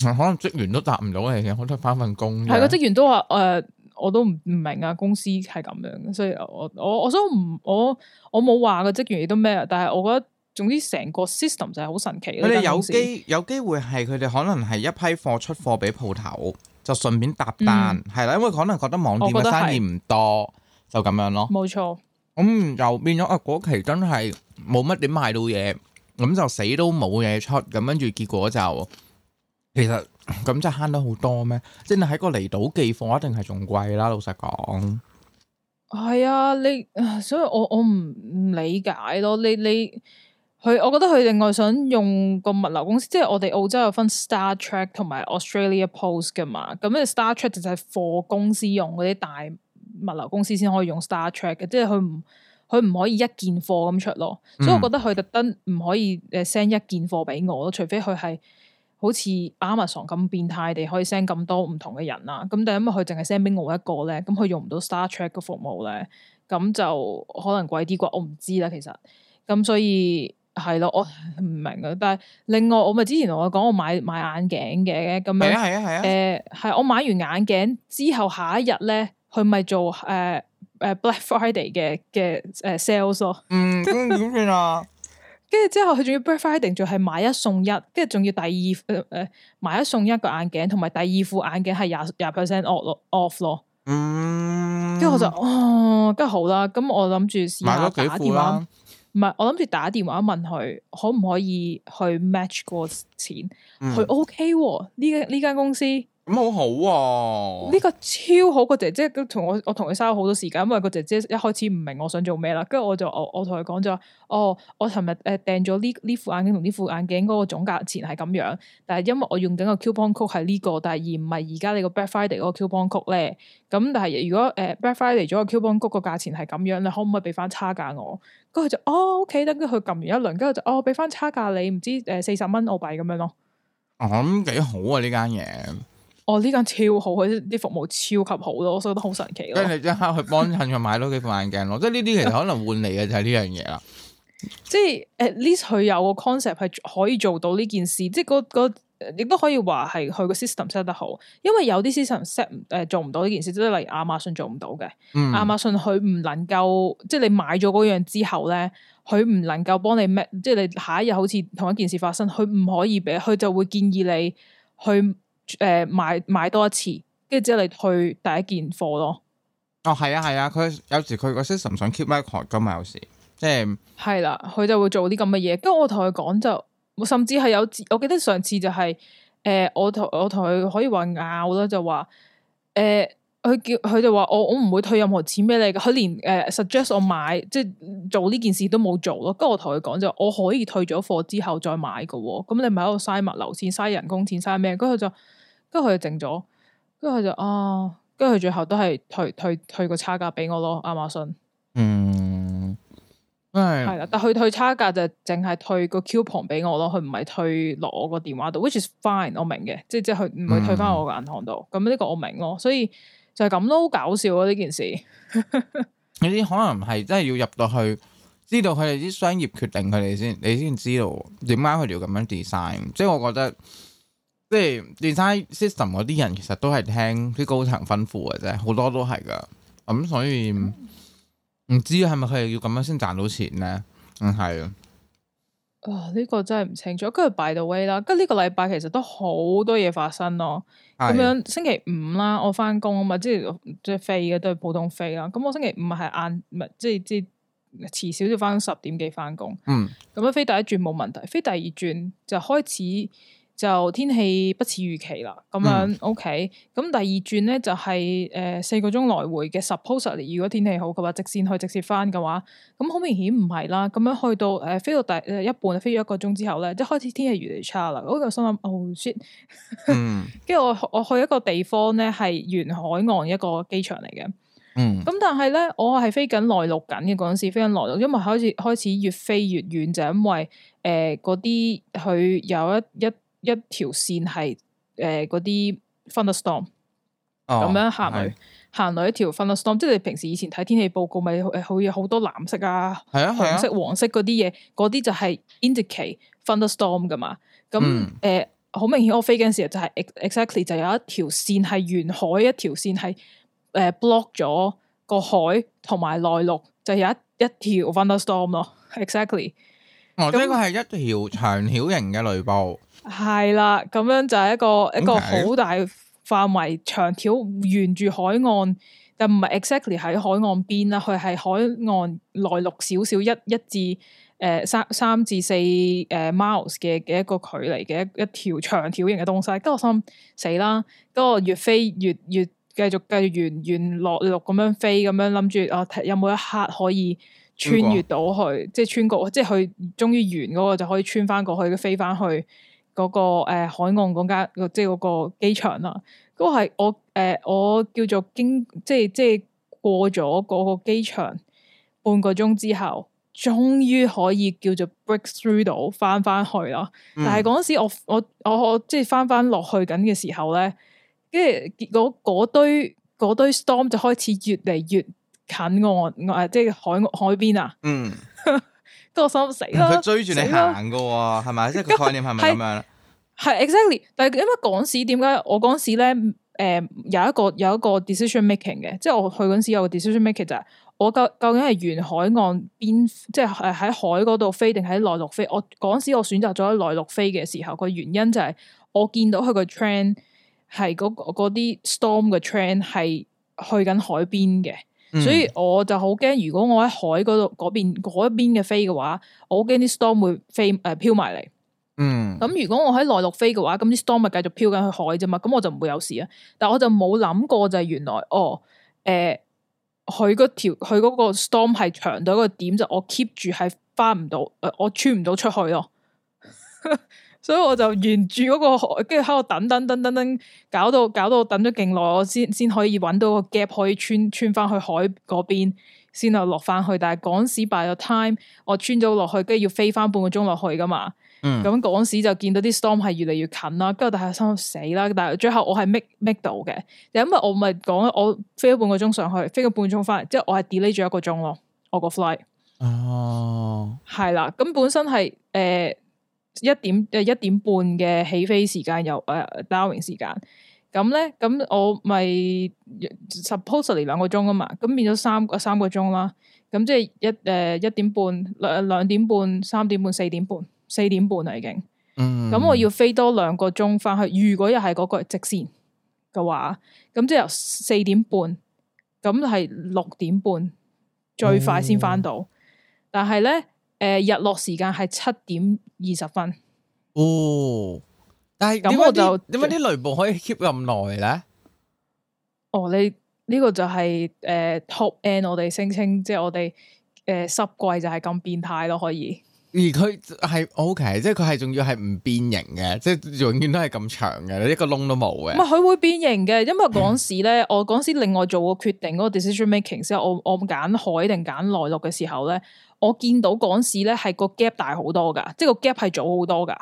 可能職員都答唔到嘅，我都翻份工。係個職員都話誒，我都唔唔明啊。公司係咁樣，所以我我我想唔我我冇話個職員亦都咩啊。但係我覺得，總之成個 system 就係好神奇。佢哋有機有機會係佢哋可能係一批貨出貨俾鋪頭，就順便搭單係啦。因為可能覺得網店嘅生意唔多，就咁樣咯。冇錯，咁又變咗啊！嗰期真係冇乜點賣到嘢，咁就死都冇嘢出。咁跟住結果就。其實咁真係慳到好多咩？即係你喺個離島寄貨一定係仲貴啦。老實講，係啊，你所以我我唔唔理解咯。你你佢，我覺得佢另外想用個物流公司，即係我哋澳洲有分 StarTrack 同埋 Australia Post 噶嘛。咁 StarTrack 就係貨公司用嗰啲大物流公司先可以用 StarTrack 嘅，即係佢唔佢唔可以一件貨咁出咯。嗯、所以我覺得佢特登唔可以誒 send 一件貨俾我咯，除非佢係。好似 Amazon 咁變態地可以 send 咁多唔同嘅人啦，咁但係因為佢淨係 send 俾我一個咧，咁佢用唔到 Star Trek 嘅服務咧，咁就可能貴啲啩，我唔知啦，其實，咁所以係咯，我唔明啊。但係另外我咪之前同我講我買買眼鏡嘅，咁樣係啊係啊係啊，誒係我買完眼鏡之後下一日咧，佢咪做誒誒 Black Friday 嘅嘅誒 sale 咯。嗯，咁點算啊？跟住之後，佢仲要 birthday 仲係買一送一，跟住仲要第二誒、呃、買一送一個眼鏡，同埋第二副眼鏡係廿廿 percent off 咯，off 咯。嗯，跟住我就哦，咁好啦，咁我諗住試下打電話，唔係、啊、我諗住打電話問佢可唔可以去 match 個錢，佢、嗯、OK 呢呢間公司。咁好好啊！呢個超好個姐姐都同我，我同佢嘥咗好多時間，因為個姐姐一開始唔明我想做咩啦，跟住我就我我同佢講咗：「哦，我尋日誒訂咗呢呢副眼鏡同呢副眼鏡嗰個總價錢係咁樣，但係因為我用緊個 coupon code 係呢、這個，呢但係而唔係而家你個 Black Friday 嗰個 coupon code 咧，咁但係如果誒 Black Friday 咗個 coupon code 個價錢係咁樣，你可唔可以俾翻差價我？跟住就哦，OK，等佢撳完一輪，跟住就哦，俾翻差價你，唔知誒四十蚊澳幣咁樣咯。咁幾、嗯、好啊，呢間嘢。哦，呢間超好，佢啲服務超級好咯，所以我覺得好神奇。即係即刻去幫襯佢買多幾副眼鏡咯，即係呢啲其實可能換嚟嘅就係呢樣嘢啦。即係 at least 佢有個 concept 係可以做到呢件事，即係嗰個亦都可以話係佢個 system set 得好，因為有啲 system set 誒做唔到呢件事，即係例如亞馬遜做唔到嘅。嗯。亞馬遜佢唔能夠，即係你買咗嗰樣之後咧，佢唔能夠幫你，即係你下一日好似同一件事發生，佢唔可以俾，佢就會建議你去。誒，買買多一次，跟住之後你退第一件貨咯。哦，係啊，係啊，佢有時佢個 system 想 keep my 埋台金嘛，有時即係係啦，佢就會做啲咁嘅嘢。跟住我同佢講就，甚至係有，我記得上次就係誒，我同我同佢可以話拗啦，就話誒，佢叫佢就話我我唔會退任何錢俾你噶，佢連誒 suggest 我買即係做呢件事都冇做咯。跟住我同佢講就，我可以退咗貨之後再買噶，咁你咪喺度嘥物流錢、嘥人工錢、嘥咩？跟住就。跟住佢就靜咗，跟住佢就啊，跟住佢最後都係退退退個差價俾我咯，亞馬遜。嗯，因為係啦，但佢退差價就淨係退個 coupon 俾我咯，佢唔係退落我個電話度，which is fine，我明嘅，即即佢唔會退翻我個銀行度。咁呢、嗯、個我明咯，所以就係咁咯，好搞笑啊呢件事。有 <laughs> 啲可能係真係要入到去，知道佢哋啲商業決定佢哋先，你先知道點解佢哋要咁樣 design。即係我覺得。即係 design system 嗰啲人，其實都係聽啲高層吩咐嘅啫，好多都係噶。咁所以唔知係咪佢哋要咁樣先賺到錢咧？嗯，係啊。哦、呢、嗯呃呢個真係唔清楚。跟住 by the way 啦，跟住呢個禮拜其實都好多嘢發生咯。咁是樣星期五啦，我翻工啊嘛，即係即係飛嘅都係普通飛啦。咁我星期五係晏，唔即係即係遲少少翻十點幾翻工。嗯，咁樣飛第一轉冇問題，飛第二轉就開始。就天氣不似預期啦，咁樣、嗯、OK。咁第二轉咧就係、是、誒、呃、四個鐘來回嘅 suppose 嚟，Supposedly，如果天氣好嘅話，直線去直接返嘅話，咁好明顯唔係啦。咁樣去到誒、呃、飛到第一半，飛咗一個鐘之後咧，即開始天氣越嚟越差啦。我就心諗 oh shit，跟住、 <laughs> 嗯、我我去一個地方咧係沿海岸一個機場嚟嘅，咁、嗯、但係咧我係飛緊內陸緊嘅嗰陣時飛緊內陸，因為開始開始越飛越遠，就因為誒嗰啲佢有一有一。一條線係誒嗰啲 Thunderstorm 咁樣行去，是行嚟一條 Thunderstorm，即係你平時以前睇天氣報告咪誒，會有好多藍色啊，係啊，啊紅色、黃色嗰啲嘢，嗰啲就係 indicate Thunderstorm 噶嘛。咁誒，好、嗯呃、明顯我飛嘅時候就係 exactly 就有一條線係沿海一條線係誒、呃、block 咗個海同埋內陸，就是、有一一條 Thunderstorm 咯。Exactly 哦，呢個係一條長條形嘅雷暴。Exactly 嗯嗯係啦，咁樣就係一個 Okay. 一個好大範圍長條，沿住海岸，但唔係 exactly 喺海岸邊啦，佢係海岸內陸少少，一一至誒三三至四誒 miles 嘅嘅一個距離嘅一一條長條形嘅東西。咁我心死啦，咁我越飛越越繼續繼續沿沿落陸咁樣飛，咁樣諗住啊睇有冇一刻可以穿越到去，果即係穿過，即係佢終於完嗰個就可以穿翻過去，飛翻去。嗰、那個、呃、海岸嗰間，即係嗰個機場啦，都係我誒我，、呃、我叫做經，即係即係過咗嗰個機場半個鐘之後，終於可以叫做 breakthrough 到翻翻去啦。嗯、但係嗰時我我我即係翻翻落去緊嘅時候咧，跟住結果嗰堆嗰堆 storm 就開始越嚟越近岸，誒、呃、即係海海邊啊！嗯。 <laughs> 都心死佢追住你行，噶，係咪吧？即係個概念係咪咁樣？係 <laughs> exactly，但係因為嗰時點解我嗰時咧，誒、呃、有一個有一個 decision making 嘅，即係我去嗰時有個 decision making 就係我究究竟係沿海岸邊，即係誒喺海嗰度飛定喺內陸飛。我嗰時我選擇咗喺內陸飛嘅時候，個原因就係我見到佢個 trend 係嗰啲 storm 嘅 trend 係去緊海邊嘅。所以我就好驚，如果我喺海嗰度邊一邊嘅飛嘅話，我好驚啲 storm 會飛誒飄埋嚟。呃、嗯，咁如果我喺內陸飛嘅話，咁啲 storm 咪繼續飄緊去海啫嘛？咁我就唔會有事啊。但係我就冇諗過就係原來哦，誒、呃，佢條佢嗰個 storm 係長到一個點就我 keep 住係翻唔到誒，我穿唔到出去咯。 <laughs> 所以我就沿住嗰個海，跟住喺度等，等，等，等，等，搞到搞到等咗勁耐，我先先可以揾到個 gap，可以穿穿翻去海嗰邊，先啊落翻去。但係港市 by the time，我穿咗落去，跟住要飛翻半個鐘落去噶嘛。嗯。咁港市就見到啲 storm 係越嚟越近啦，跟住但係心死啦。但係最後我係 make make 到嘅，因為我咪係講我飛咗半個鐘上去，飛咗半個鐘翻嚟，即係我係 delay 咗一個鐘咯，我個 flight。哦。係啦，咁本身係誒。呃一點誒，一點半嘅起飛時間，又誒、呃、downing 時間，咁咧咁我咪 supposedly 兩個鐘啊嘛，咁變咗三三個鐘啦，咁即係一誒一點半兩兩點半三點半四點半四點半啊已經，咁、嗯嗯、我要飛多兩個鐘翻去，如果又係嗰個直線嘅話，咁即由四點半咁係六點半最快先翻到，嗯嗯但係咧。誒、呃，日落時間係七點二十分。哦，但係咁我就，點解啲雷暴可以 keep 咁耐咧？哦，你呢、這個就係、是、誒、呃、Top end 我哋聲稱，即、就、係、是、我哋誒濕季就係咁變態咯，可以。而佢係 OK，即係佢係仲要係唔變形嘅，即係永遠都係咁長嘅，一個窿都冇嘅。唔係佢會變形嘅，因為嗰陣時咧， <laughs> 我嗰陣時另外做個決定嗰、嗰個 decision making，之後我我揀海定揀內陸嘅時候咧，我見到嗰陣時咧係個 gap 大好多噶，即係個 gap 係早好多噶，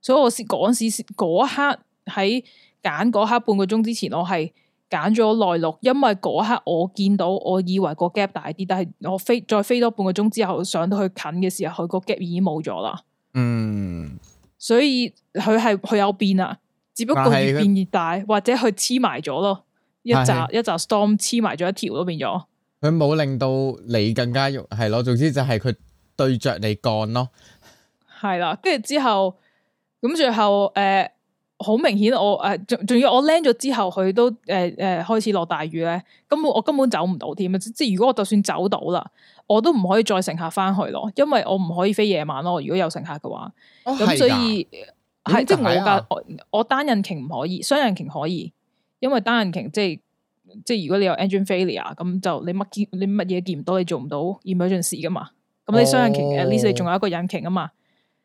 所以我先嗰陣時嗰刻喺揀嗰刻半個鐘之前，我係。揀咗內陸，因為嗰刻我見到我以為個 gap 大啲，但係我飛再飛多半個鐘之後上到去近嘅時候，佢個 gap 已經冇咗啦。嗯，所以佢係佢有變啊，只不過越變越大，啊、或者佢黐埋咗咯，一扎一扎 storm 黐埋咗一條咯，變咗。佢冇令到你更加肉，係咯，總之就係佢對着你幹咯。係啦，跟住之後咁最後誒。呃好明顯我誒，仲仲要我 land 咗之後，佢都誒誒、呃呃、開始落大雨咧，根本我根本走唔到添。即，即如果我就算走到啦，我都唔可以再乘客翻去咯，因為我唔可以飛夜晚咯。如果有乘客嘅話，咁、哦、所以係即的是我噶、啊，我單引擎唔可以，雙引擎可以，因為單引擎即即，即如果你有 engine failure 咁就你乜見你乜嘢見唔到，你做唔到 emergency 噶嘛。咁你雙引擎 at least 仲、哦、有一個引擎啊嘛，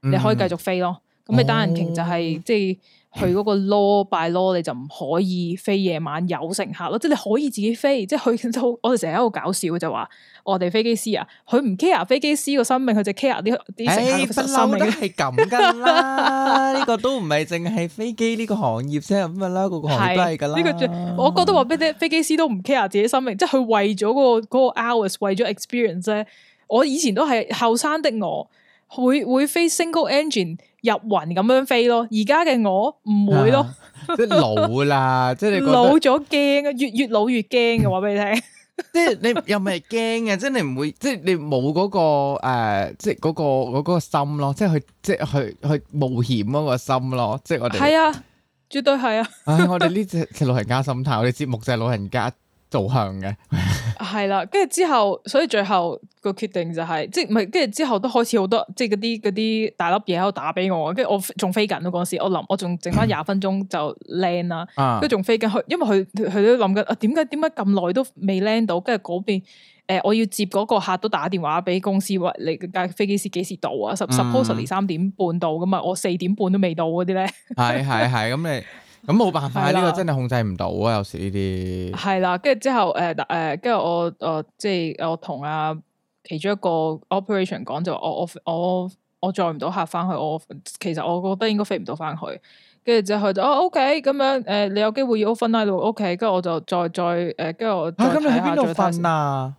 你可以繼續飛咯。咁、嗯嗯、你單引擎就係、是、即。即即去嗰個 law by law，你就唔可以飛夜晚有乘客咯，即係你可以自己飛，即係去到我哋成日喺度搞笑就話我哋飛機師啊，佢唔 care 飛機師個生命，佢就 care 啲啲乘客，乘客，乘客、欸。不嬲，你係咁噶啦，呢 <laughs> <laughs> 個都唔係淨係飛機呢個行業啫，咁咪啦，個個行業都係噶啦、這個。我覺得話咩咧，飛機師都唔 care 自己生命即、那個，即係佢為咗個個 hours，為咗 experience 啫。我以前都係後生的我。會會飛 single engine 入雲咁樣飛咯，而家嘅我唔會咯，即係老啦，即係你老咗驚啊，越越老越驚嘅話俾你聽， <laughs> 即係你又唔係驚嘅，即係你唔會，即係你冇嗰、嗰個誒、呃，即係、嗰個、嗰個心咯，即係去即係去去冒險嗰個心咯，即係我哋係啊，絕對係啊，唉、 <laughs> 哎，我哋呢只係老人家心態，我哋節目就係老人家。導向嘅係啦，跟住之後，所以最後個決定就係、是，即係唔係跟住之後都開始好多，即係嗰啲啲大粒嘢喺度打俾我，跟住我仲飛緊咯嗰時我、啊， <coughs> 我諗我仲剩翻廿分鐘就 land 啦，跟住仲飛緊、啊、去，因為佢佢都諗緊啊，點解點解咁耐都未 land 到？跟住嗰邊誒，我要接嗰個客都打電話俾公司話，你架飛機師幾時到啊？十 suppose、嗯、嚟三點半到噶嘛，我四點半都未到嗰啲咧，係係係咁你。咁冇辦法，呢個真係控制唔到啊！有時呢啲係啦，跟住之後誒誒，跟住我誒，即係我同阿其中一個 operation 講就我我我我載唔到客翻去，我其實我覺得應該飛唔到翻去。跟住之後就哦，OK，咁樣誒，你有機會要分開到屋企，跟住我就再再誒，跟住我吓，咁你喺邊度瞓啊？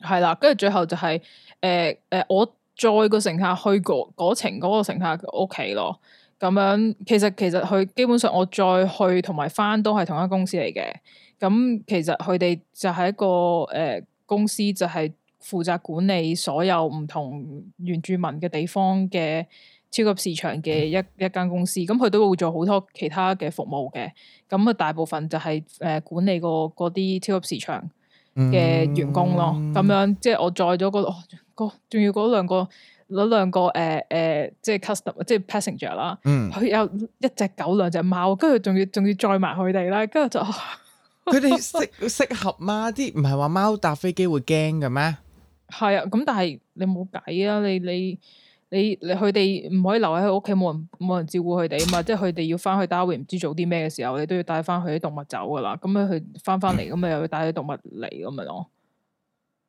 係啦，跟住最後就係誒誒，我再個乘客去嗰嗰程嗰個乘客屋企咯。咁樣其實其實佢基本上我再去同埋翻都係同一公司嚟嘅，咁其實佢哋就係一個誒、呃、公司，就係負責管理所有唔同原住民嘅地方嘅超級市場嘅一一間公司，咁佢都會做好多其他嘅服務嘅，咁啊大部分就係、是、誒、呃、管理過嗰啲超級市場嘅員工咯，咁、嗯、樣即係我再咗嗰個仲要嗰兩個。哦。攞兩個誒誒、呃呃，即係 custom 即係 passenger 啦、嗯。佢有一隻狗，兩隻貓，跟住仲要仲要載埋佢哋啦。跟住就佢哋適適合嗎？啲唔係話貓搭飛機會驚嘅咩？係啊，咁但係你冇計啊！你你你你佢哋唔可以留喺佢屋企，冇人冇人照顧佢哋啊嘛！ <coughs> 即係佢哋要翻去 Darwin 唔知做啲咩嘅時候，你都要帶翻佢啲動物走噶啦。咁樣佢翻翻嚟，咁咪 <coughs> 又要帶啲動物嚟，咁樣咯。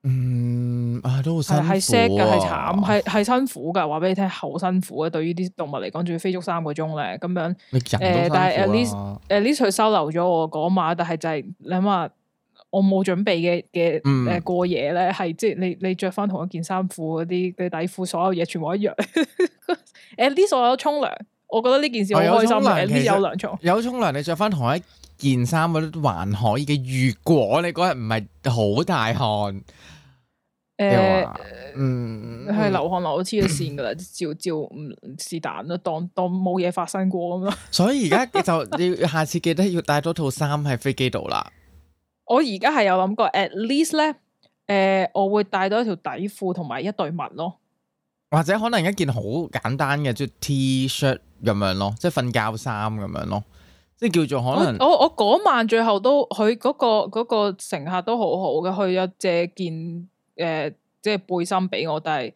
嗯，啊都好係係 sad 噶，係慘，係係辛苦噶。話俾你聽，好辛苦啊！苦苦對呢啲動物嚟講，仲要飛足三個鐘咧，咁樣。誒、呃，但係 at least，at least 佢收留咗我嗰晚，但係就係諗下，你我冇準備嘅嘅誒過夜咧，係、呃嗯、即係你你着翻同一件衫褲嗰啲嘅底褲，所有嘢全部一樣。 <laughs> at least，我有沖涼，我覺得呢件事好開心嘅。有，是實有涼沖，有沖涼，你着翻同一。件衫嗰啲都還可以嘅，如果你嗰日唔係好大汗，誒、呃，嗯，係、嗯、流汗流到黐咗線噶啦，照照唔是但咯，當當冇嘢發生過咁咯。所以而家就要 <laughs> 下次記得要帶多套衫喺飛機度啦。我而家係有諗過，at least 咧，誒，我會帶多一條底褲同埋一對襪咯，或者可能一件好簡單嘅，即係 T-shirt 咁樣咯，即係瞓覺衫咁樣咯。即係叫做可能我，我我嗰晚最後都佢嗰、嗰個、嗰個乘客都好好嘅，去咗借件誒、呃、即係背心俾我，但係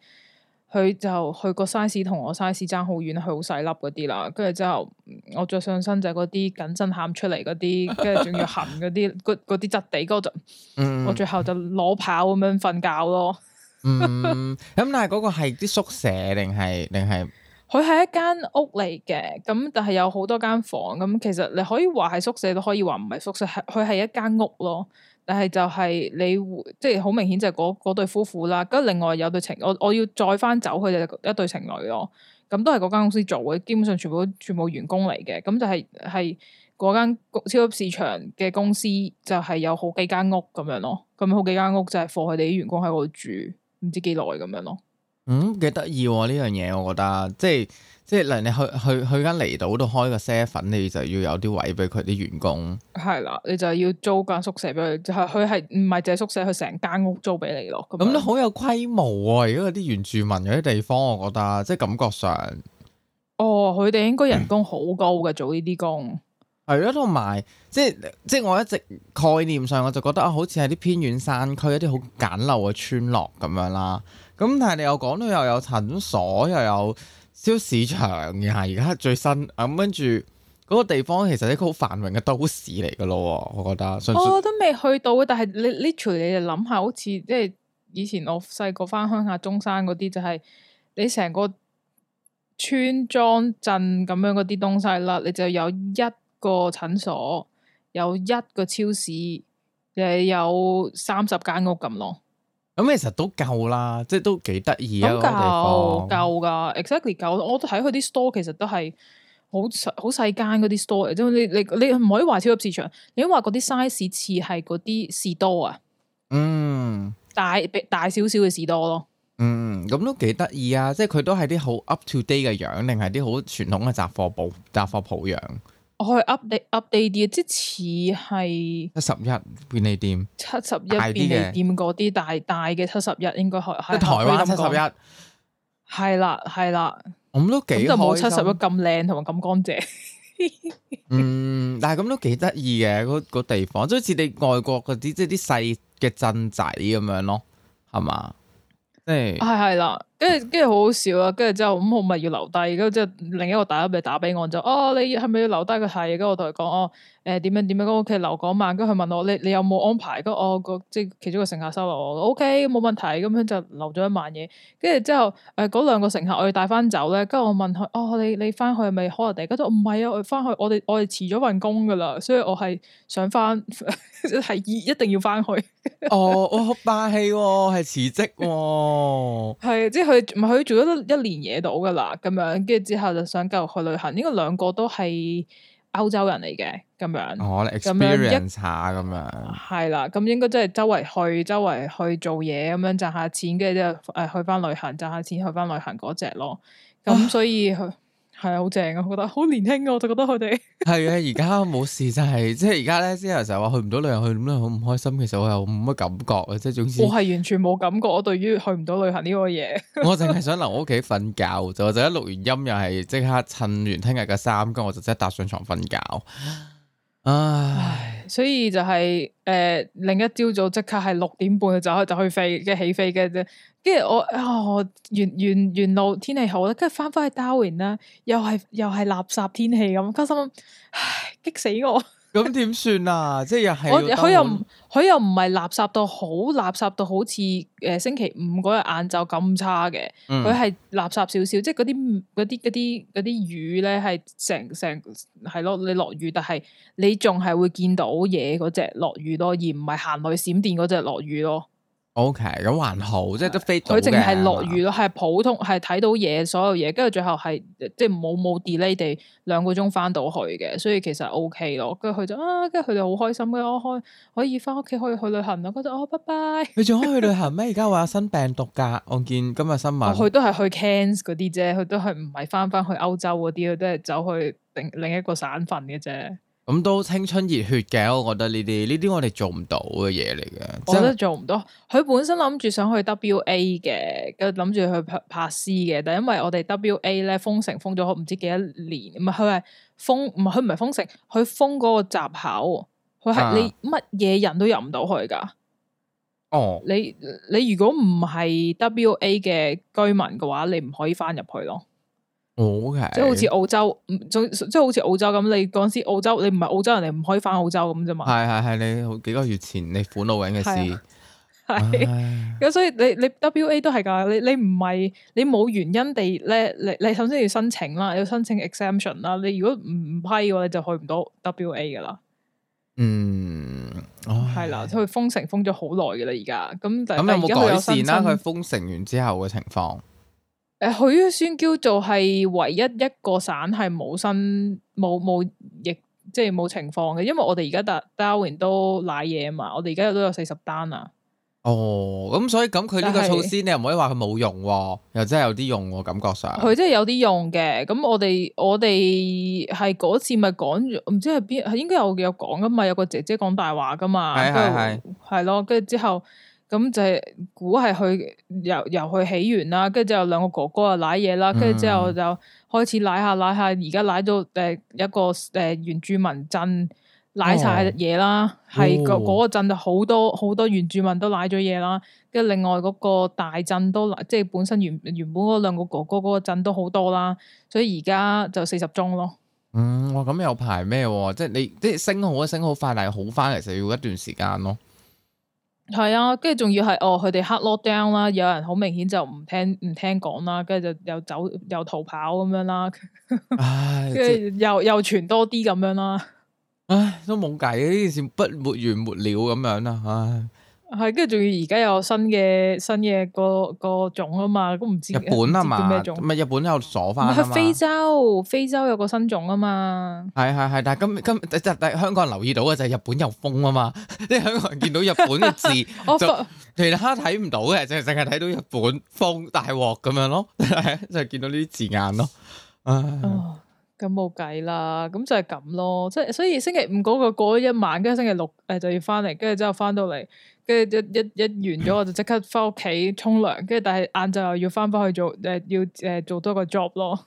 佢就去個 size 同我 size 爭好遠，佢好細粒嗰啲啦。跟住之後我着上身就係嗰啲緊身喊出嚟嗰啲，跟住仲要痕嗰啲嗰啲質地，嗰就、嗯、我最後就裸跑咁樣瞓覺咯。嗯，咁 <laughs> 但係嗰個係啲宿舍定係定係？佢係一間屋嚟嘅，咁但係有好多間房，咁、嗯、其實你可以話係宿舍都可以話唔係宿舍，係佢係一間屋咯。但係就係你，即係好明顯就係嗰嗰對夫婦啦。咁另外有對情，我我要再翻走佢哋就一對情侶咯。咁、嗯、都係嗰間公司做嘅，基本上全部全部員工嚟嘅。咁、嗯、就係係嗰間超級市場嘅公司，就係有好幾間屋咁樣咯。咁、嗯、好幾間屋就係放佢哋啲員工喺度住，唔知幾耐咁樣咯。嗯，幾得意呢樣嘢，我覺得，即係即係，嗱，你去去去間離島度開個 Seven，你就要有啲位俾佢啲員工。係啦，你就要租間宿舍俾佢，就係佢係唔係借宿舍，去成間屋租俾你咯。咁都好有規模啊！如果啲原住民嗰啲地方，我覺得，即係感覺上，哦，佢哋應該人工好高嘅，嗯、做呢啲工。係啦，同埋即係即係，我一直概念上我就覺得啊，好似係啲偏遠山區、一啲好簡陋嘅村落咁樣啦。咁但係你又講到又有診所又有超市場嘅嚇，而家最新咁、嗯、跟住嗰個地方其實一個好繁榮嘅都市嚟嘅咯，我覺得。信信我覺得都未去到，但係你你除你哋諗下，好似即係以前我細個返鄉下中山嗰啲，就係、是、你成個村莊鎮咁樣嗰啲東西啦，你就有一個診所，有一個超市，誒、就是、有三十間屋咁咯。咁其實都夠啦，即係都幾得意啊！夠夠噶，exactly 夠。我都睇佢啲 store 其實都係好細好細間嗰啲 store，即係你你你唔可以話超級市場，你話嗰啲 size 似係嗰啲士多啊，嗯，大大少少嘅士多咯。嗯，咁都幾得意啊！即係佢都係啲好 up to date 嘅樣，定係啲好傳統嘅雜貨鋪、雜貨鋪樣。我去 update update 啲，哦、up date, up date, 即似係七十一便利店，七十一便利店嗰啲大大嘅七十一，應該係喺台灣七十一，係啦係啦，我都幾冇七十一咁靚同埋咁乾淨。 <laughs> 嗯，但係咁都幾得意嘅，嗰嗰地方即好似你外國嗰啲，即係啲細嘅鎮仔咁樣咯，係嘛？即係係係啦。跟住跟住好好笑啊！跟住之後咁我咪要留低，咁之後另一個大哥咪打俾我就哦，你係咪要留低個鞋？跟我同佢講哦，誒點樣點樣，咁 OK 留嗰晚跟咁佢問我你、嗯、你有冇安排？咁我個即係其中一個乘客收留我，OK 冇問題，咁樣就留咗一晚嘢。跟住之後誒嗰、呃、兩個乘客我要帶翻走咧，跟住我問佢哦，你你翻去係咪 holiday？佢就唔係啊，我翻去我哋我哋辭咗份工噶啦，所以我係想翻係 <laughs> 一定要翻去。哦，我好霸氣喎，係辭職喎、哦，係即係。佢唔係佢做咗一年嘢到噶啦，咁樣，跟住之後就想繼續去旅行。應該兩個都係歐洲人嚟嘅，咁樣。哦 experience 下咁樣。係啦一，咁應該即係周圍去，周圍去做嘢，咁樣賺下錢，跟住就誒去翻旅行，賺下錢去翻旅行嗰隻咯。咁、oh. 所以、oh. 係啊，好正啊！我覺得好年輕啊，我就覺得佢哋係啊，而家冇事就係、是，即係而家咧，啲人成日話去唔到旅行去咁樣好唔開心，其實我又冇乜感覺啊，即係總之我係完全冇感覺，我，感覺我對於去唔到旅行呢個嘢，我淨係想留屋企瞓覺，就 <laughs> 就一錄完音又係即刻襯完聽日嘅衫，跟住我就即刻搭上床瞓覺，唉，所以就係、是、誒、呃，另一朝早即刻係六點半就開就去飛即係起飛嘅。啫。跟住我，哦，沿沿沿路天氣好啦，跟住翻翻去 Darwin 啦，又係又係垃圾天氣咁，我心諗，唉，激死我！咁點算啊？即係又係，佢又佢又唔係垃圾到好垃圾到好似誒星期五嗰日晏晝咁差嘅，佢係、嗯、垃圾少少，即係嗰啲嗰啲嗰啲啲雨咧係成成係咯，你落雨，但係你仲係會見到嘢嗰隻落雨咯，而唔係行雷閃電嗰隻落雨咯。O K，咁還好，的即係都飛。佢淨係落雨咯，係吧普通，係睇到嘢，所有嘢，跟住最後係即係冇冇 delay 地兩個鐘翻到去嘅，所以其實 O K 咯。跟住佢就啊，跟住佢哋好開心嘅，我可可以翻屋企，可以去旅行啦。佢就哦，拜拜。你仲可以去旅行咩？而家話新病毒噶，我見今日新聞。佢都係去 Cairns 嗰啲啫，佢都係唔係翻翻去歐洲嗰啲，佢都係走去另另一個省份嘅啫。咁都青春熱血嘅，我覺得呢啲呢啲我哋做唔到嘅嘢嚟嘅，我覺得做唔到。佢本身諗住想去 WA 嘅，跟住諗住去拍拍 C 嘅，但係因為我哋 WA 呢封城封咗唔知幾多年，唔係佢係封唔係佢唔係封城，佢封嗰個閘口，佢係你乜嘢人都入唔到去㗎。哦、啊，你你如果唔係 WA 嘅居民嘅話，你唔可以返入去咯。O Okay . K，即係好似澳洲，即係好似澳洲咁。你嗰陣時澳洲，你唔係澳洲人，你唔可以返澳洲咁啫嘛。係係係，你幾個月前你煩惱緊嘅事，係咁、啊、唉所以你你 W A 都係噶。你你唔係你冇原因地咧，你你，你首先要申請啦，要申請 e x e m p t i o n 啦。你如果唔批嘅話，你就去唔到 W A 噶啦。嗯，係啦，佢封城封咗好耐噶啦，而家咁咁有冇、嗯、改善啦、啊？佢封城完之後嘅情況？.誒許先叫做係唯一一個省係冇新冇冇疫，即係冇情況嘅。因為我哋而家打 download 都賴嘢啊嘛，我哋而家都有四十單啊。哦，咁所以咁佢呢個措施，是你又唔可以話佢冇用喎、啊，又真係有啲用喎、啊，感覺上。佢真係有啲用嘅。咁我哋我哋係嗰次咪講咗唔知係邊，係應該有有講噶嘛？有個姐姐講大話噶嘛？係係係。係咯是是 的，跟住之後。咁就係，估係去由由去起源啦，跟住之後兩個哥哥啊，舐嘢啦，跟住之後就開始舐下舐下，而家舐到誒一個誒原住民鎮舐晒嘢啦，係、哦哦那個嗰個鎮就好多好多原住民都舐咗嘢啦，跟住另外嗰個大鎮都即係本身原原本嗰兩個哥哥嗰個鎮都好多啦，所以而家就四十宗咯。嗯，咁有排咩喎？即係你即係升好啊，升好快，但係好翻其實要一段時間咯。係啊，跟住仲要係哦，佢哋 hard lockdown 啦，有人好明顯就唔聽唔聽講啦，跟住就又走又逃跑咁樣啦，跟住、哎、呀 <laughs> 又這又傳多啲咁樣啦，唉、哎，都冇計，呢件事不沒完沒了咁樣啦，唉、哎。係，跟住仲要而家有新嘅新嘅個個種啊嘛，咁唔知日本啊嘛，叫咩種？唔係日本又鎖翻。唔係非洲，非洲有個新種啊嘛。係係係，但係今今香港人留意到嘅就係日本有封啊嘛，即 <laughs> 係香港人見到日本嘅字就其他睇唔到嘅，淨係淨係睇到日本封大鑊咁樣咯， <laughs> 就係見到呢啲字眼咯。唉，咁冇計啦，咁就係咁咯，即係所以星期五嗰個過咗一晚，跟住星期六誒就要翻嚟，跟住之後翻到嚟。跟住一一一完咗，我就即刻翻屋企沖涼。跟住但係晏晝又要翻返去做，誒要誒做多個 job 咯。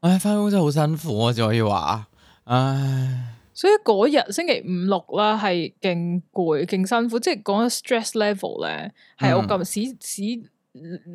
唉、 <laughs> 哎，翻工真係好辛苦啊，就可以話。唉，所以嗰日星期五六啦，係勁攰勁辛苦，即係講緊 stress level 咧，係我咁史史。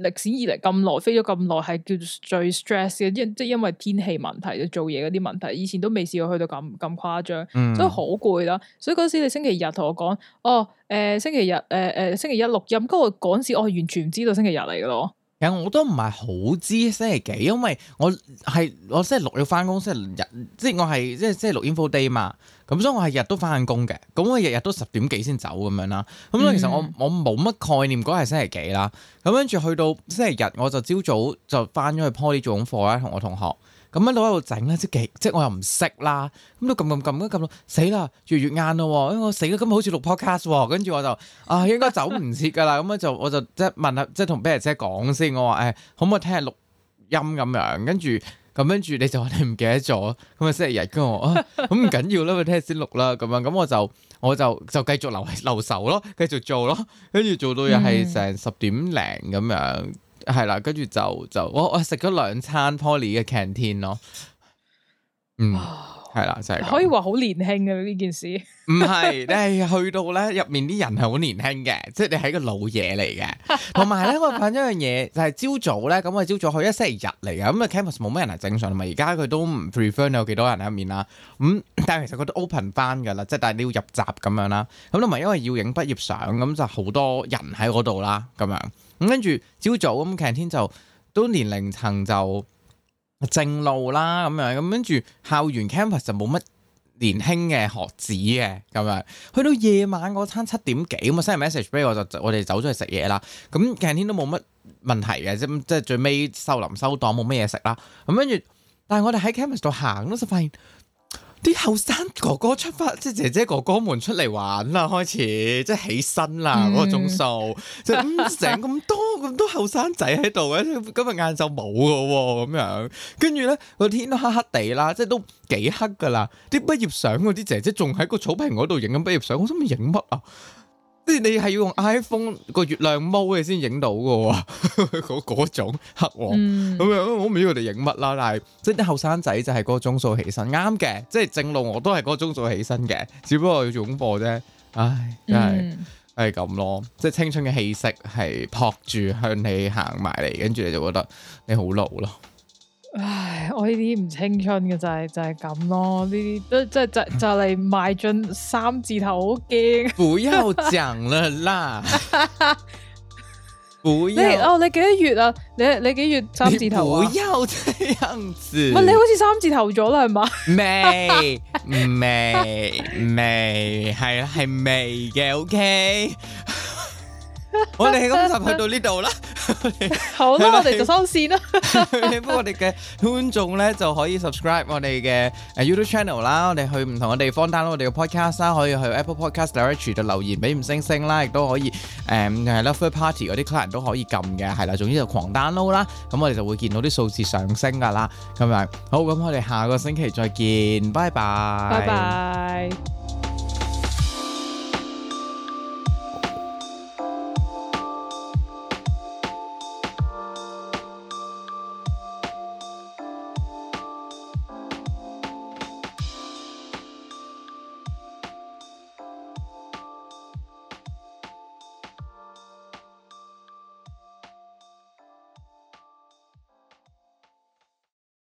歷史以嚟咁耐飛咗咁耐係叫做最 stress 嘅，即即因為天氣問題就做嘢嗰啲問題，以前都未試過去到咁咁誇張，所以好攰啦。所以嗰時你星期日同我講，哦，誒、呃、星期日，誒誒星期一錄音，嗰個陣時，我係完全唔知道星期日嚟嘅咯。其實我都唔係好知星期幾，因為我係我星期六要翻工，星期，六即星期六日即係我係即係即係 info day 嘛，咁所以我係日都翻緊工嘅，咁我日日都十點幾先走咁樣啦，咁其實我我冇乜概念嗰日星期幾啦，咁跟住去到星期日我就朝早就翻咗去 Poly 做功課啦，同我同學。咁樣攞喺度整咧，即係即我又唔識啦，咁都撳撳撳，咁撳到死啦，越越晏咯，因、欸、為我死啦，今日好似錄 podcast 跟、喔、住我就啊應該走唔切噶啦，咁樣就我就即係問下，即係同 Bear 姐講先，我話誒、欸、可唔可以聽下錄音咁樣，跟住咁跟住你就話你唔記得咗，咁、嗯、啊星期日跟我，咁、嗯、唔緊要啦，咁聽日先錄啦，咁樣咁、嗯嗯、我就我就就繼續留留守咯，繼續做咯，跟住做到又係成十點零咁樣。係啦，跟住就就我我食咗兩餐 Poly 嘅 canteen 咯，嗯，係啦、oh，就係、是、可以話好年輕嘅呢件事。唔 <laughs> 係，你係去到咧入面啲人係好年輕嘅，即、就、係、是、你係一個老嘢嚟嘅。同埋咧，我發現一樣嘢就係、是、朝早咧，咁我朝早，早去一星期日嚟嘅，咁啊 campus 冇咩人係正常，同埋而家佢都唔 prefer 有幾多人喺入面啦。咁、嗯、但係其實佢都 open 翻噶啦，即、就、係、是、但係你要入閘咁樣啦。咁同埋因為要影畢業相，咁就好多人喺嗰度啦，咁樣。咁跟住朝早咁，canteen 就都年齡層就正路啦，咁樣，咁跟住校園 campus 就冇乜年輕嘅學子嘅咁樣。去到夜晚嗰餐七點幾，咁我 send message 俾我就，就我哋走出去食嘢啦。咁 canteen 都冇乜問題嘅，即即最尾收林收檔冇乜嘢食啦。咁跟住，但係我哋喺 campus 度行，咁就發現。啲後生哥哥出發，即係姐姐哥哥們出嚟玩啦，開始即係起身啦嗰鐘數，即係咁成咁多咁多後生仔喺度嘅，今日晏晝冇㗎喎，咁樣跟住咧個天都黑黑地啦，即係都幾黑㗎啦，啲畢業相嗰啲姐姐仲喺個草坪嗰度影緊畢業相，我心諗影乜啊？即係你係要用 iPhone 個月亮模你先影到嘅，哦，嗰 <laughs> 嗰種黑王咁樣，嗯嗯，我唔知佢哋影乜啦。但係即係啲後生仔就係嗰個鐘數起身，啱嘅，即係正路我都係嗰個鐘數起身嘅，只不過要做播啫。唉，真係係咁咯，即係青春嘅氣息係撲住向你行埋嚟，跟住你就覺得你好老咯。唉，我呢啲唔青春嘅就係、是、就係、是、咁咯，呢啲都即係就就嚟邁進三字頭，好驚。唔好講啦， <laughs> <laughs> 唔好你。你哦，你幾月啊？你你幾月三字頭啊？唔好咁樣子。乜你好似三字頭咗啦？係嘛？未未未，係係未嘅。O K。 <laughs> 我哋今集去到呢度啦，好的，啦， <laughs> 我哋就收線啦。 <laughs> 不過我哋嘅觀眾咧就可以 subscribe 我哋嘅 YouTube channel 啦，我哋去唔同嘅地方 download 我哋嘅 podcast 啦，可以去 Apple Podcast directory 就留言俾五星星啦，亦都可以誒係 Lover Party 嗰啲客人都可以撳嘅，係啦，總之就狂 download 啦，咁我哋就會見到啲數字上升噶啦，咁樣好，咁我哋下個星期再見，拜拜 bye bye，拜拜。